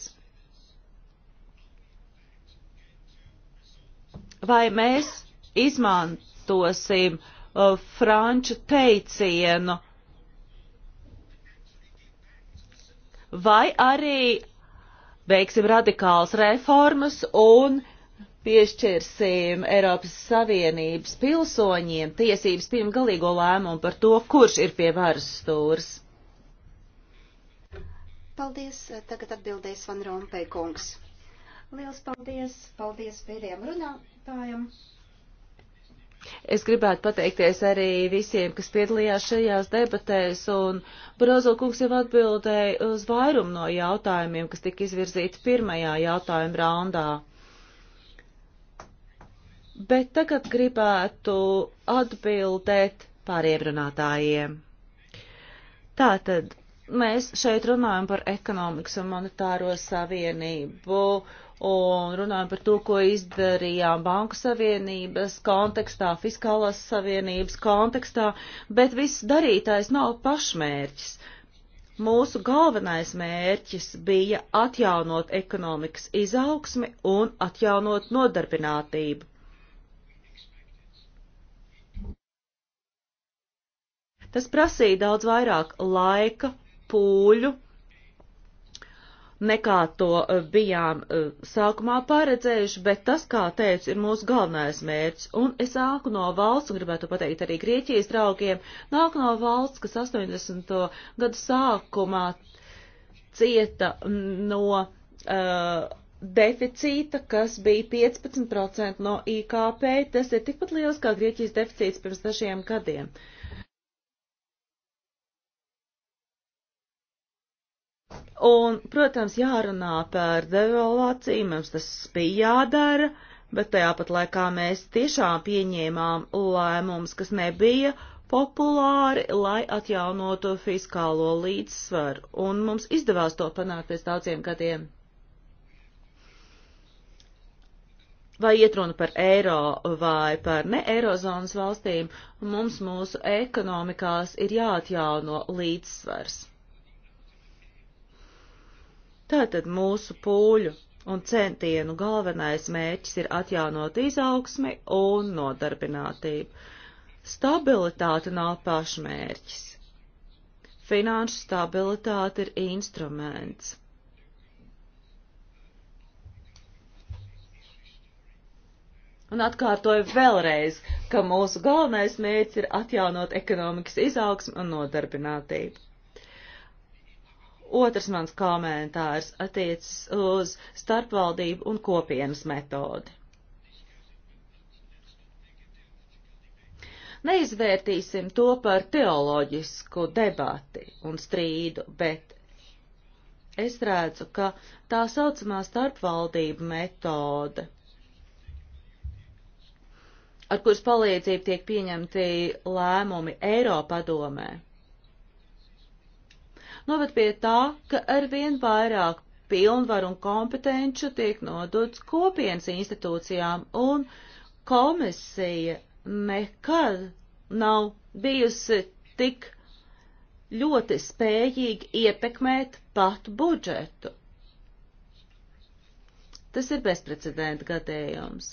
Vai mēs izmantosim uh, franču teicienu, vai arī veiksim radikāls reformas un piešķirsim Eiropas Savienības pilsoņiem tiesības pieņemt galīgo lēmumu par to, kurš ir pie varas stūrs. Paldies. Eh, tagad atbildēs Van Rompēj kungs. Liels paldies. Paldies pēdējiem runātājiem. Es gribētu pateikties arī visiem, kas piedalījās šajās debatēs, un Brozo kungs jau atbildēja uz vairumu no jautājumiem, kas tika izvirzīti pirmajā jautājuma raundā. Bet tagad gribētu atbildēt pāriem runātājiem. Tātad Mēs šeit runājam par ekonomikas un monetāro savienību un runājam par to, ko izdarījām banku savienības kontekstā, fiskālās savienības kontekstā, bet viss darītājs nav pašmērķis. Mūsu galvenais mērķis bija atjaunot ekonomikas izaugsmi un atjaunot nodarbinātību. Tas prasīja daudz vairāk laika pūļu nekā to eh, bijām eh, sākumā paredzējuši, bet tas, kā teicu, ir mūsu galvenais mērķis. Un es nāku no valsts, un gribētu pateikt arī Grieķijas draugiem, nāku no valsts, kas 80. gadu sākumā cieta no uh, deficīta, kas bija 15% no IKP. Tas ir tikpat liels kā Grieķijas deficīts pirms dažiem gadiem. Uh, Un, protams, jārunā par devalvāciju, mums tas bija jādara, bet tajā pat laikā mēs tiešām pieņēmām lēmumus, kas nebija populāri, lai atjaunotu fiskālo līdzsvaru, un mums izdevās to panākt pēc daudziem gadiem. Vai iet runa par eiro vai par ne eirozonas valstīm, mums mūsu ekonomikās ir jāatjauno līdzsvars. Tātad mūsu pūļu un centienu galvenais mērķis ir atjaunot izaugsmi un nodarbinātību. Stabilitāte nav pašmērķis. Finanšu stabilitāte ir instruments. Un atkārtoju vēlreiz, ka mūsu galvenais mērķis ir atjaunot ekonomikas izaugsmu un nodarbinātību. Otrs mans komentārs attiecas uz starpvaldību un kopienas metodi. Neizvērtīsim to par teoloģisku debati un strīdu, bet es redzu, ka tā saucamā starpvaldību metode ar kuras palīdzību tiek pieņemti lēmumi Eiropadomē noved pie tā, ka arvien vairāk pilnvaru un kompetenču tiek nodots kopienas institūcijām, un komisija nekad nav bijusi tik ļoti spējīgi iepekmēt pat budžetu. Tas ir bezprecedenta gadījums,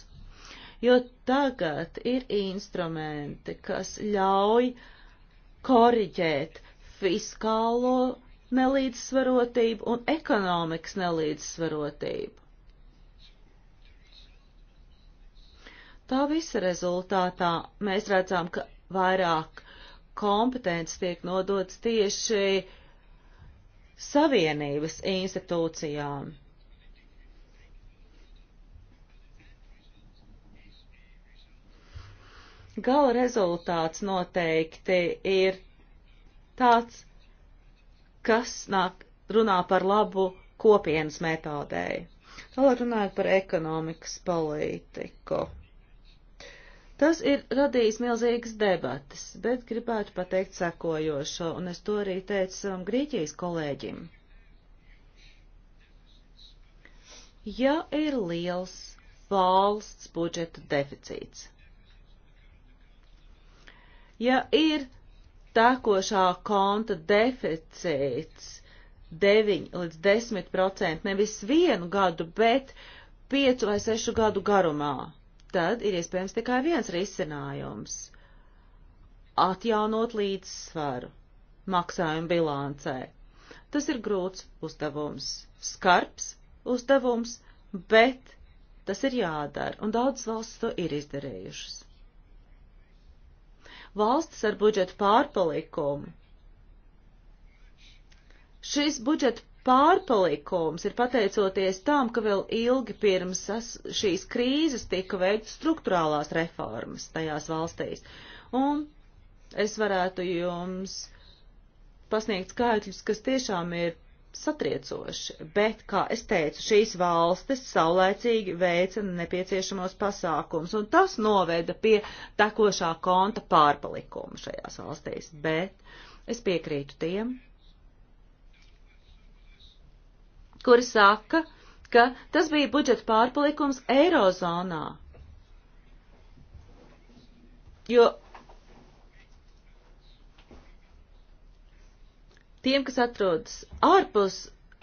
jo tagad ir instrumenti, kas ļauj koriģēt fiskālo nelīdzsvarotību un ekonomikas nelīdzsvarotību. Tā visa rezultātā mēs redzam, ka vairāk kompetences tiek nodots tieši savienības institūcijām. Gala rezultāts noteikti ir tāds, kas nāk runā par labu kopienas metodēji. Tālāk runājot par ekonomikas politiku. Tas ir radījis milzīgas debatas, bet gribētu pateikt sekojošo, un es to arī teicu savam Grieķijas kolēģim. Ja ir liels valsts budžeta deficīts, ja ir tekošā konta deficīts 9 līdz 10 procenti nevis vienu gadu, bet 5 vai 6 gadu garumā, tad ir iespējams tikai viens risinājums - atjaunot līdzsvaru maksājumu bilancē. Tas ir grūts uzdevums, skarbs uzdevums, bet tas ir jādara, un daudzas valsts to ir izdarījušas valstis ar budžetu pārpalikumu. Šis budžeta pārpalikums ir pateicoties tam, ka vēl ilgi pirms šīs krīzes tika veikts struktūrālās reformas tajās valstīs. Un es varētu jums pasniegt skaitļus, kas tiešām ir satriecoši, bet, kā es teicu, šīs valstis saulēcīgi veica nepieciešamos pasākums, un tas noveda pie tekošā konta pārpalikuma šajās valstīs, bet es piekrītu tiem, kuri saka, ka tas bija budžeta pārpalikums Eirozonā, jo tiem, kas atrodas ārpus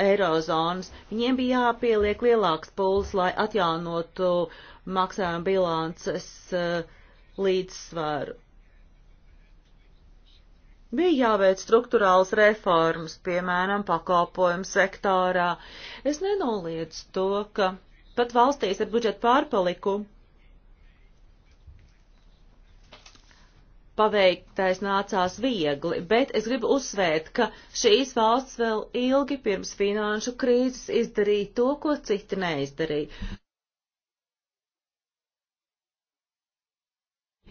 eirozonas, viņiem bija jāpieliek lielāks pūles, lai atjaunotu maksājuma bilances eh, līdzsvaru. Bija jāveic struktūrāls reformas, piemēram, pakalpojumu sektārā. Es nenoliedzu to, ka pat valstīs ar budžetu pārpalikumu paveiktais nācās viegli, bet es gribu uzsvērt, ka šīs valsts vēl ilgi pirms finanšu krīzes izdarīja to, ko citi neizdarīja.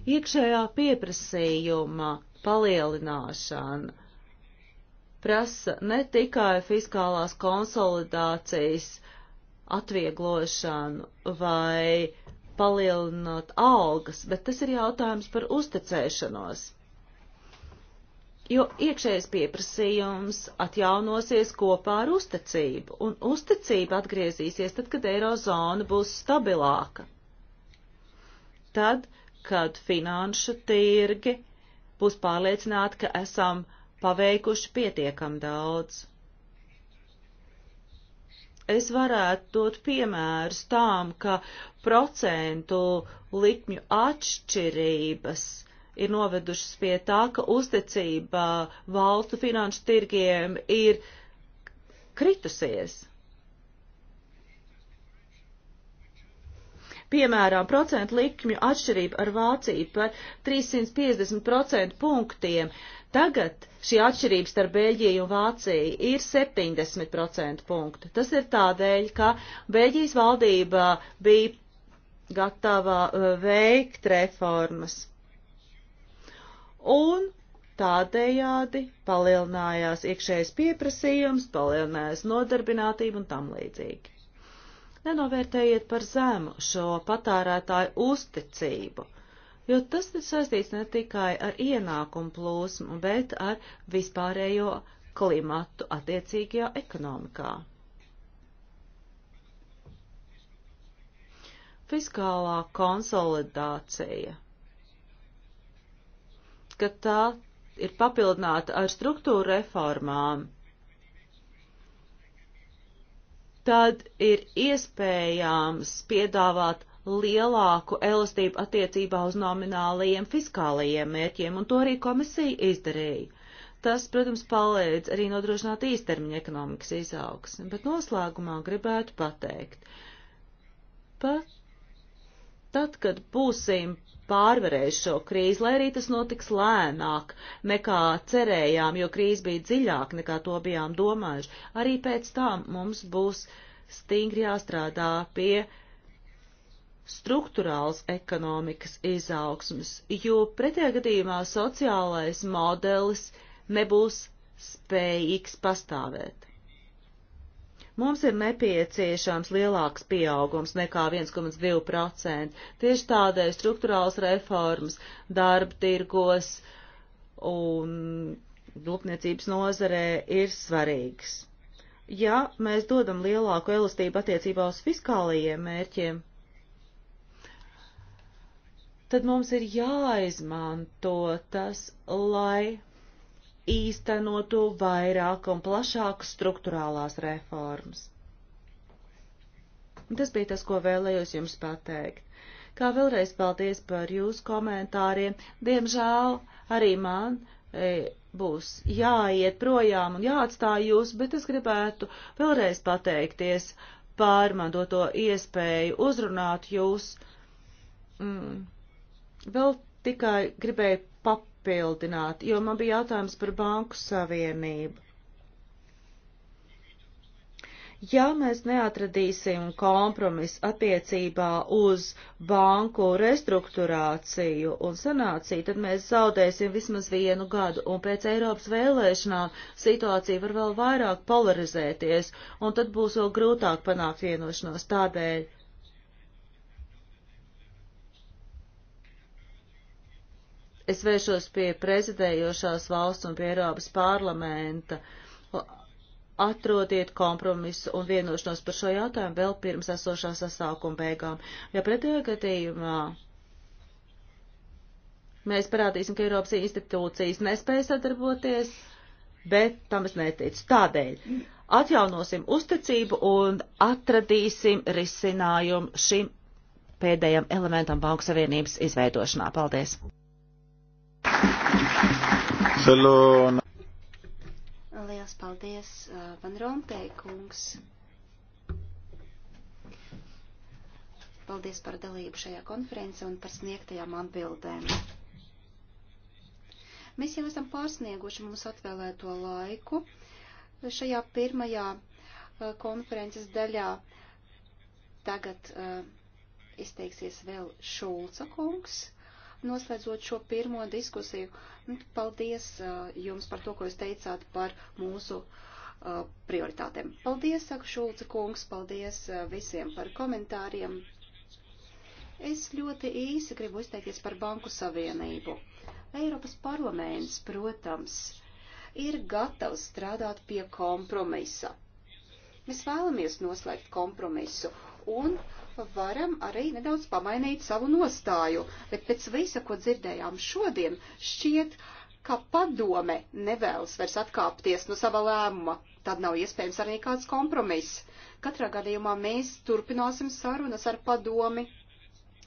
Iekšējā pieprasījuma palielināšana prasa ne tikai fiskālās konsolidācijas atvieglošanu vai palielinot algas, bet tas ir jautājums par uzticēšanos. Jo iekšējais pieprasījums atjaunosies kopā ar uzticību, un uzticība atgriezīsies tad, kad eirozona būs stabilāka. Tad, kad finanšu tirgi būs pārliecināti, ka esam paveikuši pietiekam daudz es varētu dot piemērus tām, ka procentu likmju atšķirības ir novedušas pie tā, ka uzticība valstu finanšu tirgiem ir kritusies. Piemēram, procentu likmju atšķirība ar Vāciju par 350 procentu punktiem. Tagad šī atšķirība starp Bēļģiju un Vāciju ir 70% punktu. Tas ir tādēļ, ka Bēļģijas valdība bija gatava uh, veikt reformas. Un tādējādi palielinājās iekšējais pieprasījums, palielinājās nodarbinātība un tam līdzīgi. Nenovērtējiet par zemu šo patērētāju uzticību, jo tas ir saistīts ne tikai ar ienākumu plūsmu, bet ar vispārējo klimatu attiecīgajā ekonomikā. Fiskālā konsolidācija, ka tā ir papildināta ar struktūra reformām tad ir iespējams piedāvāt lielāku elastību attiecībā uz nominālajiem fiskālajiem mērķiem, un to arī komisija izdarīja. Tas, protams, palīdz arī nodrošināt īstermiņa ekonomikas izaugsmi, bet noslēgumā gribētu pateikt. Pat tad, kad būsim pārvarēs šo krīzi, lai arī tas notiks lēnāk nekā cerējām, jo krīze bija dziļāka nekā to bijām domājuši. Arī pēc tam mums būs stingri jāstrādā pie struktūrāls ekonomikas izaugsmas, jo pretējā gadījumā sociālais modelis nebūs spējīgs pastāvēt. Mums ir nepieciešams lielāks pieaugums nekā 1,2%. Tieši tādēļ struktūrāls reformas, darba tirgos un lūpniecības nozarē ir svarīgs. Ja mēs dodam lielāku elastību attiecībā uz fiskālajiem mērķiem, tad mums ir jāizmanto tas, lai īstenotu vairāk un plašāk struktūrālās reformas. Tas bija tas, ko vēlējos jums pateikt. Kā vēlreiz paldies par jūsu komentāriem. Diemžēl arī man e, būs jāiet projām un jāatstāj jūs, bet es gribētu vēlreiz pateikties par man doto iespēju uzrunāt jūs. Mm, vēl tikai gribēju papildināt, jo man bija jautājums par banku savienību. Ja mēs neatradīsim kompromisu attiecībā uz banku restruktūrāciju un sanāciju, tad mēs zaudēsim vismaz vienu gadu, un pēc Eiropas vēlēšanām situācija var vēl vairāk polarizēties, un tad būs vēl grūtāk panākt vienošanos tādēļ es vēršos pie prezidējošās valsts un pie Eiropas parlamenta. Atrodiet kompromisu un vienošanos par šo jautājumu vēl pirms esošā sasākuma beigām. Ja pretējā gadījumā mēs parādīsim, ka Eiropas institūcijas nespēja sadarboties, bet tam es neticu. Tādēļ atjaunosim uzticību un atradīsim risinājumu šim pēdējam elementam Banku Savienības izveidošanā. Paldies! Θέλω να... Liels paldies, uh, Van Rompēj kungs. Paldies par dalību šajā konferencē un par sniegtajām atbildēm. Mēs jau esam pārsnieguši mums atvēlēto laiku. Šajā pirmajā uh, konferences daļā tagad uh, izteiksies vēl Šulca kungs noslēdzot šo pirmo diskusiju, nu, paldies uh, jums par to, ko jūs teicāt par mūsu uh, prioritātēm. Paldies, saka Šulca kungs, paldies uh, visiem par komentāriem. Es ļoti īsi gribu izteikties par Banku Savienību. Eiropas parlaments, protams, ir gatavs strādāt pie kompromisa. Mēs vēlamies noslēgt kompromisu un uh, varam arī nedaudz pamainīt savu nostāju, bet pēc visa, ko dzirdējām šodien, šķiet, ka padome nevēlas vairs atkāpties no sava lēmuma. Tad nav iespējams arī kāds kompromiss. Katrā gadījumā mēs turpināsim sarunas ar padomi,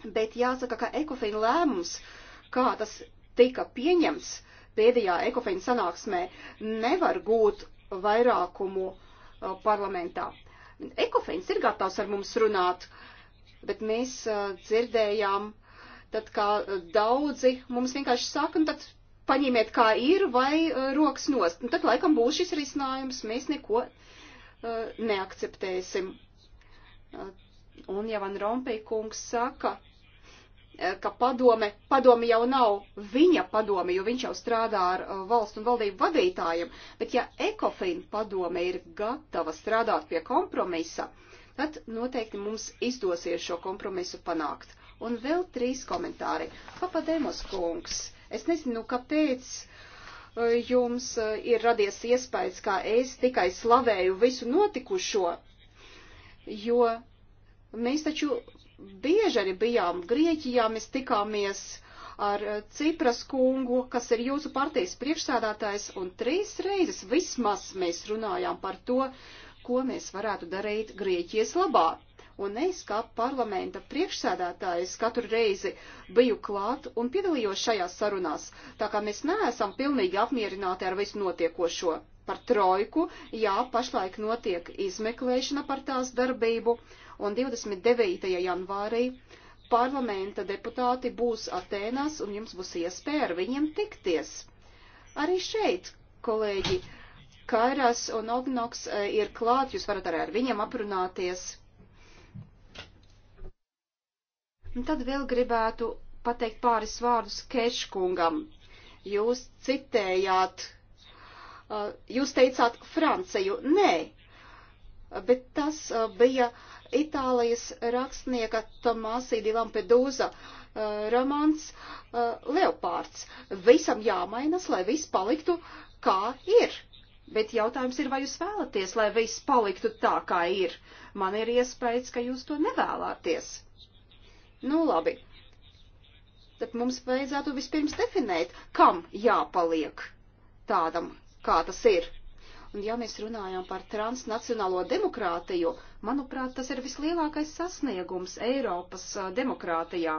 bet jāsaka, ka ekofina lēmums, kā tas tika pieņemts pēdējā ekofina sanāksmē, nevar gūt vairākumu uh, parlamentā. Ekofins ir gatavs ar mums runāt, bet mēs uh, dzirdējām, tad kā uh, daudzi mums vienkārši saka, nu tad paņemiet kā ir vai uh, rokas nost. Un nu, tad laikam būs šis risinājums, mēs neko neakceptēsim. Un ja Van Rompēj kungs saka, ka padome, padome jau nav viņa padome, jo viņš jau strādā ar valstu un valdību vadītājiem, bet ja Ekofin padome ir gatava strādāt pie kompromisa, uh, bet noteikti mums izdosies šo kompromisu panākt. Un vēl trīs komentāri. Papademos kungs, es nezinu, kāpēc e, jums e, ir radies iespējas, kā es tikai slavēju visu notikušo, jo mēs taču bieži arī bijām Grieķijā, mēs tikāmies ar e, Cipras kungu, kas ir jūsu partijas priekšsādātājs, un trīs reizes vismaz mēs runājām par to, ko mēs varētu darīt Grieķijas labā. Un es, kā parlamenta priekšsēdētājs, katru reizi biju klāt un piedalījos šajās sarunās, tā kā mēs neesam pilnīgi apmierināti ar visu notiekošo par trojku. Jā, pašlaik notiek izmeklēšana par tās darbību, un 29. janvārī parlamenta deputāti būs Atēnās, un jums būs iespēja ar viņiem tikties. Arī šeit, kolēģi, uh, Kairas un Ognoks eh, ir klāt, jūs varat arī ar viņiem aprunāties. Un tad vēl gribētu pateikt pāris vārdus Keškungam. Jūs citējāt, eh, jūs teicāt Franciju. Nē, bet tas eh, bija Itālijas rakstnieka Tomasi di Lampedusa romāns Leopārds. Visam jāmainas, lai viss paliktu kā ir. Bet jautājums ir, vai jūs vēlaties, lai viss paliktu tā, kā ir? Man ir iespējas, ka jūs to nevēlāties. Nu, labi. Tad mums vajadzētu vispirms definēt, kam jāpaliek tādam, kā tas ir. Un ja mēs runājam par transnacionālo demokrātiju, manuprāt, tas ir vislielākais sasniegums Eiropas demokrātijā.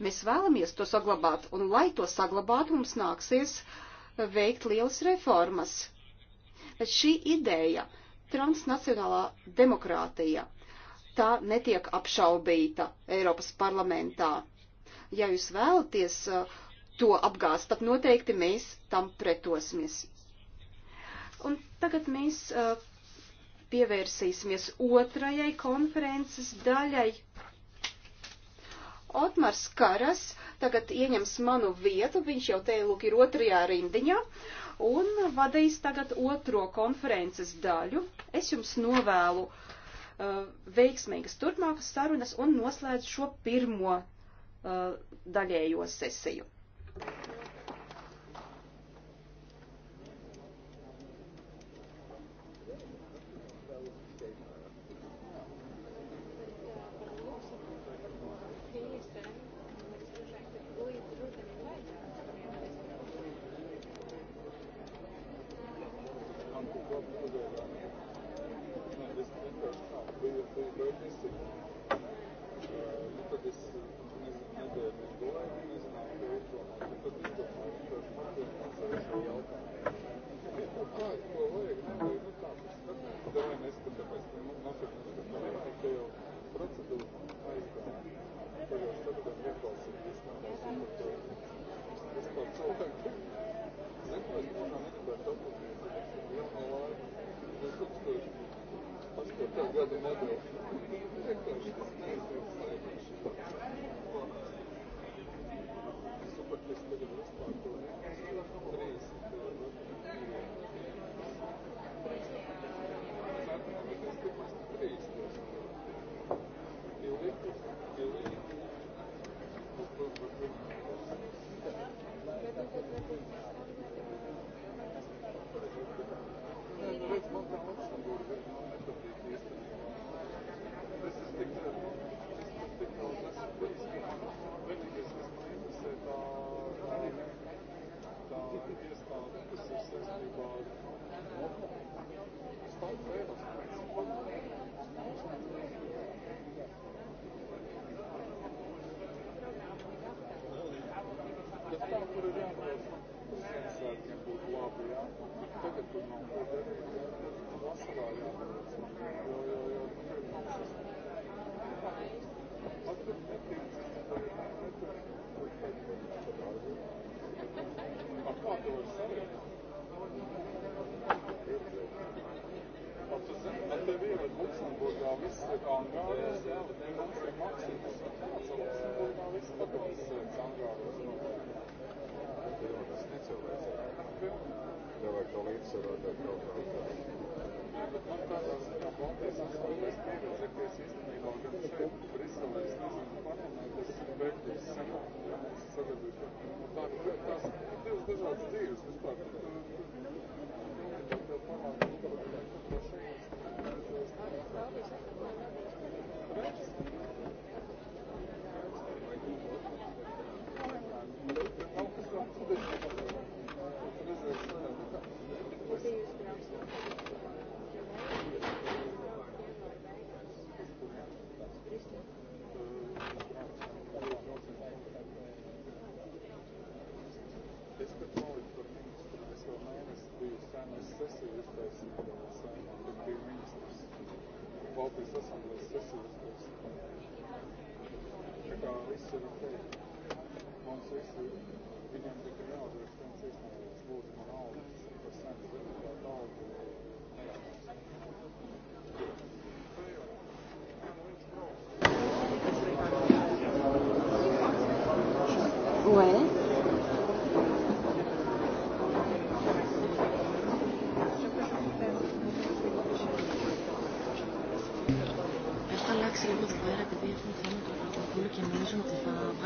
Mēs vēlamies to saglabāt, un lai to saglabātu, mums nāksies veikt lielas reformas. Bet šī ideja, transnacionālā demokrātija, tā netiek apšaubīta Eiropas parlamentā. Ja jūs vēlaties uh, to apgāst, tad noteikti mēs tam pretosimies. Un tagad mēs uh, pievērsīsimies otrajai konferences daļai. Otmars Karas tagad ieņems manu vietu, viņš jau te lūk ir otrajā rindiņā. Uh, un vadīs tagad otro konferences daļu. Es jums novēlu uh, veiksmīgas turpmākas sarunas un noslēdzu šo pirmo uh, daļējo sesiju. sagadīšanu. Un tā, tas ir diezgan dažādas dzīves vispār.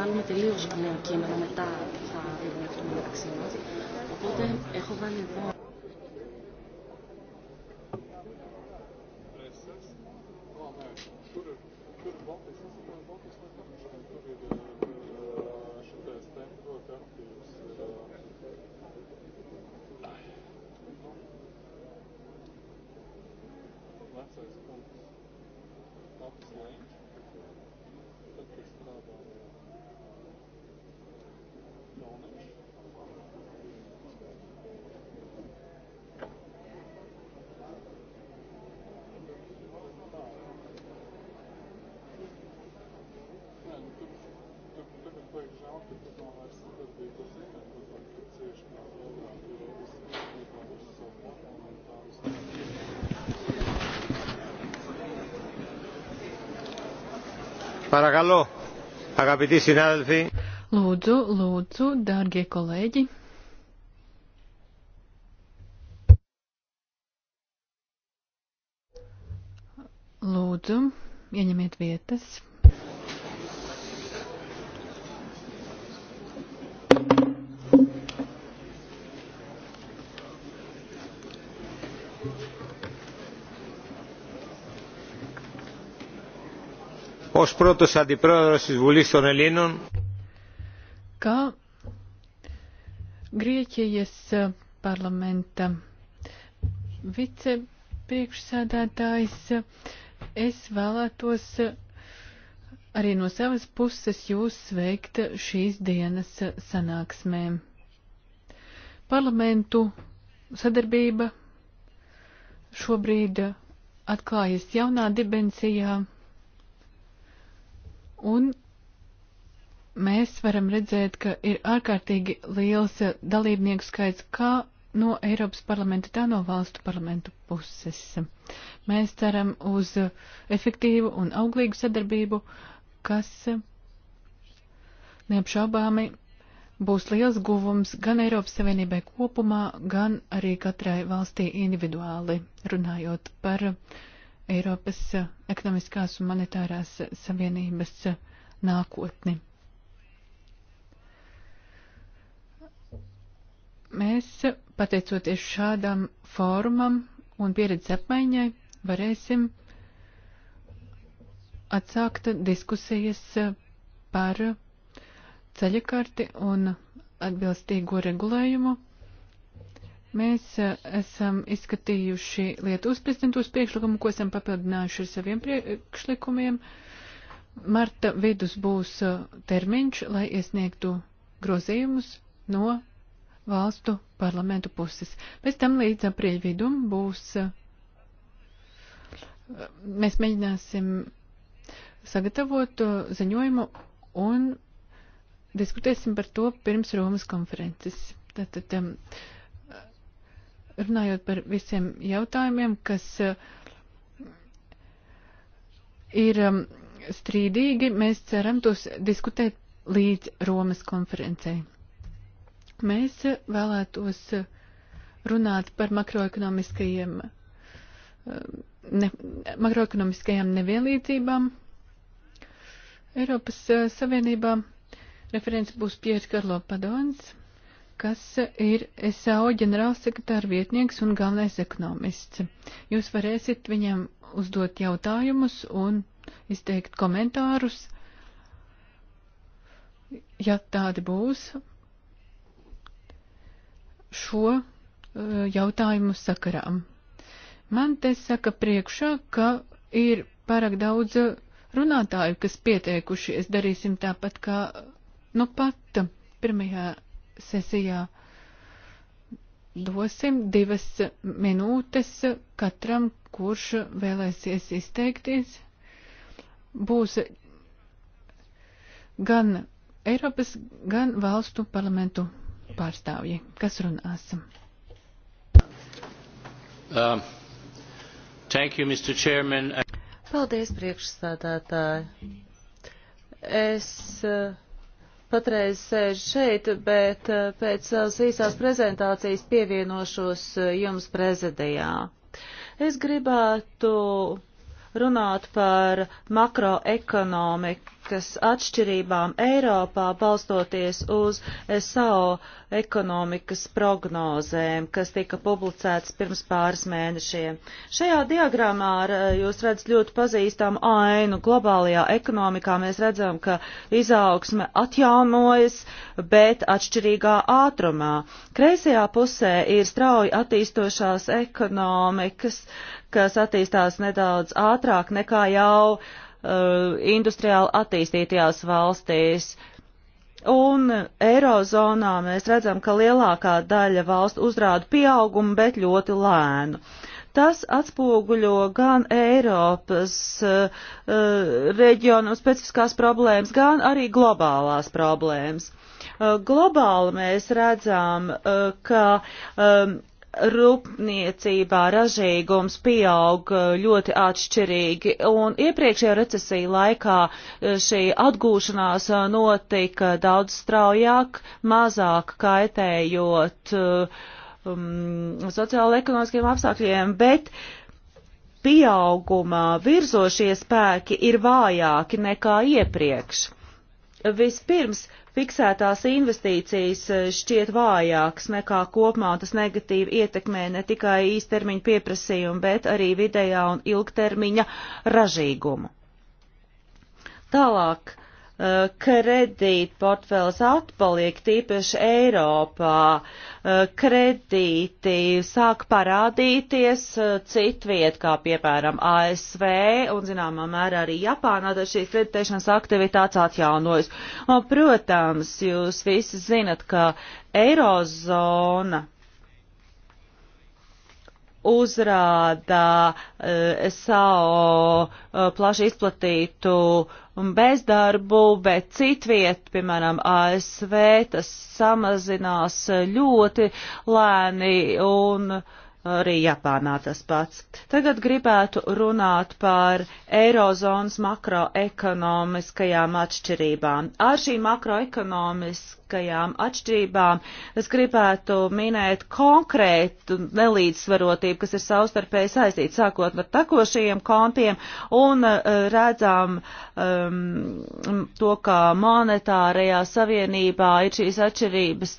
κάνουμε τελείως νέο κείμενο μετά θα δούμε αυτό μεταξύ μας. Οπότε έχω βάλει εδώ Paragalo, agapitī sinādalfī. Lūdzu, lūdzu, dārgie kolēģi. Lūdzu, ieņemiet vietas. ως πρώτος αντιπρόεδρος της Βουλής των Ελλήνων. Kā Grieķijas parlamenta vicepriekšsēdētājs es vēlētos arī no savas puses jūs sveikt šīs dienas sanāksmēm. Parlamentu sadarbība šobrīd atklājas jaunā dimensijā. Un mēs varam redzēt, ka ir ārkārtīgi liels dalībnieku skaits kā no Eiropas parlamenta, tā no valstu parlamentu puses. Mēs ceram uz efektīvu un auglīgu sadarbību, kas neapšaubāmi būs liels guvums gan Eiropas Savienībai kopumā, gan arī katrai valstī individuāli runājot par uh, Eiropas ekonomiskās un monetārās savienības nākotni. Mēs, pateicoties šādam fórumam un pieredzes apmaiņai, varēsim atsākt diskusijas par ceļakarti un atbilstīgo regulējumu Mēs eh, esam izskatījuši lietu uzprezentūras priekšlikumu, ko esam papildinājuši ar saviem priekšlikumiem. Marta vidus būs eh, termiņš, lai iesniegtu grozījumus no valstu parlamentu puses. Pēc tam līdz aprīļa vidum būs. Eh, mēs mēģināsim sagatavot ziņojumu un diskutēsim par to pirms Romas konferences. Tātad, um, tā, runājot par visiem jautājumiem, kas eh, ir um, strīdīgi, mēs ceram tos diskutēt līdz Romas konferencei. Mēs eh, vēlētos eh, runāt par makroekonomiskajiem, ne, makroekonomiskajām nevienlīdzībām Eiropas Savienībā. Referents būs Piers Karlo Padons kas ir SAO ģenerālsekretāra vietnieks un galvenais ekonomists. Jūs varēsiet viņam uzdot jautājumus un izteikt komentārus, ja tādi būs, šo e, jautājumu sakarām. Man te saka priekšā, ka ir pārāk daudz runātāju, kas pieteikušies, darīsim tāpat kā nu pat pirmajā sesijā. Dosim divas minūtes katram, kurš vēlēsies izteikties. Būs gan Eiropas, gan valstu parlamentu pārstāvji, kas runās. Uh, thank you, Mr. Chairman. Paldies, priekšstādātāji. Es uh, patreiz sēž šeit, bet eh, pēc savas īsās prezentācijas pievienošos eh, jums prezidijā. Es gribētu runāt par makroekonomiku ekonomiskas atšķirībām Eiropā balstoties uz SAO ekonomikas prognozēm, kas tika publicētas pirms pāris mēnešiem. Šajā diagrammā eh, jūs redzat ļoti pazīstamu ainu. Globālajā ekonomikā mēs redzam, ka izaugsme atjaunojas, bet atšķirīgā ātrumā. Kreisajā pusē ir strauji attīstošās ekonomikas, kas attīstās nedaudz ātrāk nekā jau uh, Uh, industriāli attīstītajās valstīs. Un Eirozonā mēs redzam, ka lielākā daļa valstu uzrāda pieaugumu, bet ļoti lēnu. Tas atspoguļo gan Eiropas uh, reģionu specifiskās problēmas, gan arī globālās problēmas. Uh, globāli mēs redzam, uh, ka um, rūpniecībā ražīgums pieaug eh, ļoti atšķirīgi, un iepriekšējā recesija laikā eh, šī atgūšanās eh, notika daudz straujāk, mazāk kaitējot um, sociāla-ekonomiskiem apstākļiem, bet pieaugumā virzošie spēki ir vājāki nekā iepriekš. Vispirms fiksētās investīcijas eh, šķiet vājākas nekā kopumā, un tas negatīvi ietekmē ne tikai īstermiņa pieprasījumu, bet arī vidējā un ilgtermiņa ražīgumu. Tālāk Eh, kredītportfels atpaliek, tīpaši Eiropā. Eh, kredīti sāk parādīties eh, citviet, kā piemēram ASV un, zināmā mērā, arī Japānā, tad šīs kreditēšanas aktivitātes atjaunojas. Un, protams, jūs visi zinat, ka Eirozona uzrādā eh, SAO eh, plaši izplatītu bezdarbu, bet citviet, piemēram, ASV, tas samazinās ļoti lēni un uh, arī Japānā tas pats. Tagad gribētu runāt par eirozonas makroekonomiskajām atšķirībām. Ar šīm makroekonomiskajām atšķirībām es gribētu minēt konkrētu nelīdzsvarotību, kas ir savstarpēji saistīta, sākot ar takošajiem kontiem un eh, redzam um, to, kā monetārajā savienībā ir šīs atšķirības,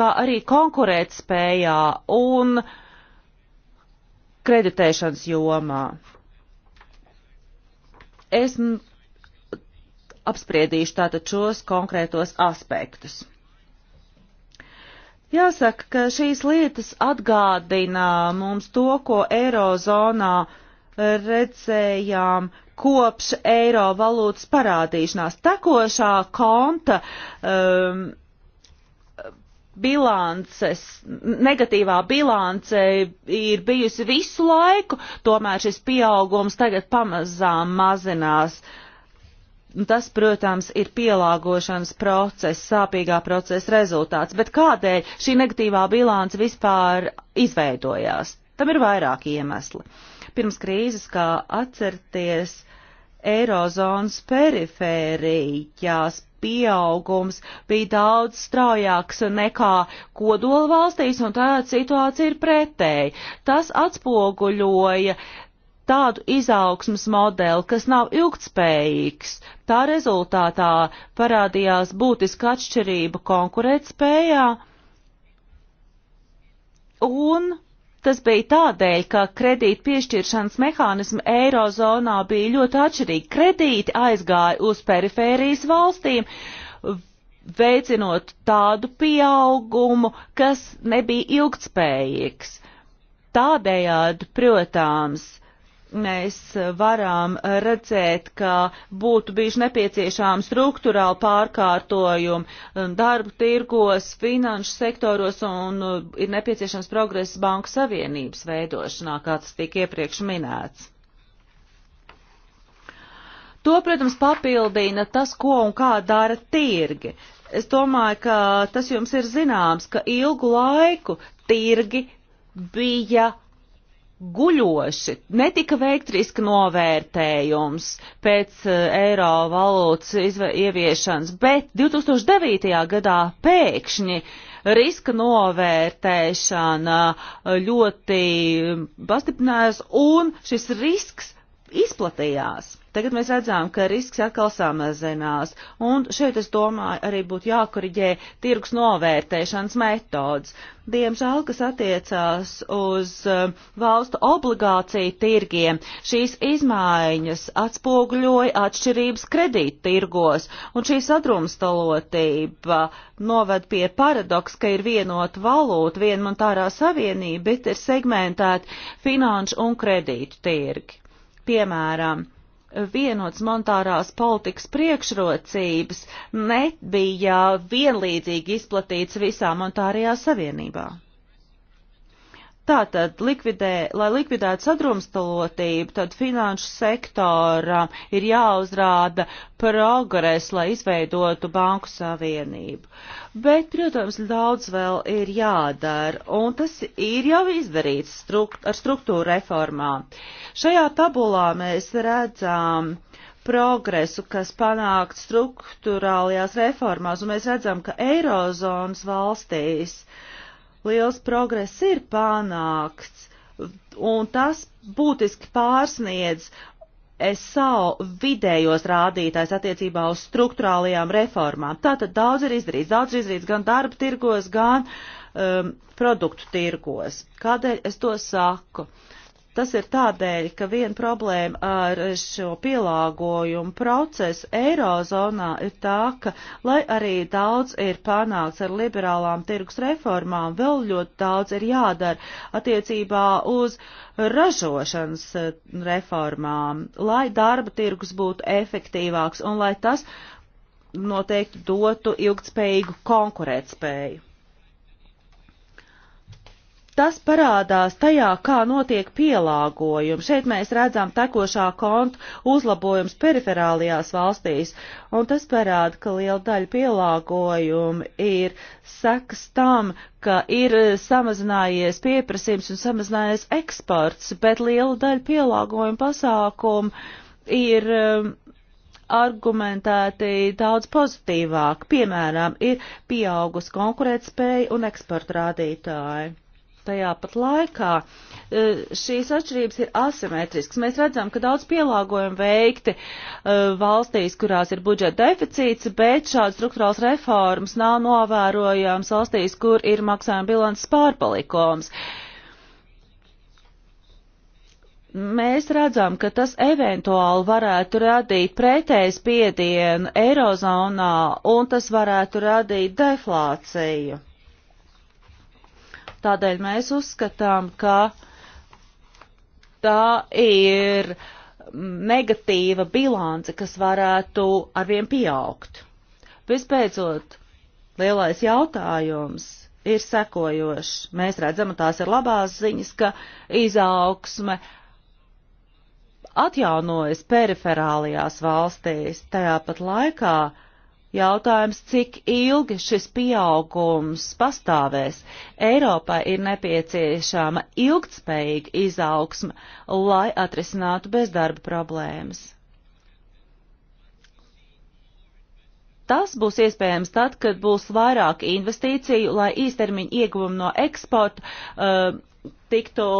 kā arī konkurētspējā un uh, kreditēšanas jomā. Es apspriedīšu tātad šos konkrētos aspektus. Jāsaka, ka šīs lietas atgādina mums to, ko Eirozonā redzējām kopš eiro valūtas parādīšanās. Tekošā konta um, bilances, negatīvā bilance ir bijusi visu laiku, tomēr šis pieaugums tagad pamazām mazinās. Tas, protams, ir pielāgošanas process, sāpīgā procesa rezultāts, bet kādēļ šī negatīvā bilance vispār izveidojās? Tam ir vairāki iemesli. Pirms krīzes, kā atcerties, Eirozonas perifērijās pieaugums bija daudz straujāks nekā kodola valstīs, un tā situācija ir pretēji. Tas atspoguļoja tādu izaugsmas modeli, kas nav ilgtspējīgs. Tā rezultātā parādījās būtiska atšķirība konkurētspējā un Tas bija tādēļ, ka kredīta piešķiršanas mehānismi eirozonā bija ļoti atšķirīgi. Kredīti aizgāja uz perifērijas valstīm, veicinot tādu pieaugumu, kas nebija ilgtspējīgs. Tādējādi, protams, mēs varam redzēt, ka būtu bijuši nepieciešām struktūrāli pārkārtojumi um, darba tirgos, finanšu sektoros un um, ir nepieciešams progress Banku Savienības veidošanā, kā tas tika iepriekš minēts. To, protams, papildina tas, ko un kā dara tirgi. Es domāju, ka tas jums ir zināms, ka ilgu laiku tirgi bija guļoši, netika veikt riska novērtējums pēc eh, eiro valūtas ieviešanas, bet 2009. gadā pēkšņi riska novērtēšana eh, ļoti eh, pastiprinājās un šis risks izplatījās. Tagad mēs redzam, ka risks atkal samazinās, un šeit, es domāju, arī būtu jākoriģē tirgus novērtēšanas metodas. Diemžēl, kas attiecās uz um, valstu obligāciju tirgiem, šīs izmaiņas atspoguļoja atšķirības kredīttirgos, un šī sadrumstalotība noved pie paradoks, ka ir vienota valūta, viena monetārā savienība, bet ir segmentēti finanšu un kredītu tirgi. Piemēram, vienots monetārās politikas priekšrocības nebija vienlīdzīgi izplatīts visā monetārajā savienībā. Tātad, likvidē, lai likvidētu sadrumstalotību, tad finanšu sektoram ir jāuzrāda progres, lai izveidotu banku savienību. Bet, protams, daudz vēl ir jādara, un tas ir jau izdarīts strukt, ar struktūru reformām. Šajā tabulā mēs redzam progresu, kas panākt struktūrālajās reformās, un mēs redzam, ka Eirozonas valstīs uh, liels progress ir panākts, un tas būtiski pārsniedz SAO vidējos rādītājs attiecībā uz struktūrālajām reformām. Tātad daudz ir izdarīts, daudz ir izdarīts gan darba tirgos, gan um, produktu tirgos. Kādēļ es to saku? Uh, Tas ir tādēļ, ka viena problēma ar šo pielāgojumu procesu Eirozonā ir tā, ka, lai arī daudz ir panākts ar liberālām tirgus reformām, vēl ļoti daudz ir jādara attiecībā uz ražošanas eh, reformām, lai darba tirgus būtu efektīvāks un lai tas noteikti dotu ilgtspējīgu konkurētspēju. Tas parādās tajā, kā notiek pielāgojumi. Šeit mēs redzam tekošā konta uzlabojums periferālajās valstīs, un tas parāda, ka liela daļa pielāgojumu ir sekas tam, ka ir samazinājies pieprasījums un samazinājies eksports, bet liela daļa pielāgojumu pasākumu ir um, argumentēti daudz pozitīvāk. Piemēram, ir pieaugus konkurētspēja un eksporta rādītāji. Tajā pat laikā e, šīs atšķirības ir asimetriskas. Mēs redzam, ka daudz pielāgojumu veikti e, valstīs, kurās ir budžeta deficīts, bet šādas struktūrāls reformas nav novērojams valstīs, kur ir maksājuma bilances pārpalikums. Mēs redzam, ka tas eventuāli varētu radīt pretēju spiedienu Eirozonā un tas varētu radīt deflāciju. Tādēļ mēs uzskatām, ka tā ir negatīva bilance, kas varētu arvien pieaugt. Vispēcot, lielais jautājums ir sekojošs. Mēs redzam, un tās ir labās ziņas, ka izaugsme atjaunojas periferālajās valstīs, tajā pat laikā Jautājums, cik ilgi šis pieaugums pastāvēs. Eiropai ir nepieciešama ilgtspējīga izaugsme, lai atrisinātu bezdarba problēmas. Tas būs iespējams tad, kad būs vairāk investīciju, lai īstermiņa ieguvumi no eksporta uh, tiktu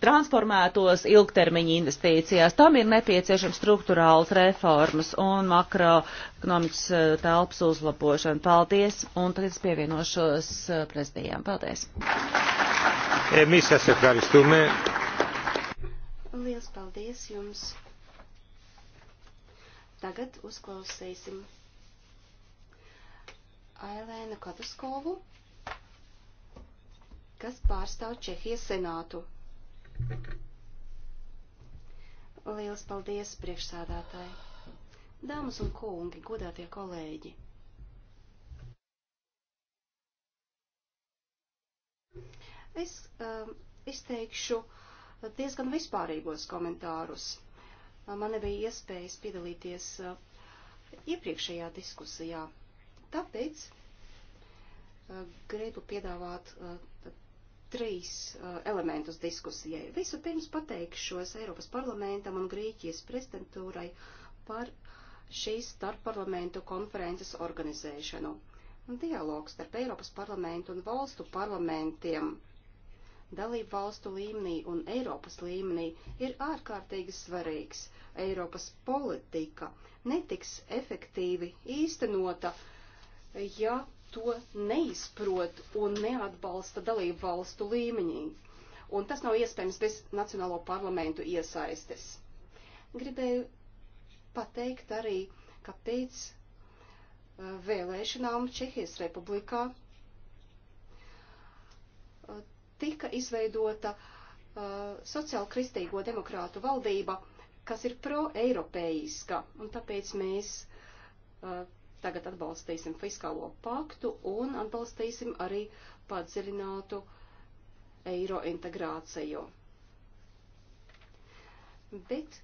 transformētos ilgtermiņa investīcijās. Tam ir nepieciešams struktūrāls reformas un makroekonomikas eh, telpas uzlabošana. Paldies, un tad es pievienošos eh, prezidijām. Paldies. Eh, Lielas paldies jums. Tagad uzklausīsim Ailēnu Kataskovu, kas pārstāv Čehijas senātu. Liels paldies, priekšsādātāji! Dāmas un kungi, godātie kolēģi! Es um, izteikšu diezgan vispārīgos komentārus. Man nebija iespējas piedalīties uh, iepriekšējā diskusijā. Tāpēc uh, gribu piedāvāt uh, trīs uh, elementus diskusijai. Visu pirms pateikšos Eiropas parlamentam un Grieķijas prezidentūrai par šīs starpparlamentu konferences organizēšanu. Dialogs starp Eiropas parlamentu un valstu parlamentiem dalību valstu līmenī un Eiropas līmenī ir ārkārtīgi svarīgs. Eiropas politika netiks efektīvi īstenota, ja to neizprot un neatbalsta dalību valstu līmeņī. Un tas nav iespējams bez nacionālo parlamentu iesaistes. Gribēju pateikt arī, ka pēc uh, vēlēšanām Čehijas republikā uh, tika izveidota uh, sociāli kristīgo demokrātu valdība, kas ir pro-eiropeiska, un tāpēc mēs tagad atbalstīsim fiskālo paktu un atbalstīsim arī padziļinātu eiro integrāciju. Bet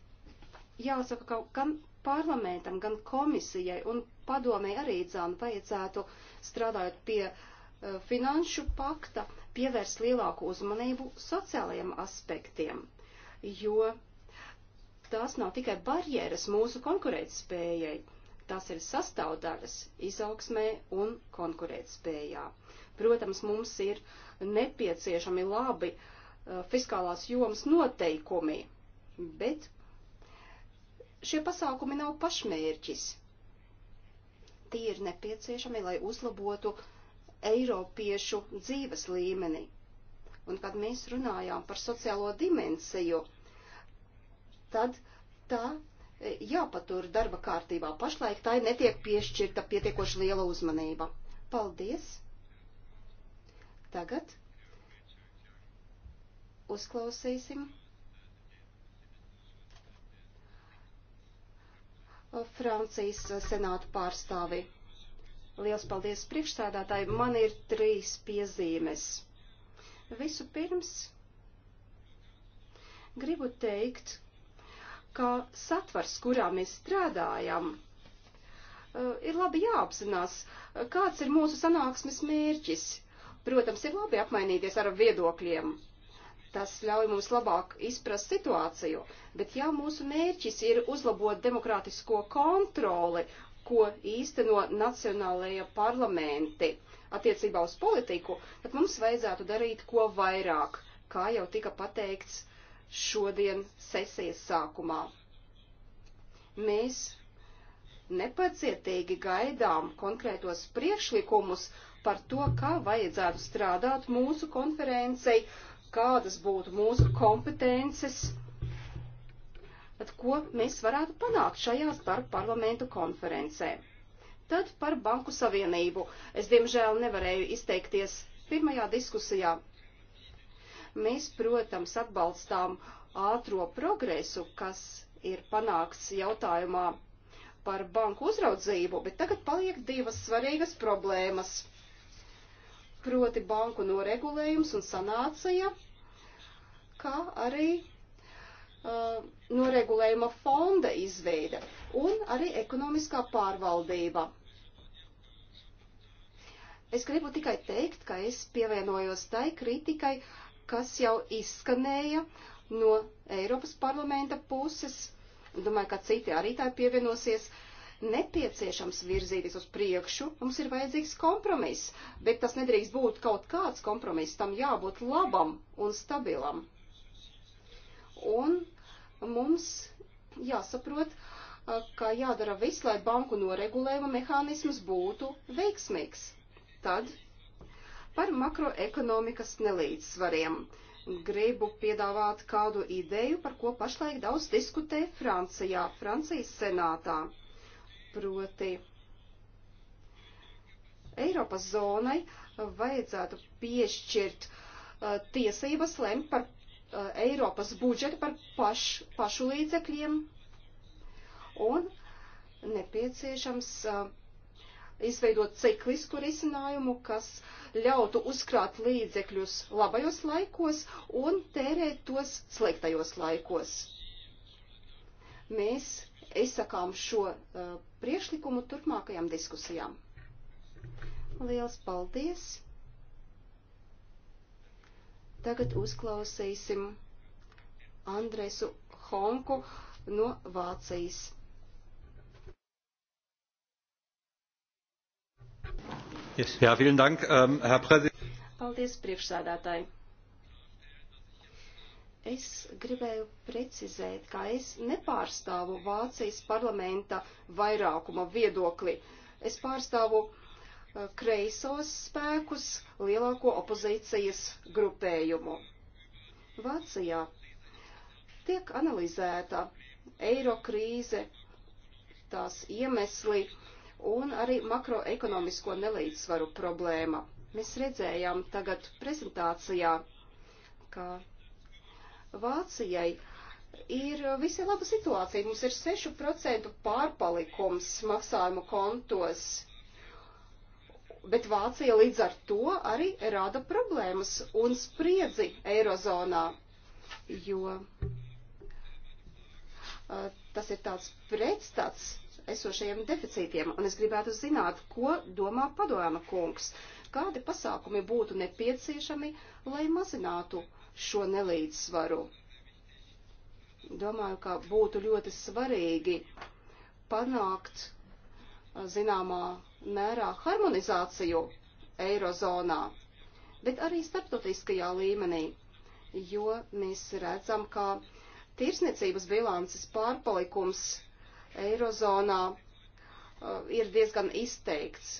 jāsaka, ka gan parlamentam, gan komisijai un padomēji arī dzām vajadzētu strādājot pie uh, finanšu pakta pievērst lielāku uzmanību sociālajiem aspektiem, jo tās nav tikai barjeras mūsu konkurētspējai, tās ir sastāvdaļas izaugsmē un konkurētspējā. Protams, mums ir nepieciešami labi uh, fiskālās jomas noteikumi, bet šie pasākumi nav pašmērķis. Tie ir nepieciešami, lai uzlabotu Eiropiešu dzīves līmeni. Un kad mēs runājām par sociālo dimensiju, tad tā jāpatur darba kārtībā. Pašlaik tai netiek piešķirta pietiekoši liela uzmanība. Paldies! Tagad uzklausīsim uh, Francijas senāta pārstāvi. Liels paldies priekšsēdātāji. Man ir trīs piezīmes. Visu pirms gribu teikt, ka satvars, kurā mēs strādājam, eh, ir labi jāapzinās, kāds ir mūsu sanāksmes mērķis. Protams, ir labi apmainīties ar viedokļiem. Tas ļauj mums labāk izprast situāciju, bet ja mūsu mērķis ir uzlabot demokrātisko kontroli, ko īsteno nacionālajie parlamenti attiecībā uz politiku, tad mums vajadzētu darīt ko vairāk, kā jau tika pateikts šodien sesijas sākumā. Mēs nepacietīgi gaidām konkrētos priekšlikumus par to, kā vajadzētu strādāt mūsu konferencei, kādas būtu mūsu kompetences, tad ko mēs varētu panākt šajā starp parlamentu konferencē. Tad par Banku Savienību. Es, diemžēl, nevarēju izteikties pirmajā diskusijā, Mēs, protams, atbalstām ātro progresu, kas ir panākts jautājumā par banku uzraudzību, bet tagad paliek divas svarīgas problēmas. Proti banku noregulējums un sanācija, kā arī uh, noregulējuma fonda izveide un arī ekonomiskā pārvaldība. Es gribu tikai teikt, ka es pievienojos tai kritikai, uh, kas jau izskanēja no Eiropas parlamenta puses. Domāju, ka citi arī tā pievienosies. Nepieciešams virzīties uz priekšu, mums ir vajadzīgs kompromiss, bet tas nedrīkst būt kaut kāds kompromiss, tam jābūt labam un stabilam. Un mums jāsaprot, ka jādara viss, lai banku noregulējuma mehānisms būtu veiksmīgs. Tad Par makroekonomikas nelīdzsvariem gribu piedāvāt kādu ideju, par ko pašlaik daudz diskutē Francijā, Francijas senātā. Proti, Eiropas zonai uh, vajadzētu piešķirt uh, tiesības lemt par uh, Eiropas budžetu, par paš, pašu līdzekļiem un nepieciešams uh, izveidot ciklisku risinājumu, kas ļautu uzkrāt līdzekļus labajos laikos un tērēt tos sliktajos laikos. Mēs izsakām šo uh, priešlikumu turpmākajām diskusijām. Liels paldies! Tagad uzklausīsim Andresu Honku no Vācijas. Yes. Jā, vielen dank, um, Herr Prezident. Paldies, priekšsādātāji. Es gribēju precizēt, ka es nepārstāvu Vācijas parlamenta vairākuma viedokli. Es pārstāvu kreisos spēkus lielāko opozīcijas grupējumu. Vācijā tiek analizēta eiro krīze, tās iemesli, uh, un arī makroekonomisko nelīdzsvaru problēma. Mēs redzējām tagad prezentācijā, ka Vācijai ir visai laba situācija. Mums ir 6% pārpalikums maksājumu kontos, bet Vācija līdz ar to arī rada problēmas un spriedzi Eirozonā, jo uh, tas ir tāds pretstats esošajiem deficītiem, un es gribētu zināt, ko domā padojama kungs. Kādi pasākumi būtu nepieciešami, lai mazinātu šo nelīdzsvaru? Domāju, ka būtu ļoti svarīgi panākt zināmā mērā harmonizāciju eirozonā, bet arī starptautiskajā līmenī, jo mēs redzam, ka tirsniecības bilances pārpalikums Eirozonā uh, ir diezgan izteikts.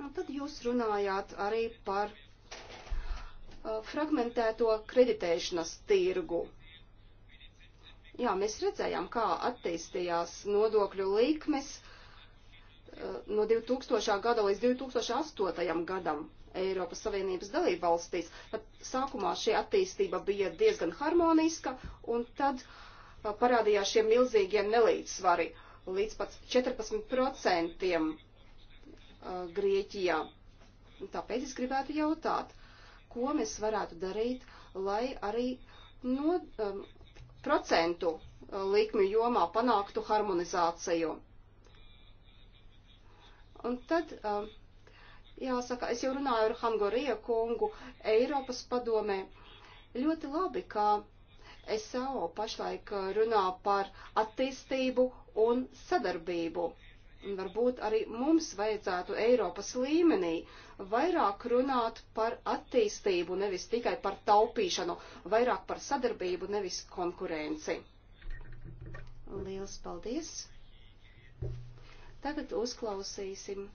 Un tad jūs runājāt arī par uh, fragmentēto kreditēšanas tirgu. Jā, mēs redzējām, kā attīstījās nodokļu likmes uh, no 2000. gada līdz 2008. gadam Eiropas Savienības dalība valstīs. Tad sākumā šī attīstība bija diezgan harmoniska, un tad uh, parādījās šie milzīgie nelīdzsvari līdz pat 14% Grieķijā. Tāpēc es gribētu jautāt, ko mēs varētu darīt, lai arī no um, procentu likmju jomā panāktu harmonizāciju. Un tad, um, jāsaka, es jau runāju ar Hangorija kungu Eiropas padomē. Ļoti labi, ka SAO pašlaik eh, runā par attīstību un sadarbību. Un varbūt arī mums vajadzētu Eiropas līmenī vairāk runāt par attīstību, nevis tikai par taupīšanu, vairāk par sadarbību, nevis konkurenci. Lielas paldies! Tagad uzklausīsim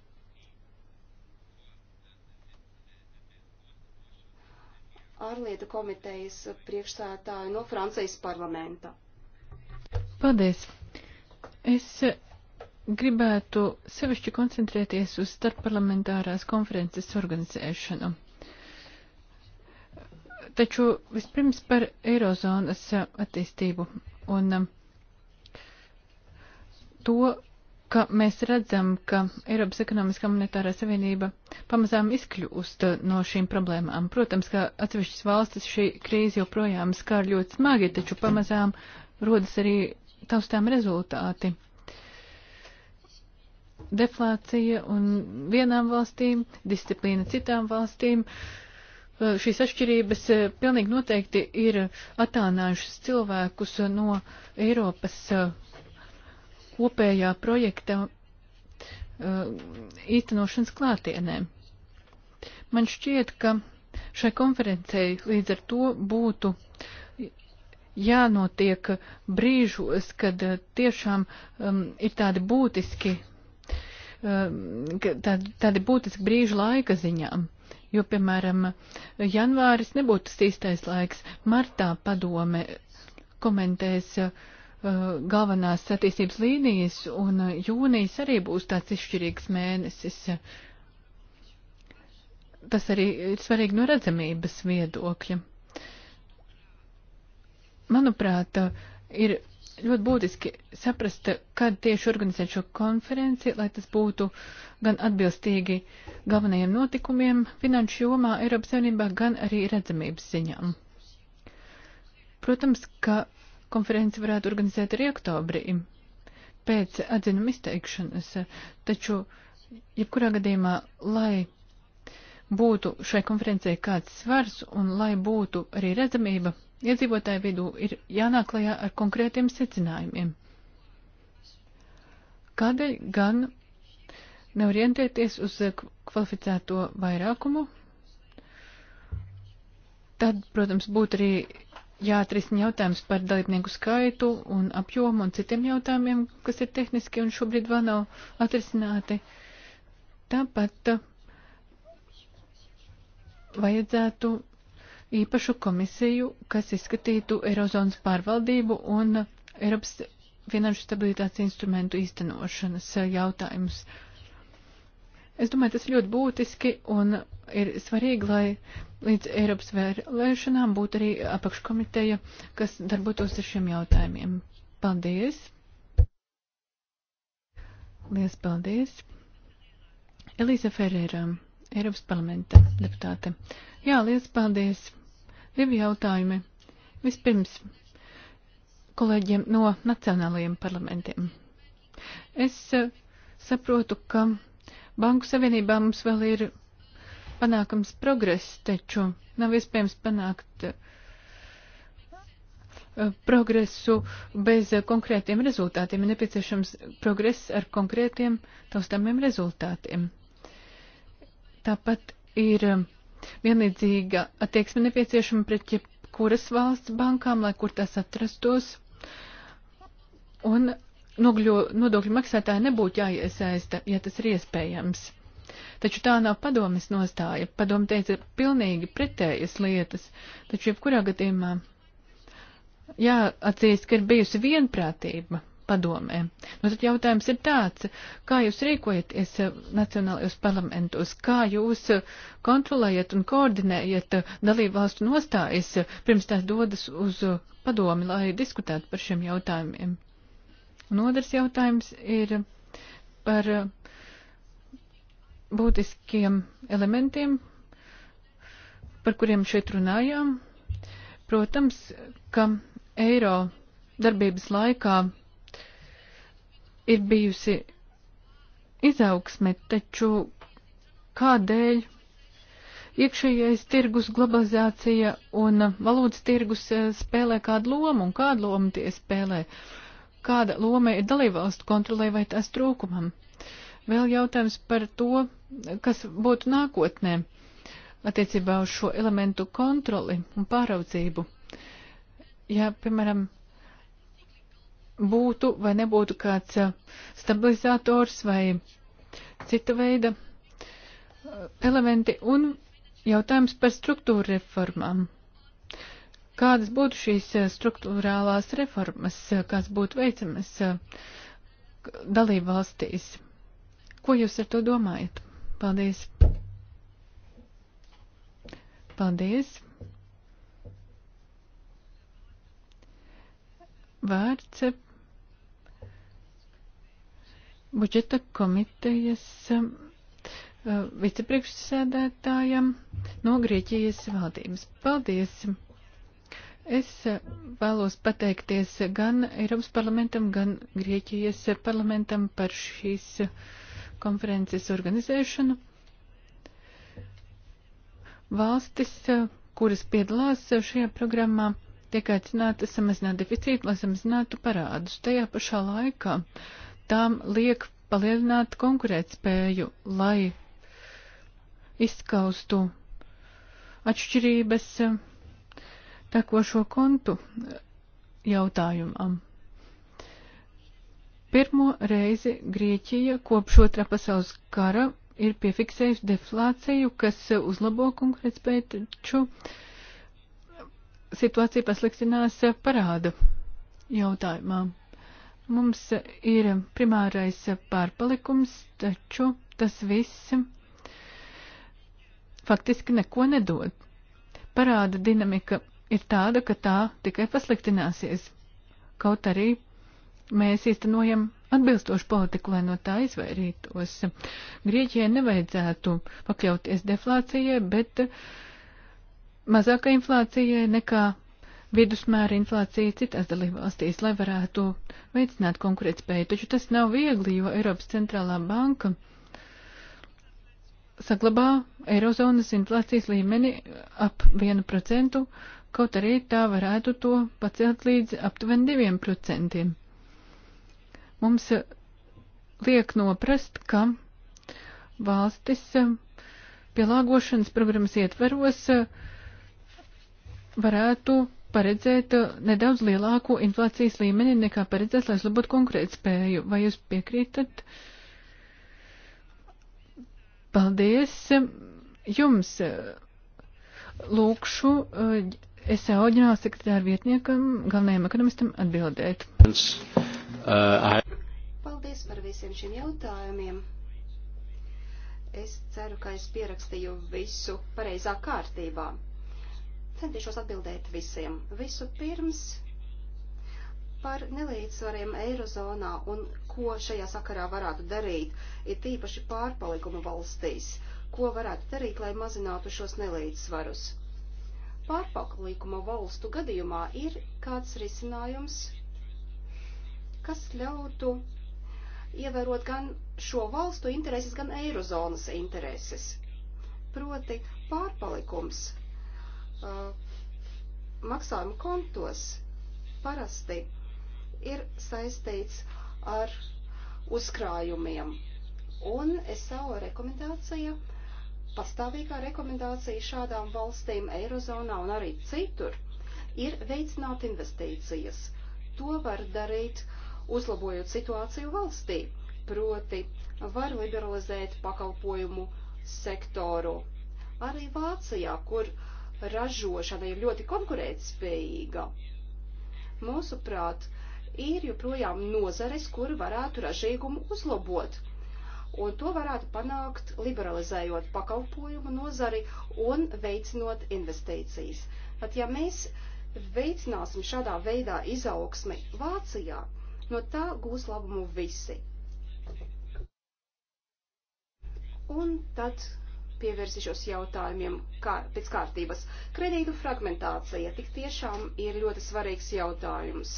ārlietu komitejas priekšsētāju no Francijas parlamenta. Paldies! Es eh, gribētu sevišķi koncentrēties uz starpparlamentārās konferences organizēšanu. Taču vispirms par Eirozonas attīstību un eh, to, ka mēs redzam, ka Eiropas ekonomiskā monetārā savienība pamazām izkļūst no šīm problēmām. Protams, ka atsevišķas valstis šī krīze joprojām skār ļoti smagi, taču pamazām rodas arī taustām rezultāti. Deflācija un vienām valstīm, disciplīna citām valstīm. Šīs atšķirības eh, pilnīgi noteikti ir attālinājušas cilvēkus eh, no Eiropas eh, kopējā projekta uh, īstenošanas klātienē. Man šķiet, ka šai konferencei līdz ar to būtu jānotiek brīžos, kad uh, tiešām um, ir tādi būtiski, um, tādi, tādi būtiski brīžu laika ziņām. Jo, piemēram, janvāris nebūtu tas īstais laiks, martā padome komentēs uh, Uh, galvenās attīstības līnijas, un uh, jūnijas arī būs tāds izšķirīgs mēnesis. Tas arī ir svarīgi no redzamības viedokļa. Manuprāt, uh, ir ļoti būtiski saprast, kad tieši organizēt šo konferenci, lai tas būtu gan atbilstīgi galvenajiem notikumiem finanšu jomā Eiropas Savienībā, gan arī redzamības ziņām. Protams, ka konferenci varētu organizēt arī oktobrī pēc atzinuma izteikšanas, taču, jebkurā gadījumā, lai būtu šai konferencē kāds svars un lai būtu arī redzamība, iedzīvotāju vidū ir jānāk lajā ar konkrētiem secinājumiem. Kādēļ gan neorientēties uz kvalificēto vairākumu? Tad, protams, būtu arī jāatrisina jautājums par dalībnieku skaitu un apjomu un citiem jautājumiem, kas ir tehniski un šobrīd vēl nav atrisināti. Tāpat uh, vajadzētu īpašu komisiju, kas izskatītu Eirozonas pārvaldību un Eiropas finanšu stabilitātes instrumentu īstenošanas uh, jautājumus. Uh, Es domāju, tas ir ļoti būtiski un ir svarīgi, lai līdz Eiropas vēlēšanām būtu arī apakškomiteja, kas darbotos ar šiem jautājumiem. Paldies! Lielas paldies! Elīza Ferēra, Eiropas parlamenta deputāte. Jā, liels paldies! Divi jautājumi. Vispirms kolēģiem no nacionālajiem parlamentiem. Es eh, saprotu, ka Banku savienībā mums vēl ir panākams progress, taču nav iespējams panākt eh, progresu bez konkrētiem rezultātiem. Ir nepieciešams progress ar konkrētiem taustāmiem rezultātiem. Tāpat ir eh, vienlīdzīga attieksme nepieciešama pret jebkuras valsts bankām, lai kur tās atrastos. Un nogļo, nodokļu maksātāji nebūtu jāiesaista, ja tas ir iespējams. Taču tā nav padomis nostāja. Padoma teica pilnīgi pretējas lietas, taču jebkurā gadījumā jāatzīst, ka ir bijusi vienprātība padomē. Nu, tad jautājums ir tāds, kā jūs rīkojaties nacionālajos parlamentos, kā jūs kontrolējat un koordinējat dalību valstu nostājas, pirms tās dodas uz padomi, lai diskutētu par šiem jautājumiem. Un otrs jautājums ir par uh, būtiskiem elementiem, par kuriem šeit runājām. Protams, ka eiro darbības laikā ir bijusi izaugsme, taču kādēļ iekšējais tirgus globalizācija un valūtas tirgus uh, spēlē kādu lomu un kādu lomu tie spēlē? Uh, kāda loma ir dalībvalstu kontrolē vai tās trūkumam. Vēl jautājums par to, kas būtu nākotnē attiecībā uz šo elementu kontroli un pāraudzību. Ja, piemēram, būtu vai nebūtu kāds uh, stabilizators vai cita veida uh, elementi un jautājums par struktūra reformām. Kādas būtu šīs eh, struktūrālās reformas, eh, kas būtu veicamas eh, dalību valstīs? Ko jūs ar to domājat? Paldies! Paldies! Vārds budžeta komitejas vicepriekšsēdētājam no Grieķijas valdības. Paldies! Es eh, vēlos pateikties gan Eiropas parlamentam, gan Grieķijas parlamentam par šīs eh, konferences organizēšanu. Valstis, eh, kuras piedalās šajā programmā, tiek aicināta samazināt deficītu, lai samazinātu parādus. Tajā pašā laikā tām liek palielināt konkurētspēju, lai izskaustu atšķirības tekošo kontu jautājumam. Pirmo reizi Grieķija kopš otrā pasaules kara ir piefiksējusi deflāciju, kas uzlabo konkurētspēju, taču situācija pasliktinās parādu jautājumā. Mums ir primārais pārpalikums, taču tas viss faktiski neko nedod. Parāda dinamika ir tāda, ka tā tikai pasliktināsies. Kaut arī mēs īstenojam atbilstošu politiku, lai no tā izvairītos. Grieķijai nevajadzētu pakļauties deflācijai, bet mazākai inflācijai nekā vidusmēra inflācija citās dalībvalstīs, lai varētu veicināt konkurētspēju. Taču tas nav viegli, jo Eiropas centrālā banka saglabā Eirozonas inflācijas līmeni ap 1%, kaut arī tā varētu to pacelt līdz aptuveni diviem procentiem. Mums eh, liek noprast, ka valstis eh, pielāgošanas programmas ietveros eh, varētu paredzēt nedaudz lielāku inflācijas līmeni nekā paredzēts, lai uzlabotu konkurētspēju. Vai jūs piekrītat? Paldies jums! Lūkšu SAO ģenerālsekretāra vietniekam, galvenajam ekonomistam, atbildēt. Paldies par visiem šiem jautājumiem. Es ceru, ka es pierakstīju visu pareizā kārtībā. Centīšos atbildēt visiem. Visu pirms par nelīdzsvariem Eirozonā un ko šajā sakarā varētu darīt, ir tīpaši pārpalikumu valstīs, ko varētu darīt, lai mazinātu šos nelīdzsvarus pārpaklīguma valstu gadījumā ir kāds risinājums, kas ļautu ievērot gan šo valstu intereses, gan eirozonas intereses. Proti pārpalikums uh, maksājuma kontos parasti ir saistīts ar uzkrājumiem. Un es savu rekomendāciju pastāvīgā rekomendācija šādām valstīm Eirozonā un arī citur ir veicināt investīcijas. To var darīt, uzlabojot situāciju valstī, proti var liberalizēt pakalpojumu sektoru. Arī Vācijā, kur ražošana ir ļoti konkurētspējīga, mūsuprāt, ir joprojām nozares, kur varētu ražīgumu uzlabot un to varētu panākt liberalizējot pakalpojumu nozari un veicinot investīcijas. Tad, ja mēs veicināsim šādā veidā izaugsmi Vācijā, no tā gūs labumu visi. Un tad pievērsīšos jautājumiem kā, pēc kārtības. Kredītu fragmentācija tik tiešām ir ļoti svarīgs jautājums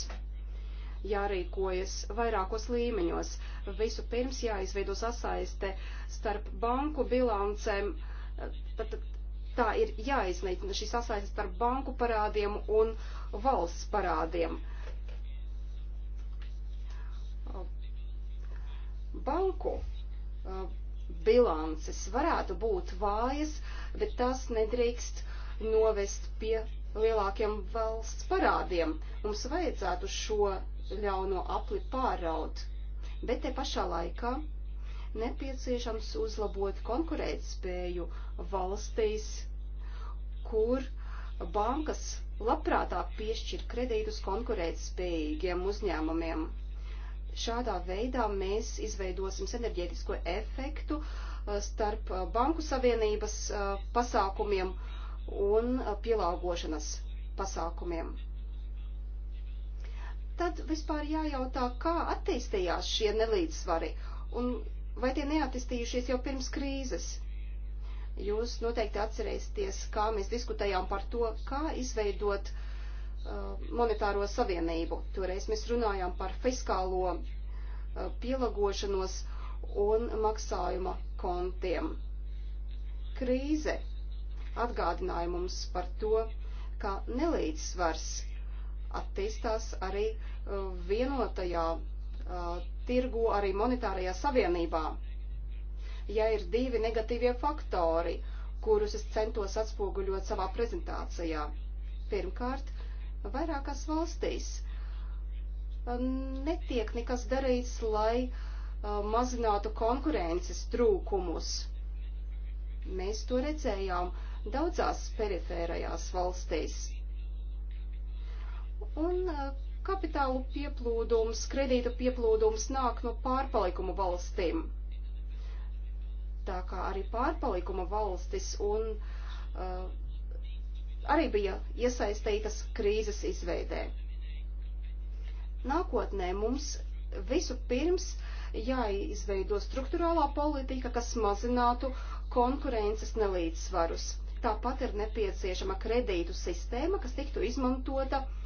jārīkojas vairākos līmeņos. Visu pirms jāizveido sasaiste starp banku bilancēm, tad tā ir jāiznīcina šī sasaiste starp banku parādiem un valsts parādiem. Banku bilances varētu būt vājas, bet tas nedrīkst novest pie lielākiem valsts parādiem. Mums vajadzētu šo ļauno apli pāraud, bet te pašā laikā nepieciešams uzlabot konkurētspēju valstīs, kur bankas labprātāk piešķir kredītus konkurētspējīgiem uzņēmumiem. Šādā veidā mēs izveidosim enerģētisko efektu uh, starp uh, banku savienības uh, pasākumiem un pielāgošanas pasākumiem tad vispār jājautā, kā attīstījās šie nelīdzsvari un vai tie neattīstījušies jau pirms krīzes. Jūs noteikti atcerēsieties, kā mēs diskutējām par to, kā izveidot uh, monetāro savienību. Toreiz mēs runājām par fiskālo uh, pielagošanos un maksājuma kontiem. Krīze atgādināja mums par to, ka nelīdzsvars attīstās arī uh, vienotajā uh, tirgu, arī monetārajā savienībā. Ja ir divi negatīvie faktori, kurus es centos atspoguļot savā prezentācijā. Pirmkārt, vairākās valstīs uh, netiek nekas darīts, lai mazinātu konkurences trūkumus. Mēs to redzējām daudzās perifērajās valstīs Un uh, kapitālu pieplūdums, kredītu pieplūdums nāk no pārpalikumu valstīm. Tā kā arī pārpalikuma valstis un uh, arī bija iesaistītas krīzes izveidē. Nākotnē mums visu pirms jāizveido struktūrālā politika, kas mazinātu konkurences nelīdzsvarus. Tāpat ir nepieciešama kredītu sistēma, kas tiktu izmantota uh,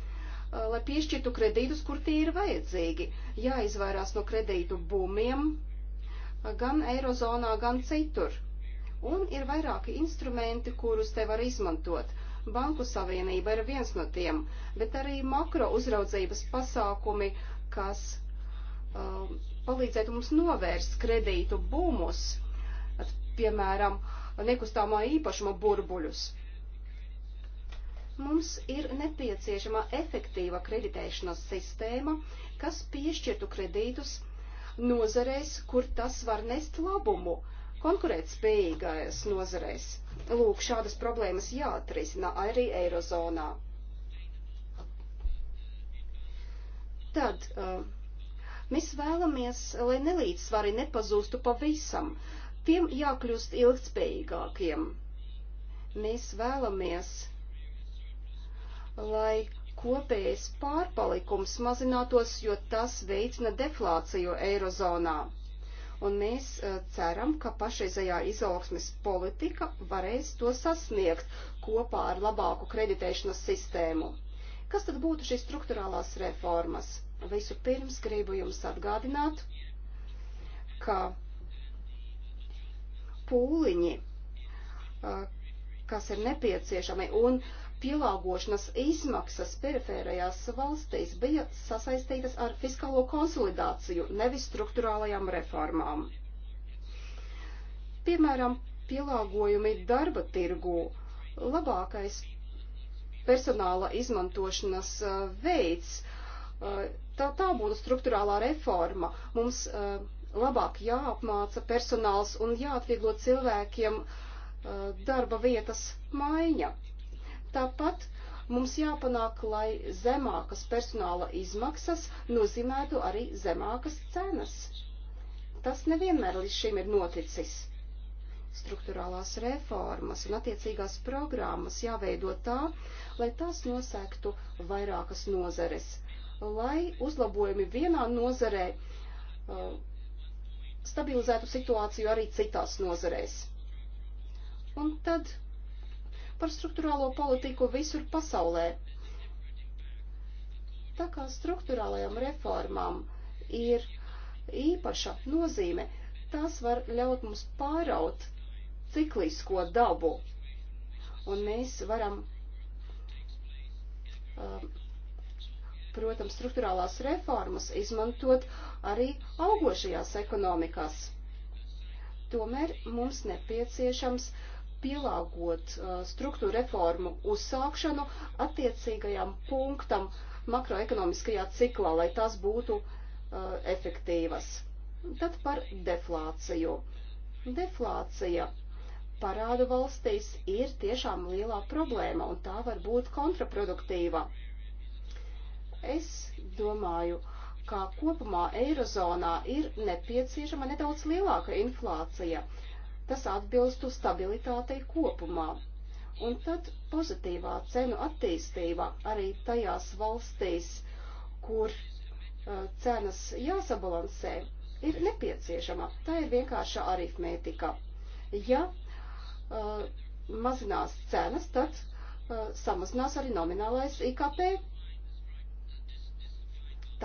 Uh, lai piešķirtu kredītus, kur tie ir vajadzīgi. Jāizvairās no kredītu bumiem uh, gan Eirozonā, gan citur. Un ir vairāki instrumenti, kurus te var izmantot. Banku savienība ir viens no tiem, bet arī makro uzraudzības pasākumi, kas uh, palīdzētu mums novērst kredītu bumus, piemēram, nekustāmā īpašuma burbuļus. Uh, Mums ir nepieciešama efektīva kreditēšanas sistēma, kas piešķirtu kredītus nozareis, kur tas var nest labumu, konkurētspējīgais nozareis. Lūk, šādas problēmas jāatrisina arī Eirozonā. Tad uh, mēs vēlamies, lai nelīdzsvari nepazūstu pavisam, tiem jākļūst ilgtspējīgākiem. Mēs vēlamies lai kopējais pārpalikums mazinātos, jo tas veicina deflāciju eirozonā. Un mēs eh, ceram, ka pašreizējā izaugsmes politika varēs to sasniegt kopā ar labāku kreditēšanas sistēmu. Kas tad būtu šīs struktūrālās reformas? Visu pirms gribu jums atgādināt, ka pūliņi, eh, kas ir nepieciešami un uh, pielāgošanas izmaksas perifērajās valstīs bija sasaistītas ar fiskālo konsolidāciju, nevis struktūrālajām reformām. Piemēram, pielāgojumi darba tirgu labākais personāla izmantošanas uh, veids. Uh, tā, tā būtu struktūrālā reforma. Mums uh, labāk jāapmāca personāls un jāatvieglo cilvēkiem darba vietas maiņa. Tāpat mums jāpanāk, lai zemākas personāla izmaksas nozīmētu arī zemākas cenas. Tas nevienmēr līdz šim ir noticis. Struktūrālās reformas un attiecīgās programmas jāveido tā, lai tās nosēktu vairākas nozares, lai uzlabojumi vienā nozarē uh, stabilizētu situāciju arī citās nozarēs. Un tad par struktūrālo politiku visur pasaulē. Tā kā struktūrālajām reformām ir īpaša nozīme, tās var ļaut mums pāraut ciklisko dabu, un mēs varam, um, protams, struktūrālās reformas izmantot arī augošajās ekonomikās. Tomēr mums nepieciešams uh, pielāgot uh, struktūra reformu uzsākšanu attiecīgajam punktam makroekonomiskajā ciklā, lai tās būtu uh, efektīvas. Tad par deflāciju. Deflācija parādu valstīs ir tiešām lielā problēma, un tā var būt kontraproduktīva. Es domāju, ka kopumā Eirozonā ir nepieciešama nedaudz lielāka inflācija. Uh, tas atbilstu stabilitātei kopumā. Un tad pozitīvā cenu attīstība arī tajās valstīs, kur uh, cenas jāsabalansē, ir nepieciešama. Tā ir vienkārša arifmētika. Ja uh, mazinās cenas, tad uh, samazinās arī nominālais IKP.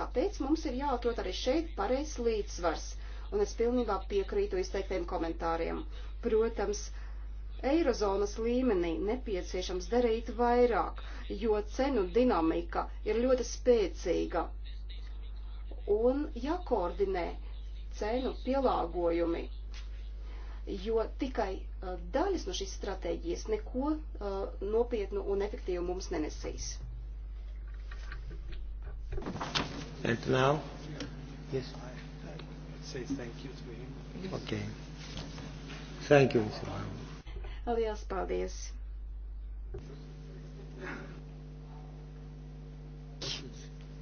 Tāpēc mums ir jāatrod arī šeit pareizs līdzsvars un es pilnībā piekrītu izteiktiem komentāriem. Protams, Eirozonas līmenī nepieciešams darīt vairāk, jo cenu dinamika ir ļoti spēcīga un jākoordinē cenu pielāgojumi, jo tikai uh, daļas no šīs stratēģijas neko uh, nopietnu un efektīvu mums nenesīs. And now, yes say thank you to him. Okay. Thank you, Mr. Brown. Liels paldies.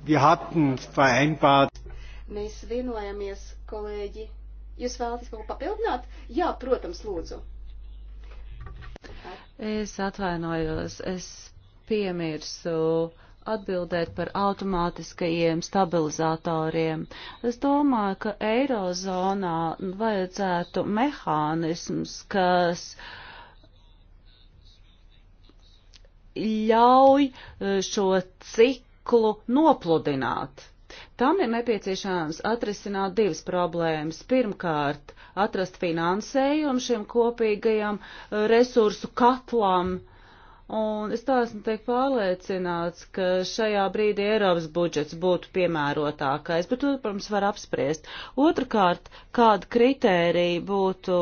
Wir hatten vereinbart. Mēs vienojāmies, kolēģi. Jūs vēlaties kaut ko papildināt? Jā, protams, lūdzu. Es atvainojos, es piemirsu. Uh, atbildēt par automātiskajiem stabilizatoriem. Es domāju, ka Eirozonā vajadzētu mehānisms, kas ļauj e, šo ciklu nopludināt. Tam ir nepieciešams atrisināt divas problēmas. Pirmkārt, atrast finansējumu šim kopīgajam e, resursu katlam, uh, Un es tā esmu teikt pārliecināts, ka šajā brīdī Eiropas budžets būtu piemērotākais, bet to, protams, var apspriest. Otrakārt, kāda kritērija būtu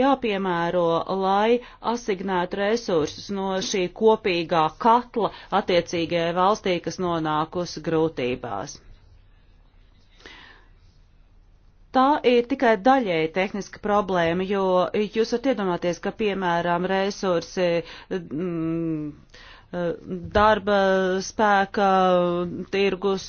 jāpiemēro, lai asignētu resursus no šī kopīgā katla attiecīgajai valstī, kas nonākusi grūtībās. Tā ir tikai daļēji tehniska problēma, jo jūs varat iedomāties, ka, piemēram, resursi, mm, darba spēka, tirgus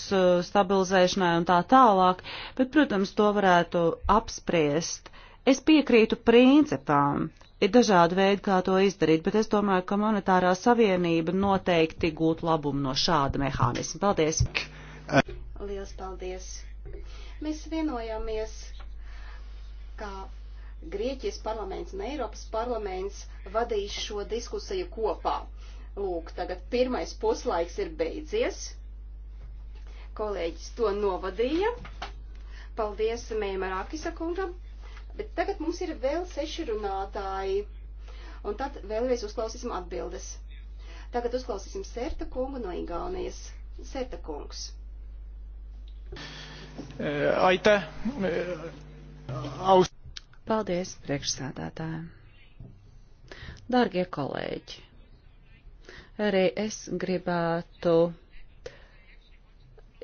stabilizēšanai un tā tālāk, bet, protams, to varētu apspriest. Es piekrītu principām, ir dažādi veidi, kā to izdarīt, bet es domāju, ka monetārā savienība noteikti gūt labumu no šāda mehānisma. Paldies! Liels paldies! Mēs vienojāmies, ka Grieķijas parlaments un Eiropas parlaments vadīs šo diskusiju kopā. Lūk, tagad pirmais puslaiks ir beidzies. Kolēģis to novadīja. Paldies Mēmarākisa kungam. Bet tagad mums ir vēl seši runātāji. Un tad vēlreiz uzklausīsim atbildes. Tagad uzklausīsim Sērta kungu no Igaunijas. Sērta kungs. Eh, Aite. Eh, aus... Paldies, priekšsēdētājiem. Dargie kolēģi, arī es gribētu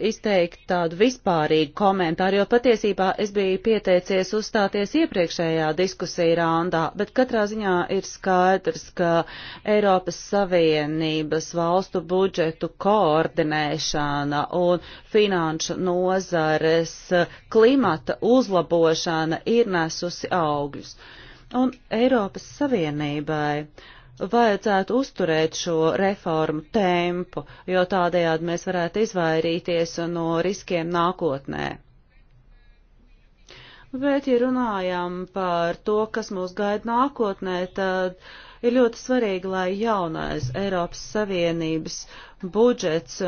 izteikt tādu vispārīgu komentāru, jo patiesībā es biju pieteicies uzstāties iepriekšējā diskusija rāndā, bet katrā ziņā ir skaidrs, ka Eiropas Savienības valstu budžetu koordinēšana un finanšu nozares klimata uzlabošana ir nesusi augļus. Un Eiropas Savienībai vajadzētu uzturēt šo reformu tempu, jo tādējādi mēs varētu izvairīties no riskiem nākotnē. Bet, ja runājam par to, kas mūs gaida nākotnē, tad ir ļoti svarīgi, lai jaunais Eiropas Savienības budžets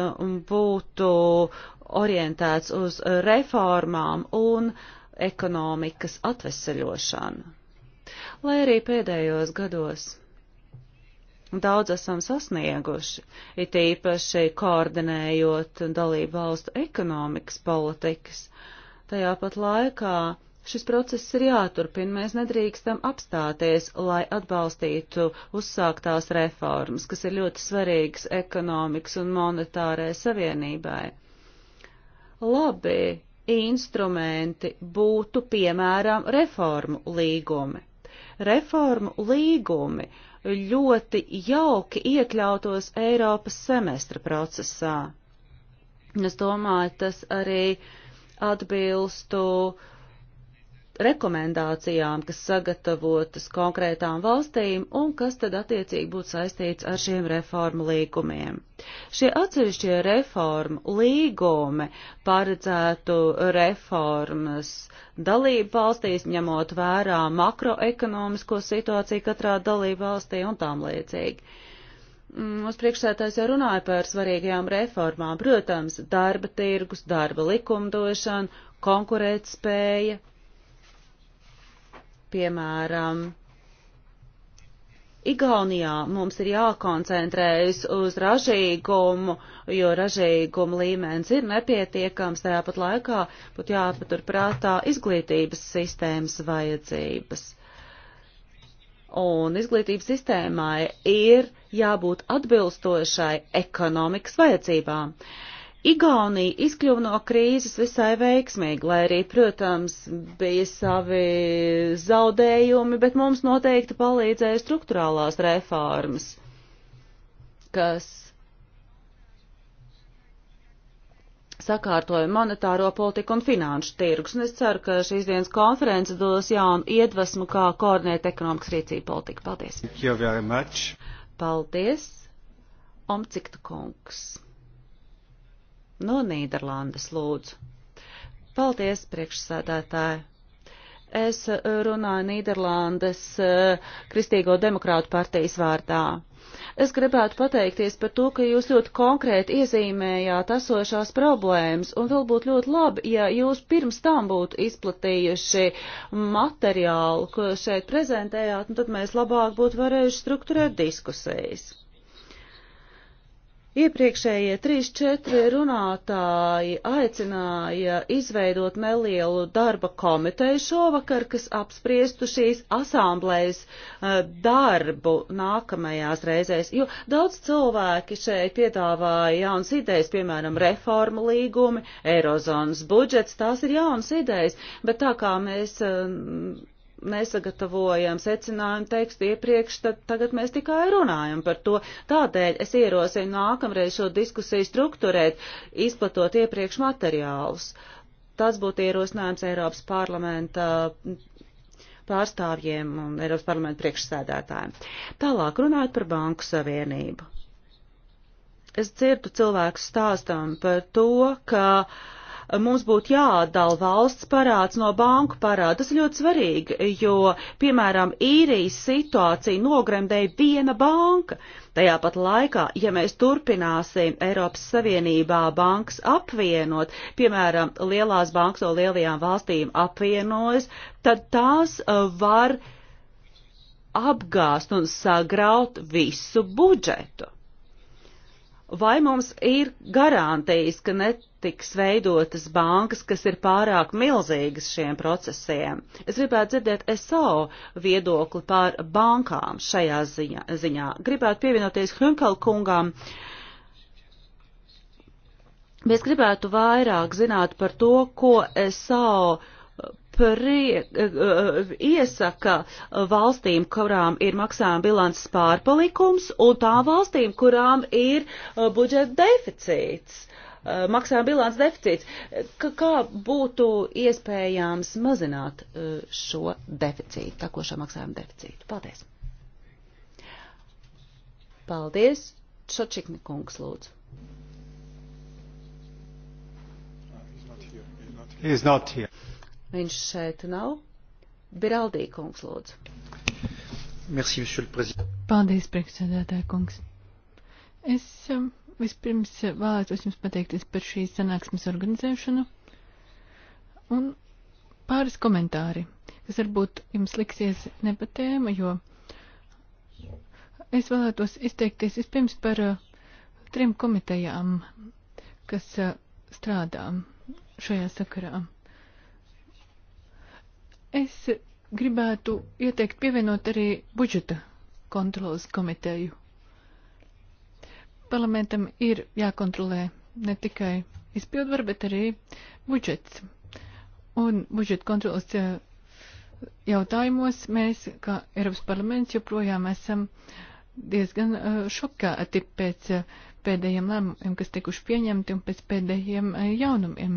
būtu orientēts uz reformām un ekonomikas atveseļošanu. Lai arī pēdējos gados daudz esam sasnieguši, it īpaši koordinējot dalību valstu ekonomikas politikas. Tajā pat laikā šis process ir jāturpina, mēs nedrīkstam apstāties, lai atbalstītu uzsāktās reformas, kas ir ļoti svarīgas ekonomikas un monetārai savienībai. Labi instrumenti būtu, piemēram, reformu līgumi. Reformu līgumi uh, ļoti jauki iekļautos Eiropas semestra procesā. Es domāju, tas arī atbilstu uh, rekomendācijām, kas sagatavotas konkrētām valstīm un kas tad attiecīgi būtu saistīts ar šiem reformu līgumiem. Šie atsevišķie reformu līgumi paredzētu reformas dalību valstīs, ņemot vērā makroekonomisko situāciju katrā dalību valstī un tām līdzīgi. Mums priekšsētājs jau runāja par svarīgajām reformām, protams, darba tirgus, darba likumdošana, konkurētspēja, Piemēram, Igaunijā mums ir jākoncentrējas uz ražīgumu, jo ražīguma līmenis ir nepietiekams, tāpat laikā būtu jāpatur prātā izglītības sistēmas vajadzības. Un izglītības sistēmai ir jābūt atbilstošai ekonomikas vajadzībām. Uh, Igaunija izkļuva no krīzes visai veiksmīgi, lai arī, protams, bija savi zaudējumi, bet mums noteikti palīdzēja struktūrālās reformas, kas sakārtoja monetāro politiku un finanšu tirgus. Un es ceru, ka šīs dienas konference dos jaunu iedvesmu, kā koordinēt ekonomikas rīcību politiku. Paldies! Paldies! Omcikta kungs! no Nīderlandes lūdzu. Paldies, priekšsādātāji! Es uh, runāju Nīderlandes uh, Kristīgo demokrātu partijas vārdā. Es gribētu pateikties par to, ka jūs ļoti konkrēti iezīmējāt esošās problēmas, un vēl būtu ļoti labi, ja jūs pirms tam būtu izplatījuši materiālu, ko šeit prezentējāt, un tad mēs labāk būtu varējuši strukturēt diskusijas. Iepriekšējie trīs, četri runātāji aicināja izveidot nelielu darba komiteju šovakar, kas apspriestu šīs asamblējas eh, darbu nākamajās reizēs, jo daudz cilvēki šeit piedāvāja jaunas idejas, piemēram, reformu līgumi, eirozonas budžets, tās ir jaunas idejas, bet tā kā mēs eh, nesagatavojam secinājumu tekstu iepriekš, tad tagad mēs tikai runājam par to. Tādēļ es ierosinu nākamreiz šo diskusiju strukturēt, izplatot iepriekš materiālus. Tas būtu ierosinājums Eiropas parlamenta pārstāvjiem un Eiropas parlamenta priekšsēdētājiem. Tālāk runājot par Banku Savienību. Es dzirdu cilvēku stāstam par to, ka uh, mums būtu jāatdala valsts parāds no banku parāda. Tas ir ļoti svarīgi, jo, piemēram, īrijas situācija nogremdēja viena banka. Tajā pat laikā, ja mēs turpināsim Eiropas Savienībā bankas apvienot, piemēram, lielās bankas no lielajām valstīm apvienojas, tad tās uh, var apgāst un sagraut visu budžetu. Vai mums ir garantijas, ka netiks veidotas bankas, kas ir pārāk milzīgas šiem procesiem? Es gribētu dzirdēt SO viedokli par bankām šajā ziņā. ziņā. Gribētu pievienoties Hunkel kungam. Mēs gribētu vairāk zināt par to, ko SO prie, eh, iesaka valstīm, kurām ir maksājuma bilances pārpalikums, un tā valstīm, kurām ir eh, budžeta deficīts, eh, maksājuma bilances deficīts. Kā būtu iespējams mazināt šo deficītu, takošo maksājuma deficītu? Paldies! Paldies! Šočikni kungs lūdzu. He is not here. Viņš šeit nav. Biraldī kungs lūdzu. Merci, Paldies, priekšsēdētāja kungs. Es um, vispirms vēlētos jums pateikties par šīs sanāksmes organizēšanu un pāris komentāri, kas varbūt jums liksies ne pa tēma, jo es vēlētos izteikties vispirms par uh, trim komitejām, kas uh, strādā šajā sakarā. Es gribētu ieteikt pievienot arī budžeta kontrolas komiteju. Parlamentam ir jākontrolē ne tikai izpildvar, bet arī budžets. Un budžeta kontrolas eh, jautājumos mēs, kā Eiropas parlaments, joprojām esam diezgan eh, šokāti pēc uh, pēdējiem lēmumiem, kas tikuši pieņemti un pēc pēdējiem eh, jaunumiem.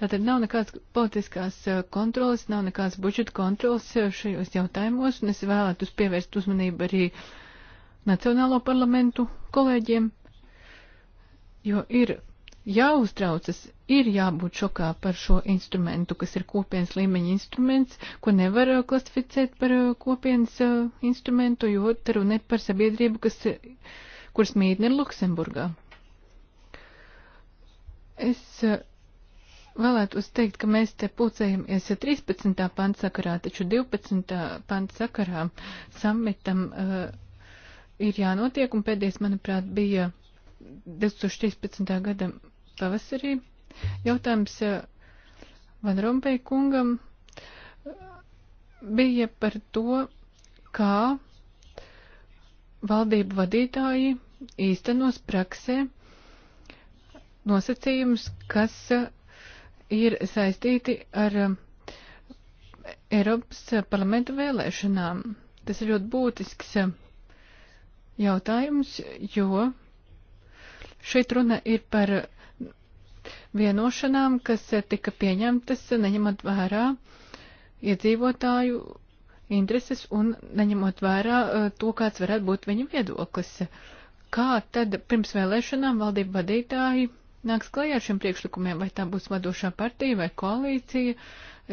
Tātad nav nekāds politiskās eh, kontrolas, nav nekāds budžeta kontrolas eh, šajos jautājumos, un es vēlētos pievērst uzmanību arī Nacionālo parlamentu kolēģiem, jo ir jāuztraucas, ir jābūt šokā par šo instrumentu, kas ir kopienas līmeņa instruments, ko nevar klasificēt par kopienas instrumentu, jo te runa ir par sabiedrību, kas kuras mītne ir Luksemburgā. Es eh, vēlētos teikt, ka mēs te pulcējamies 13. pants sakarā, taču 12. pants sakarā samitam uh, ir jānotiek, un pēdējais, manuprāt, bija 2013. gada pavasarī. Jautājums uh, Van Rompēj kungam bija par to, kā valdību vadītāji īstenos praksē nosacījumus, kas e, ir saistīti ar e, Eiropas parlamenta vēlēšanām. Tas ir ļoti būtisks e, jautājums, jo šeit runa ir par vienošanām, kas tika pieņemtas, neņemot vērā iedzīvotāju intereses un neņemot vērā eh, to, kāds varētu būt viņa viedoklis. Kā tad pirms vēlēšanām valdību vadītāji nāks klajā ar šiem priekšlikumiem, vai tā būs vadošā partija vai koalīcija?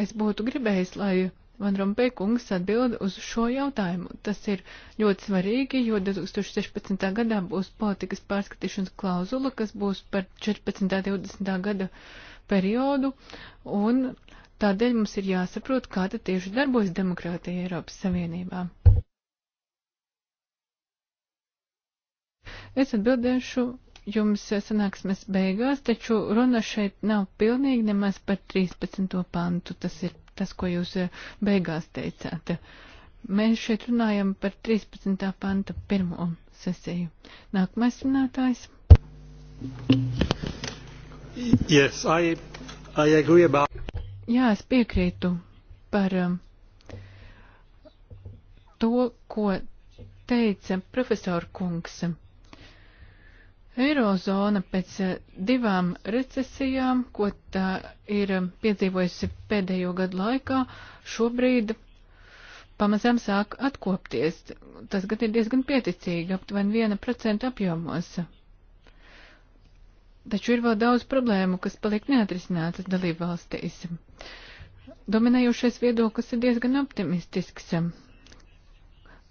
Es būtu gribējis, lai Van Rompē kungs atbild uz šo jautājumu. Tas ir ļoti svarīgi, jo 2016. gadā būs politikas pārskatīšanas klauzula, kas būs par 14. 20. gada periodu, un Tādēļ mums ir jāsaprot, kā tad tieši darbojas demokrātija Eiropas Savienībā. Es atbildēšu jums sanāksmes beigās, taču runa šeit nav pilnīgi nemaz par 13. pantu. Tas ir tas, ko jūs beigās teicāt. Mēs šeit runājam par 13. panta pirmo sesiju. Nākamais runātājs. Yes, I, I agree about. Jā, es piekrītu par um, to, ko teica profesora kungs. Eirozona pēc uh, divām recesijām, ko tā ir um, piedzīvojusi pēdējo gadu laikā, šobrīd pamazām sāk atkopties. Tas gan ir diezgan pieticīgi, aptuveni 1% apjomos. Taču ir vēl daudz problēmu, kas paliek neatrisinātas dalību valstīs. Dominējošais viedoklis ir diezgan optimistisks.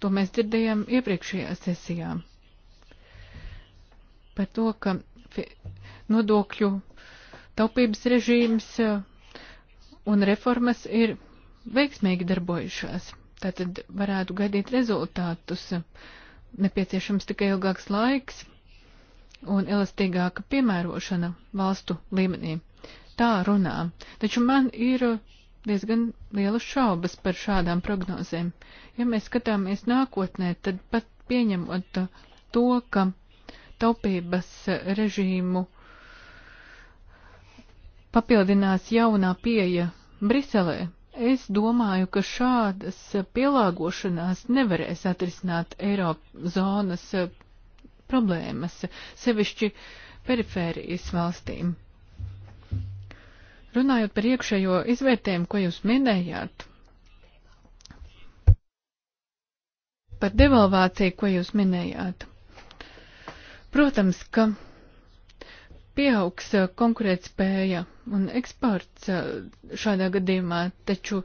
To mēs dzirdējām iepriekšējā sesijā. Par to, ka nodokļu taupības režīms uh, un reformas ir veiksmīgi darbojušās. Tātad varētu gaidīt rezultātus. Nepieciešams tikai ilgāks laiks un elastīgāka piemērošana valstu līmenī. Tā runā. Taču man ir diezgan lielas šaubas par šādām prognozēm. Ja mēs skatāmies nākotnē, tad pat pieņemot to, ka taupības režīmu papildinās jaunā pieeja Briselē, Es domāju, ka šādas pielāgošanās nevarēs atrisināt Eiropas zonas problēmas, sevišķi perifērijas valstīm. Runājot par iekšējo izvērtējumu, ko jūs minējāt, par devalvāciju, ko jūs minējāt. Protams, ka pieaugs eh, konkurētspēja un eksports eh, šādā gadījumā, taču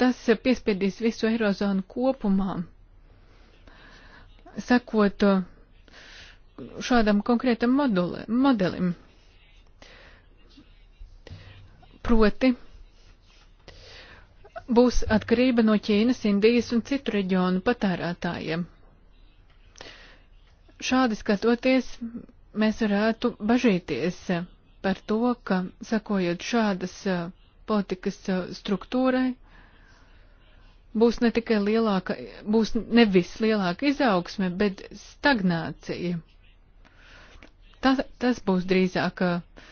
tas piespiedīs visu eirozonu kopumā, sakot šādam konkrētam module, modelim. Proti, būs atkarība no Ķīnas, Indijas un citu reģionu patērētājiem. Šādi skatoties, mēs varētu bažīties par to, ka sakojot šādas politikas struktūrai, būs ne tikai lielāka, būs nevis lielāka izaugsme, bet stagnācija. Tas, tas būs drīzāk uh,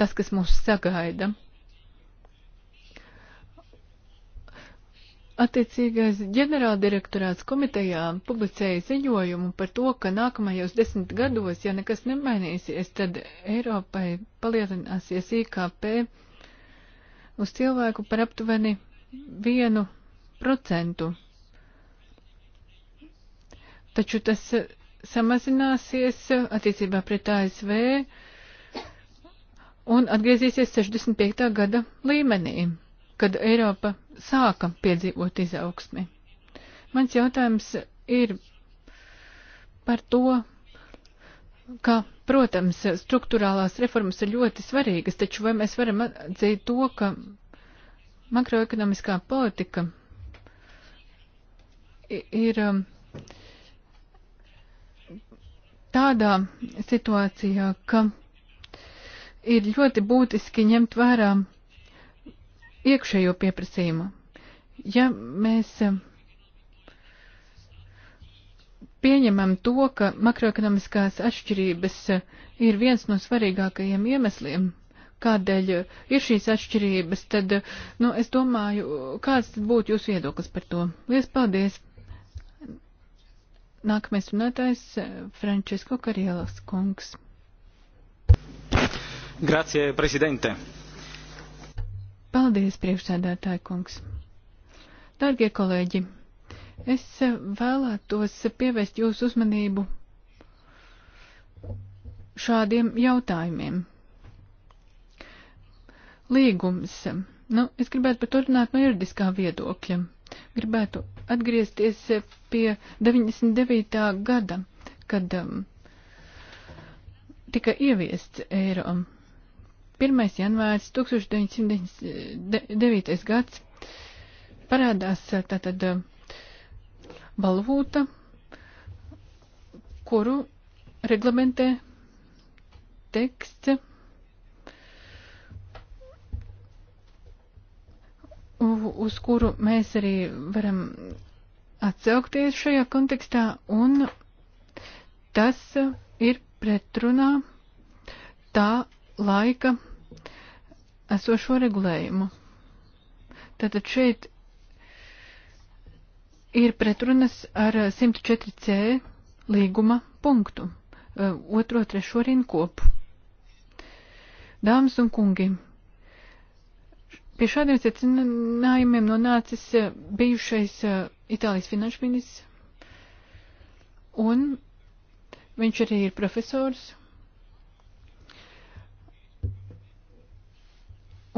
tas, kas mūs sagaida. Attiecīgais ģenerāldirektorāts komitejā publicēja ziņojumu par to, ka nākamajos desmit gados, ja nekas nemainīsies, tad Eiropai palielināsies IKP uz cilvēku par aptuveni vienu procentu. Taču tas samazināsies attiecībā pret ASV un atgriezīsies 65. gada līmenī, kad Eiropa sāka piedzīvot izaugsmi. Mans jautājums ir par to, ka, protams, struktūrālās reformas ir ļoti svarīgas, taču vai mēs varam atzīt to, ka makroekonomiskā politika ir um, tādā situācijā, ka ir ļoti būtiski ņemt vērā iekšējo pieprasījumu. Ja mēs eh, pieņemam to, ka makroekonomiskās atšķirības eh, ir viens no svarīgākajiem iemesliem, kādēļ eh, ir šīs atšķirības, tad, nu, es domāju, kāds būtu jūsu viedoklis par to. Lies paldies! Nākamais runātājs eh, Francesko Karielas kungs. Grazie, prezidente. Paldies, priekšsēdētāja kungs. Dārgie kolēģi, es eh, vēlētos pievērst jūsu uzmanību šādiem jautājumiem. Līgums. Nu, es gribētu par to runāt no juridiskā viedokļa. Gribētu atgriezties pie 99. gada, kad um, tika ieviests eiro. 1. janvārs 1999. gads parādās uh, tātad um, valūta, kuru reglamentē teksts uz kuru mēs arī varam atsaukties šajā kontekstā, un tas ir pretrunā tā laika esošo regulējumu. Tātad šeit ir pretrunas ar 104c līguma punktu, otro trešo rinkopu. Dāmas un kungi, Pie šādiem secinājumiem nonācis eh, bijušais eh, Itālijas finanšu ministrs, un viņš arī ir profesors.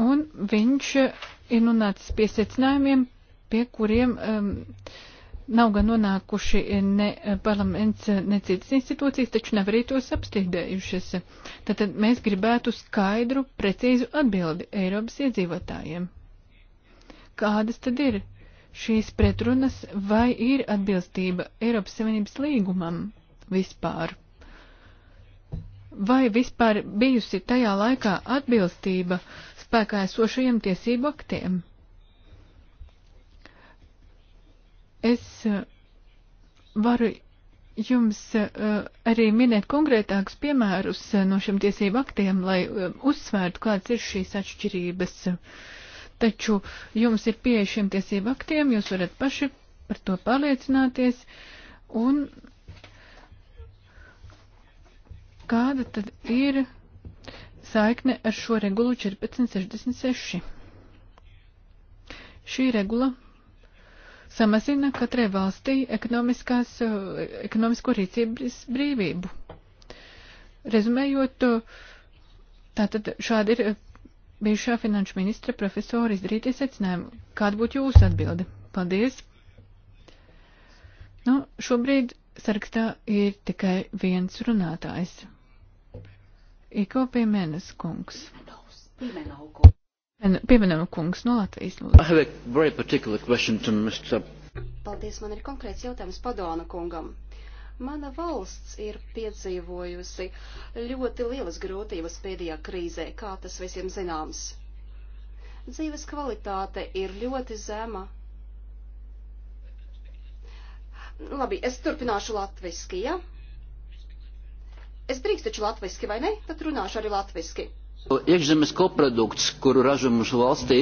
Un viņš eh, ir nonācis pie secinājumiem, pie kuriem um, nav gan nonākuši ne parlaments, ne citas institūcijas, taču nav arī tos apstrīdējušas. Tātad mēs gribētu skaidru, precīzu atbildi Eiropas iedzīvotājiem. Kādas tad ir šīs pretrunas vai ir atbilstība Eiropas Savienības līgumam vispār? Vai vispār bijusi tajā laikā atbilstība spēkā esošajiem tiesību aktiem? Es eh, varu jums eh, arī minēt konkrētākus piemērus eh, no šiem tiesību aktiem, lai uzsvērtu, kādas ir šīs atšķirības. Taču jums ir pieeja šiem tiesību aktiem, jūs varat paši par to pārliecināties. Un kāda tad ir saikne ar šo regulu 1466? Šī regula samazina katrai valstī eh, ekonomisko rīcības brīvību. Rezumējot, tātad šādi ir bijušā finanšu ministra profesora izdarītie secinājumi. Kāda būtu jūsu atbilde? Paldies! Nu, šobrīd sarakstā ir tikai viens runātājs. Iko Piemenes kungs. Piemenes kungs. Pieminam kungs no Latvijas. Paldies, man ir konkrēts jautājums Padona kungam. Mana valsts ir piedzīvojusi ļoti lielas grūtības pēdējā krīzē, kā tas visiem zināms. Dzīves kvalitāte ir ļoti zema. Labi, es turpināšu latviski, ja? Es drīkstu taču latviski, vai ne? Tad runāšu arī latviski. Iekšzemes koprodukts, kuru ražo mūsu valstī,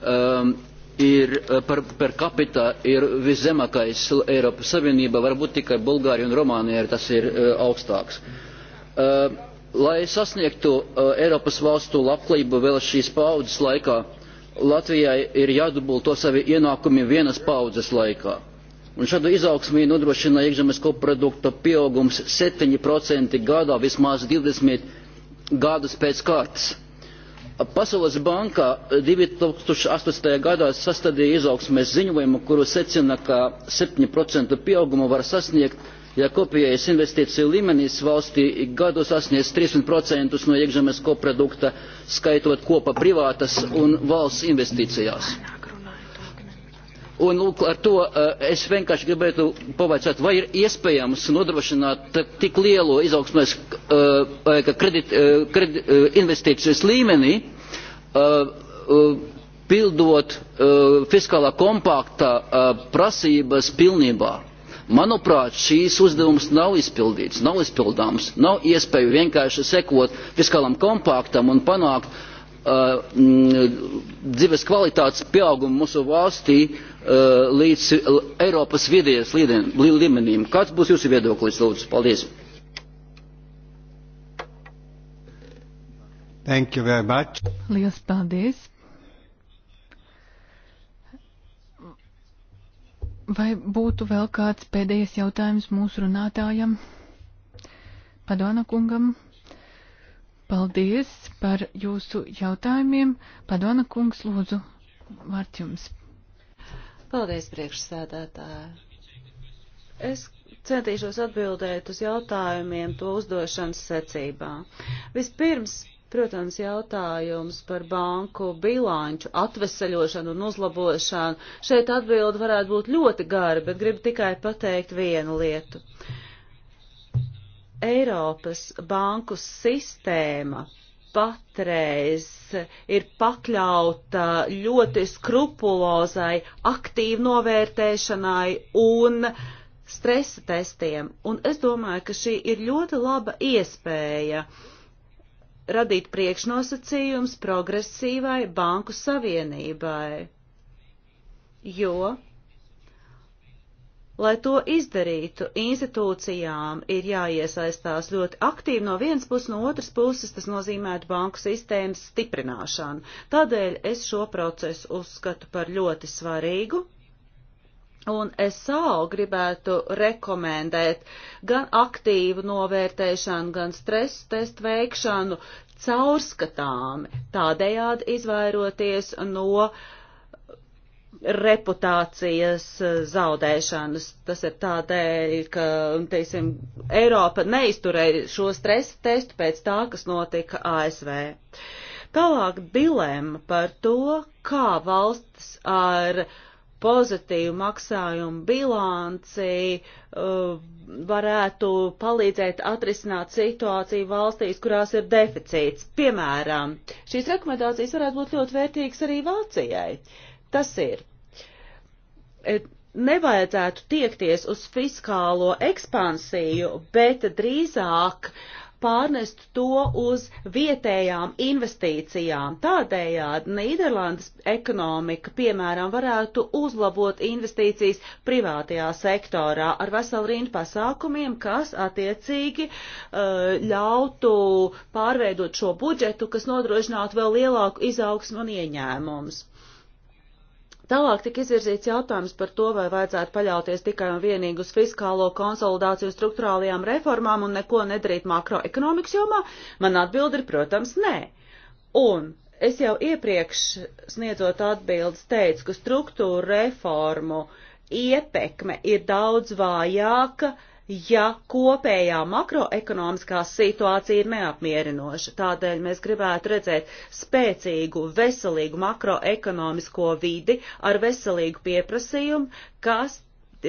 um, ir uh, par, per capita ir viszemākais Eiropas Savienībā, varbūt tikai Bulgārija un Romānija tas ir uh, augstāks. Uh, lai sasniegtu uh, Eiropas valstu labklību vēl šīs paudzes laikā, Latvijai ir jādubulto savi ienākumi vienas paudzes laikā. Un šādu izaugsmī nodrošina iekšzemes koprodukta pieaugums 7% gadā vismaz 20 gadus pēc kārtas. Pasaules banka 2008. gadā sastādīja izaugsmēs ziņojumu, kuru secina, ka 7% pieaugumu var sasniegt, ja kopējais investīciju līmenis valstī gadu sasniegs 30% no iekšzemes koprodukta, skaitot kopā privātas un valsts investīcijās. Un, lūk, ar to eh, es vienkārši gribētu pavaicāt, vai ir iespējams nodrošināt tik lielo izaugsmēs eh, eh, kredit, kredit, investīcijas līmenī, pildot fiskālā kompaktā prasības pilnībā. Manuprāt, šīs uzdevums nav izpildīts, nav izpildāms, nav iespēju vienkārši sekot fiskālam kompaktam un panākt uh, m, dzīves kvalitātes pieaugumu mūsu valstī uh, Uh, līdz uh, Eiropas vidējas līmenim. Kāds būs jūsu viedoklis, lūdzu? Paldies! Thank you very much. Lielas paldies! Vai būtu vēl kāds pēdējais jautājums mūsu runātājam? Padona kungam. Paldies par jūsu jautājumiem. Padona kungs, lūdzu, vārds jums. Paldies, priekšsēdētāji. Es centīšos atbildēt uz jautājumiem to uzdošanas secībā. Vispirms, protams, jautājums par banku bilanču atvesaļošanu un uzlabošanu. Šeit atbildi varētu būt ļoti gara, bet gribu tikai pateikt vienu lietu. Eiropas banku sistēma patreiz ir pakļauta ļoti skrupulozai, aktīvu novērtēšanai un stresa testiem. Un es domāju, ka šī ir ļoti laba iespēja radīt priekšnosacījums progresīvai banku savienībai, jo Lai to izdarītu, institūcijām ir jāiesaistās ļoti aktīvi no vienas puses, no otras puses tas nozīmētu banku sistēmas stiprināšanu. Tādēļ es šo procesu uzskatu par ļoti svarīgu. Un es savu gribētu rekomendēt gan aktīvu novērtēšanu, gan stresu testu veikšanu caurskatāmi, tādējādi izvairoties no uh, reputācijas eh, zaudēšanas. Tas ir tādēļ, ka, teiksim, Eiropa neizturēja šo stresa testu pēc tā, kas notika ASV. Tālāk dilēma par to, kā valsts ar pozitīvu maksājumu bilanci uh, varētu palīdzēt atrisināt situāciju valstīs, kurās ir deficīts. Piemēram, šīs rekomendācijas varētu būt ļoti vērtīgas arī Vācijai. Uh, Tas ir. E, nevajadzētu tiekties uz fiskālo ekspansiju, bet drīzāk pārnest to uz vietējām investīcijām. Tādējādi Nīderlandes ekonomika, piemēram, varētu uzlabot investīcijas privātajā sektorā ar veselu rindu pasākumiem, kas attiecīgi e, ļautu pārveidot šo budžetu, kas nodrošinātu vēl lielāku izaugsmu un ieņēmumus. Tālāk tika izvirzīts jautājums par to, vai vajadzētu paļauties tikai un vienīgi uz fiskālo konsolidāciju struktūrālajām reformām un neko nedarīt makroekonomikas jomā. Man atbildi ir, protams, nē. Un es jau iepriekš sniedzot atbildes teicu, ka struktūra reformu ietekme ir daudz vājāka uh, ja kopējā makroekonomiskā situācija ir neapmierinoša. Tādēļ mēs gribētu redzēt spēcīgu, veselīgu makroekonomisko vidi ar veselīgu pieprasījumu, kas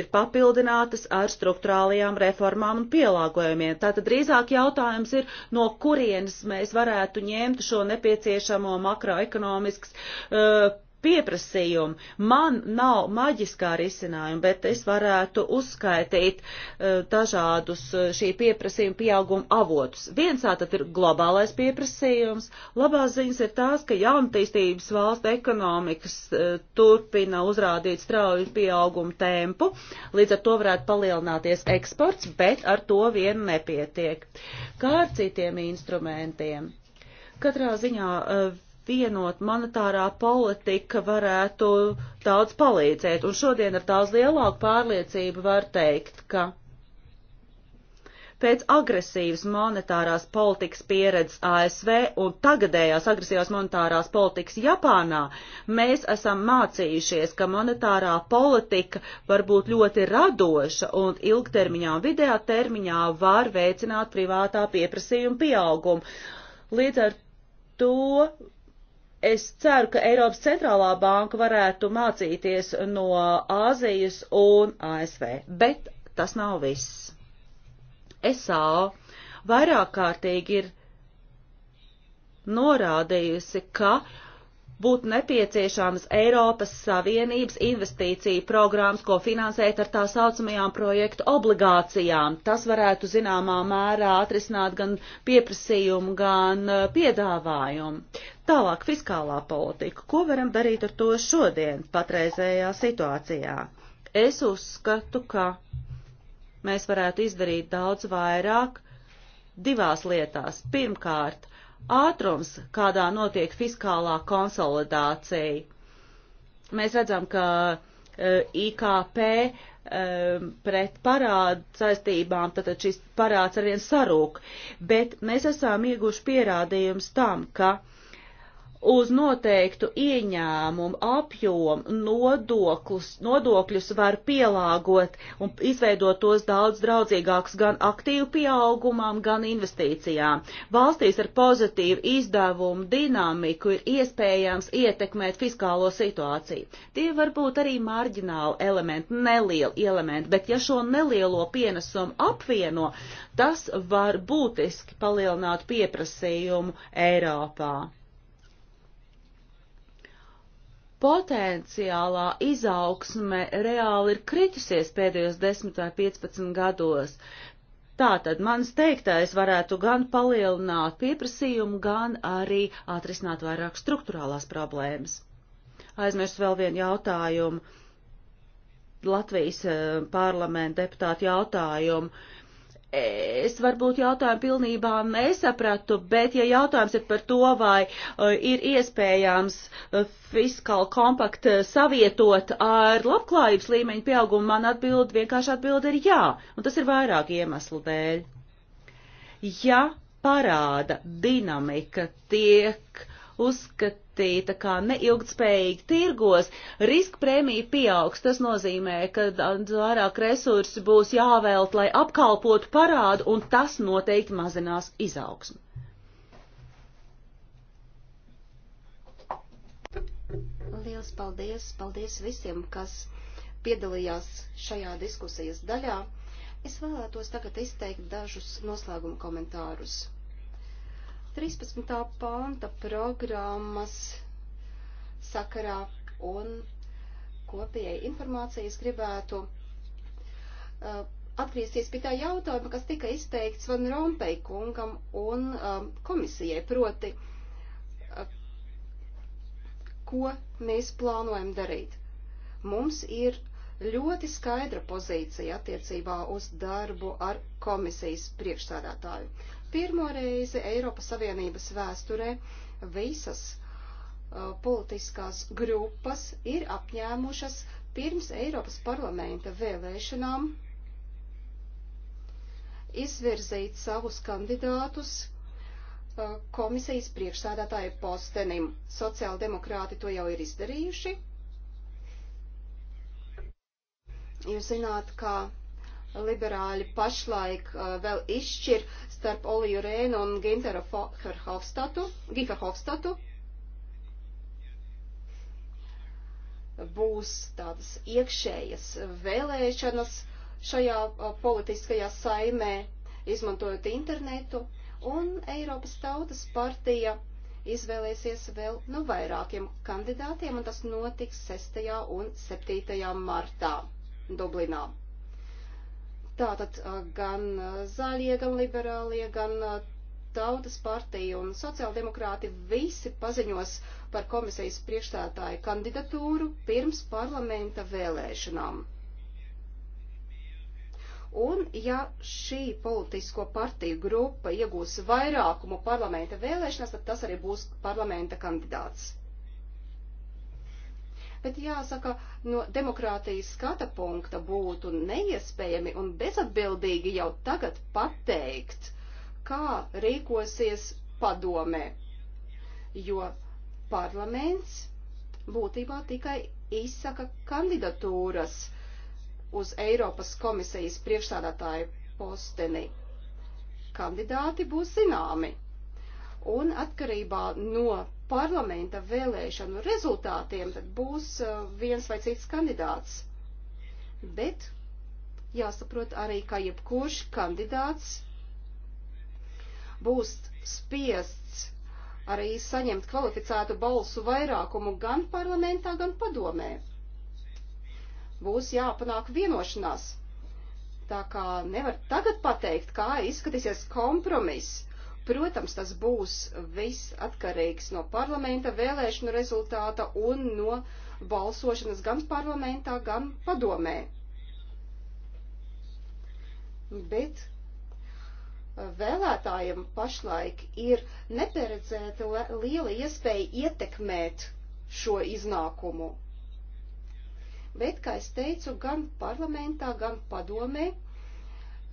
ir papildinātas ar struktūrālajām reformām un pielāgojumiem. Tātad drīzāk jautājums ir, no kurienes mēs varētu ņemt šo nepieciešamo makroekonomisks uh, pieprasījumu. Man nav maģiskā risinājuma, bet es varētu uzskaitīt uh, dažādus e, šī pieprasījuma pieauguma avotus. Viens tātad ir globālais pieprasījums. Labās ziņas ir tās, ka jaunatīstības valstu ekonomikas uh, turpina uzrādīt strauju pieaugumu tempu, līdz ar to varētu palielināties eksports, bet ar to vien nepietiek. Kā ar citiem instrumentiem? Katrā ziņā uh, vienot monetārā politika varētu daudz palīdzēt. Un šodien ar daudz lielāku pārliecību var teikt, ka pēc agresīvas monetārās politikas pieredzes ASV un tagadējās agresīvās monetārās politikas Japānā, mēs esam mācījušies, ka monetārā politika var būt ļoti radoša un ilgtermiņā un vidējā termiņā var veicināt privātā pieprasījuma pieaugumu. Līdz ar to Es ceru, ka Eiropas centrālā banka varētu mācīties no Āzijas un ASV, bet tas nav viss. SAO vairāk kārtīgi ir norādījusi, ka būtu nepieciešams Eiropas Savienības investīciju programmas, ko finansēt ar tā saucamajām projektu obligācijām. Tas varētu zināmā mērā atrisināt gan pieprasījumu, gan uh, piedāvājumu. Tālāk fiskālā politika. Ko varam darīt ar to šodien, patreizējā situācijā? Es uzskatu, ka mēs varētu izdarīt daudz vairāk divās lietās. Pirmkārt, ātrums, kādā notiek fiskālā konsolidācija. Mēs redzam, ka e, IKP e, pret parādu saistībām, tad šis parāds arvien sarūk, bet mēs esam ieguši pierādījums tam, ka uz noteiktu ieņēmumu apjomu nodoklus, nodokļus var pielāgot un izveidot tos daudz draudzīgākus gan aktīvu pieaugumam, gan investīcijām. Valstīs ar pozitīvu izdevumu dinamiku ir iespējams ietekmēt fiskālo situāciju. Tie var būt arī marģināli elementi, nelieli elementi, bet ja šo nelielo pienesumu apvieno, tas var būtiski palielināt pieprasījumu Eiropā potenciālā izaugsme reāli ir kritusies pēdējos 10 vai 15 gados. Tātad mans teiktais varētu gan palielināt pieprasījumu, gan arī atrisināt vairāk struktūrālās problēmas. Aizmirst vēl vienu jautājumu. Latvijas eh, parlamenta deputātu jautājumu Es varbūt jautājumu pilnībā nesapratu, bet ja jautājums ir par to, vai e, ir iespējams e, fiskāli kompakt e, savietot ar labklājības līmeņu pieaugumu, man atbild vienkārši atbild ir jā, un tas ir vairāk iemeslu dēļ. Ja parāda dinamika tiek uzskatīta, uzskatīta kā neilgtspējīga tirgos, riska prēmija pieaugs. Tas nozīmē, ka vairāk resursi būs jāvēlt, lai apkalpotu parādu, un tas noteikti mazinās izaugsmu. Liels paldies! Paldies visiem, kas piedalījās šajā diskusijas daļā. Es vēlētos tagad izteikt dažus noslēguma komentārus. 13. panta programmas sakarā un kopējai informācijas gribētu uh, atgriezties pie tā jautājuma, kas tika izteikts Van Rompei kungam un um, komisijai, proti, uh, ko mēs plānojam darīt. Mums ir ļoti skaidra pozīcija attiecībā uz darbu ar komisijas priekšsādātāju. Pirmo reizi Eiropas Savienības vēsturē visas uh, politiskās grupas ir apņēmušas pirms Eiropas parlamenta vēlēšanām izvirzīt savus kandidātus uh, komisijas priekšsēdētāju postenim. Sociāldemokrāti to jau ir izdarījuši. Jūs zināt, ka liberāļi pašlaik uh, vēl izšķir starp Oliju Rēnu un Ginteru Giferhofstatu būs tādas iekšējas vēlēšanas šajā politiskajā saimē, izmantojot internetu, un Eiropas Tautas partija izvēlēsies vēl no nu, vairākiem kandidātiem, un tas notiks 6. un 7. martā Dublinā. Tātad gan zaļie, gan liberālie, gan tautas partija un sociāldemokrāti visi paziņos par komisijas priekšstādātāju kandidatūru pirms parlamenta vēlēšanām. Un ja šī politisko partiju grupa iegūs vairākumu parlamenta vēlēšanās, tad tas arī būs parlamenta kandidāts bet jāsaka, no demokrātijas skata punkta būtu neiespējami un bezatbildīgi jau tagad pateikt, kā rīkosies padomē, jo parlaments būtībā tikai izsaka kandidatūras uz Eiropas komisijas priekšsādātāju posteni. Kandidāti būs zināmi, un atkarībā no parlamenta vēlēšanu rezultātiem, tad būs uh, viens vai cits kandidāts. Bet jāsaprot arī, ka jebkurš kandidāts būs spiests arī saņemt kvalificētu balsu vairākumu gan parlamentā, gan padomē. Būs jāpanāk vienošanās. Tā kā nevar tagad pateikt, kā izskatīsies kompromiss, Protams, tas būs viss atkarīgs no parlamenta vēlēšanu rezultāta un no balsošanas gan parlamentā, gan padomē. Bet eh, vēlētājiem pašlaik ir neparedzēta liela iespēja ietekmēt šo iznākumu. Bet, kā es teicu, gan parlamentā, gan padomē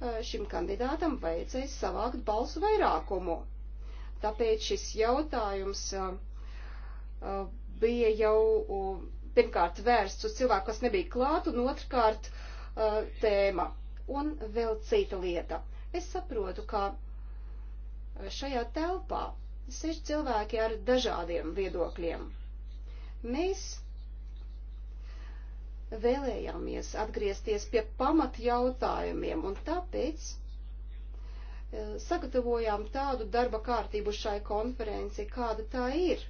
Eh, šim kandidātam vajadzēs savākt balsu vairākumu. Tāpēc šis jautājums eh, eh, bija jau pirmkārt vērsts uz cilvēku, kas nebija klāt, un otrkārt tēma. Un vēl cita lieta. Es saprotu, ka šajā telpā sēž cilvēki ar dažādiem viedokļiem. Mēs vēlējāmies atgriezties pie pamatjautājumiem, un tāpēc eh, sagatavojām tādu darba kārtību šai konferenci, kāda tā ir,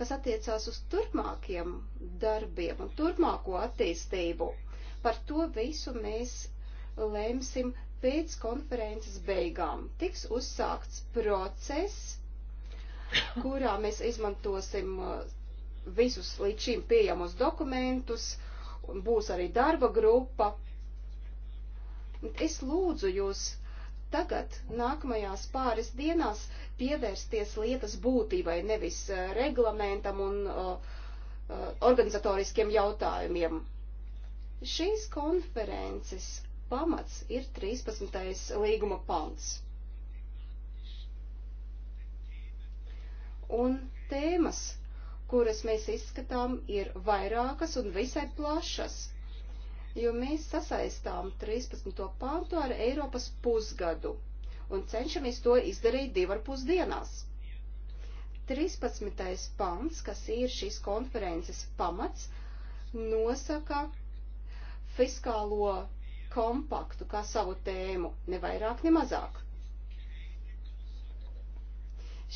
kas attiecās uz turpmākiem darbiem un turpmāko attīstību. Par to visu mēs lēmsim pēc konferences beigām. Tiks uzsākts process, kurā mēs izmantosim eh, visus līdz šim pieejamos dokumentus, un būs arī darba grupa. Es lūdzu jūs tagad, nākamajās pāris dienās, pievērsties lietas būtībai, nevis e, reglamentam un uh, organizatoriskiem jautājumiem. Šīs konferences pamats ir 13. līguma pants. Un tēmas kuras mēs izskatām, ir vairākas un visai plašas, jo mēs sasaistām 13. pāntu ar Eiropas pusgadu un cenšamies to izdarīt divarpus dienās. 13. pants, kas ir šīs konferences pamats, nosaka fiskālo kompaktu kā savu tēmu, ne vairāk, ne mazāk.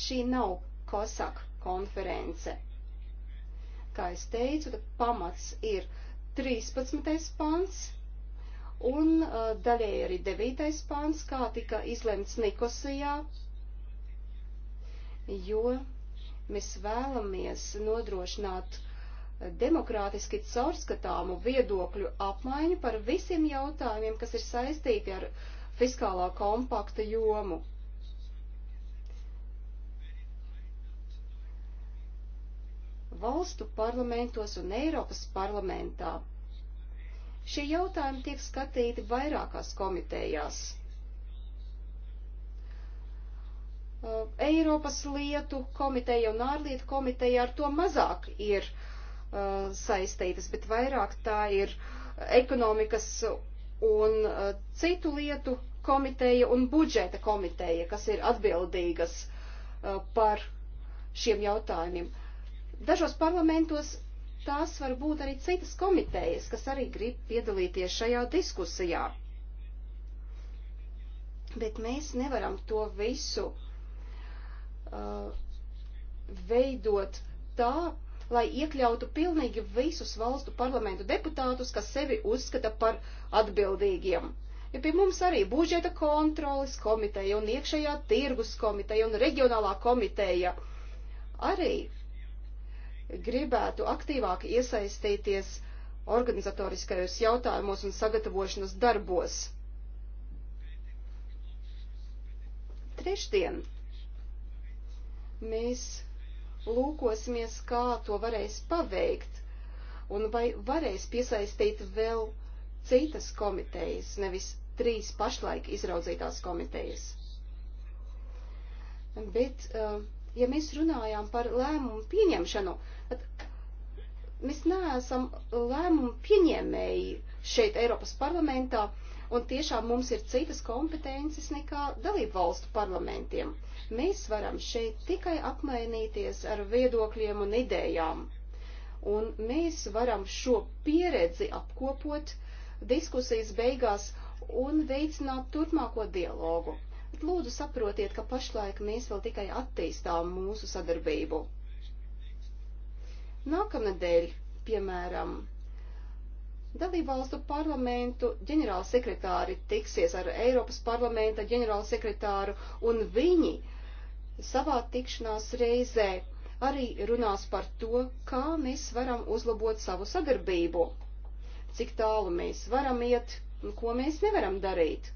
Šī nav COSAC konference. Kā es teicu, tad pamats ir 13. pants un uh, daļēji arī 9. pants, kā tika izlemts Nikosijā, jo mēs vēlamies nodrošināt demokrātiski caurskatāmu viedokļu apmaiņu par visiem jautājumiem, kas ir saistīti ar fiskālā kompakta jomu. valstu parlamentos un Eiropas parlamentā. Šie jautājumi tiek skatīti vairākās komitejās. Uh, Eiropas lietu komiteja un ārlietu komiteja ar to mazāk ir uh, saistītas, bet vairāk tā ir ekonomikas un uh, citu lietu komiteja un budžeta komiteja, kas ir atbildīgas uh, par šiem jautājumiem. Uh, Dažos parlamentos tās var būt arī citas komitejas, kas arī grib piedalīties šajā diskusijā. Bet mēs nevaram to visu uh, veidot tā, lai iekļautu pilnīgi visus valstu parlamentu deputātus, kas sevi uzskata par atbildīgiem. Ja pie mums arī budžeta kontrolas komiteja un iekšējā tirgus komiteja un reģionālā komiteja arī gribētu aktīvāk iesaistīties organizatoriskajos jautājumos un sagatavošanas darbos. Trešdien mēs lūkosimies, kā to varēs paveikt un vai varēs piesaistīt vēl citas komitejas, nevis trīs pašlaik izraudzītās komitejas. Bet uh, Ja mēs runājām par lēmumu pieņemšanu, tad mēs neesam lēmumu pieņēmēji šeit Eiropas parlamentā, un tiešām mums ir citas kompetences nekā dalību valstu parlamentiem. Mēs varam šeit tikai apmainīties ar viedokļiem un idejām, un mēs varam šo pieredzi apkopot diskusijas beigās un veicināt turpmāko dialogu. Bet lūdzu saprotiet, ka pašlaik mēs vēl tikai attīstām mūsu sadarbību. Nākamnedēļ, piemēram, dalībvalstu parlamentu ģenerālsekretāri tiksies ar Eiropas parlamenta ģenerālsekretāru, un viņi savā tikšanās reizē arī runās par to, kā mēs varam uzlabot savu sadarbību, cik tālu mēs varam iet un ko mēs nevaram darīt.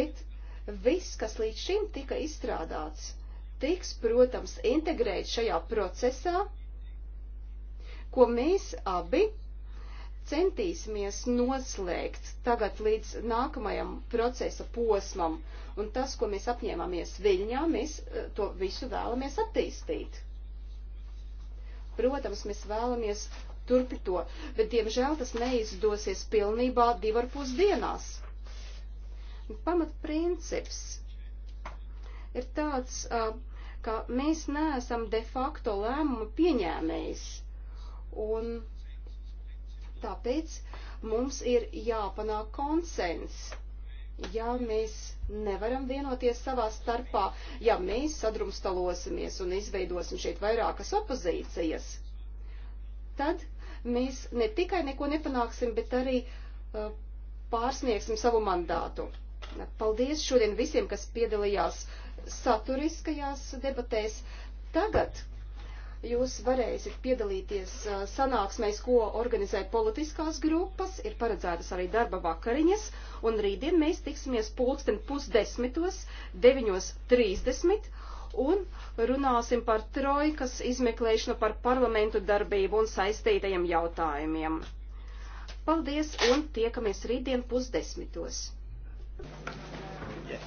Bet Viss, kas līdz šim tika izstrādāts, tiks, protams, integrēts šajā procesā, ko mēs abi centīsimies noslēgt tagad līdz nākamajam procesa posmam. Un tas, ko mēs apņēmāmies Viļņā, mēs eh, to visu vēlamies attīstīt. Protams, mēs vēlamies turpināt to, bet, diemžēl, tas neizdosies pilnībā divarpus dienās pamatprincips ir tāds, ka mēs neesam de facto lēmumu pieņēmējs. Un tāpēc mums ir jāpanāk konsens. Ja mēs nevaram vienoties savā starpā, ja mēs sadrumstalosimies un izveidosim šeit vairākas opozīcijas, tad mēs ne tikai neko nepanāksim, bet arī uh, pārsniegsim savu mandātu. Paldies šodien visiem, kas piedalījās saturiskajās debatēs. Tagad jūs varēsiet piedalīties sanāksmēs, ko organizē politiskās grupas, ir paredzētas arī darba vakariņas, un rītdien mēs tiksimies pulksten pusdesmitos, 9.30 un runāsim par trojkas izmeklēšanu par parlamentu darbību un saistītajiem jautājumiem. Paldies un tiekamies rītdien pusdesmitos. Yes.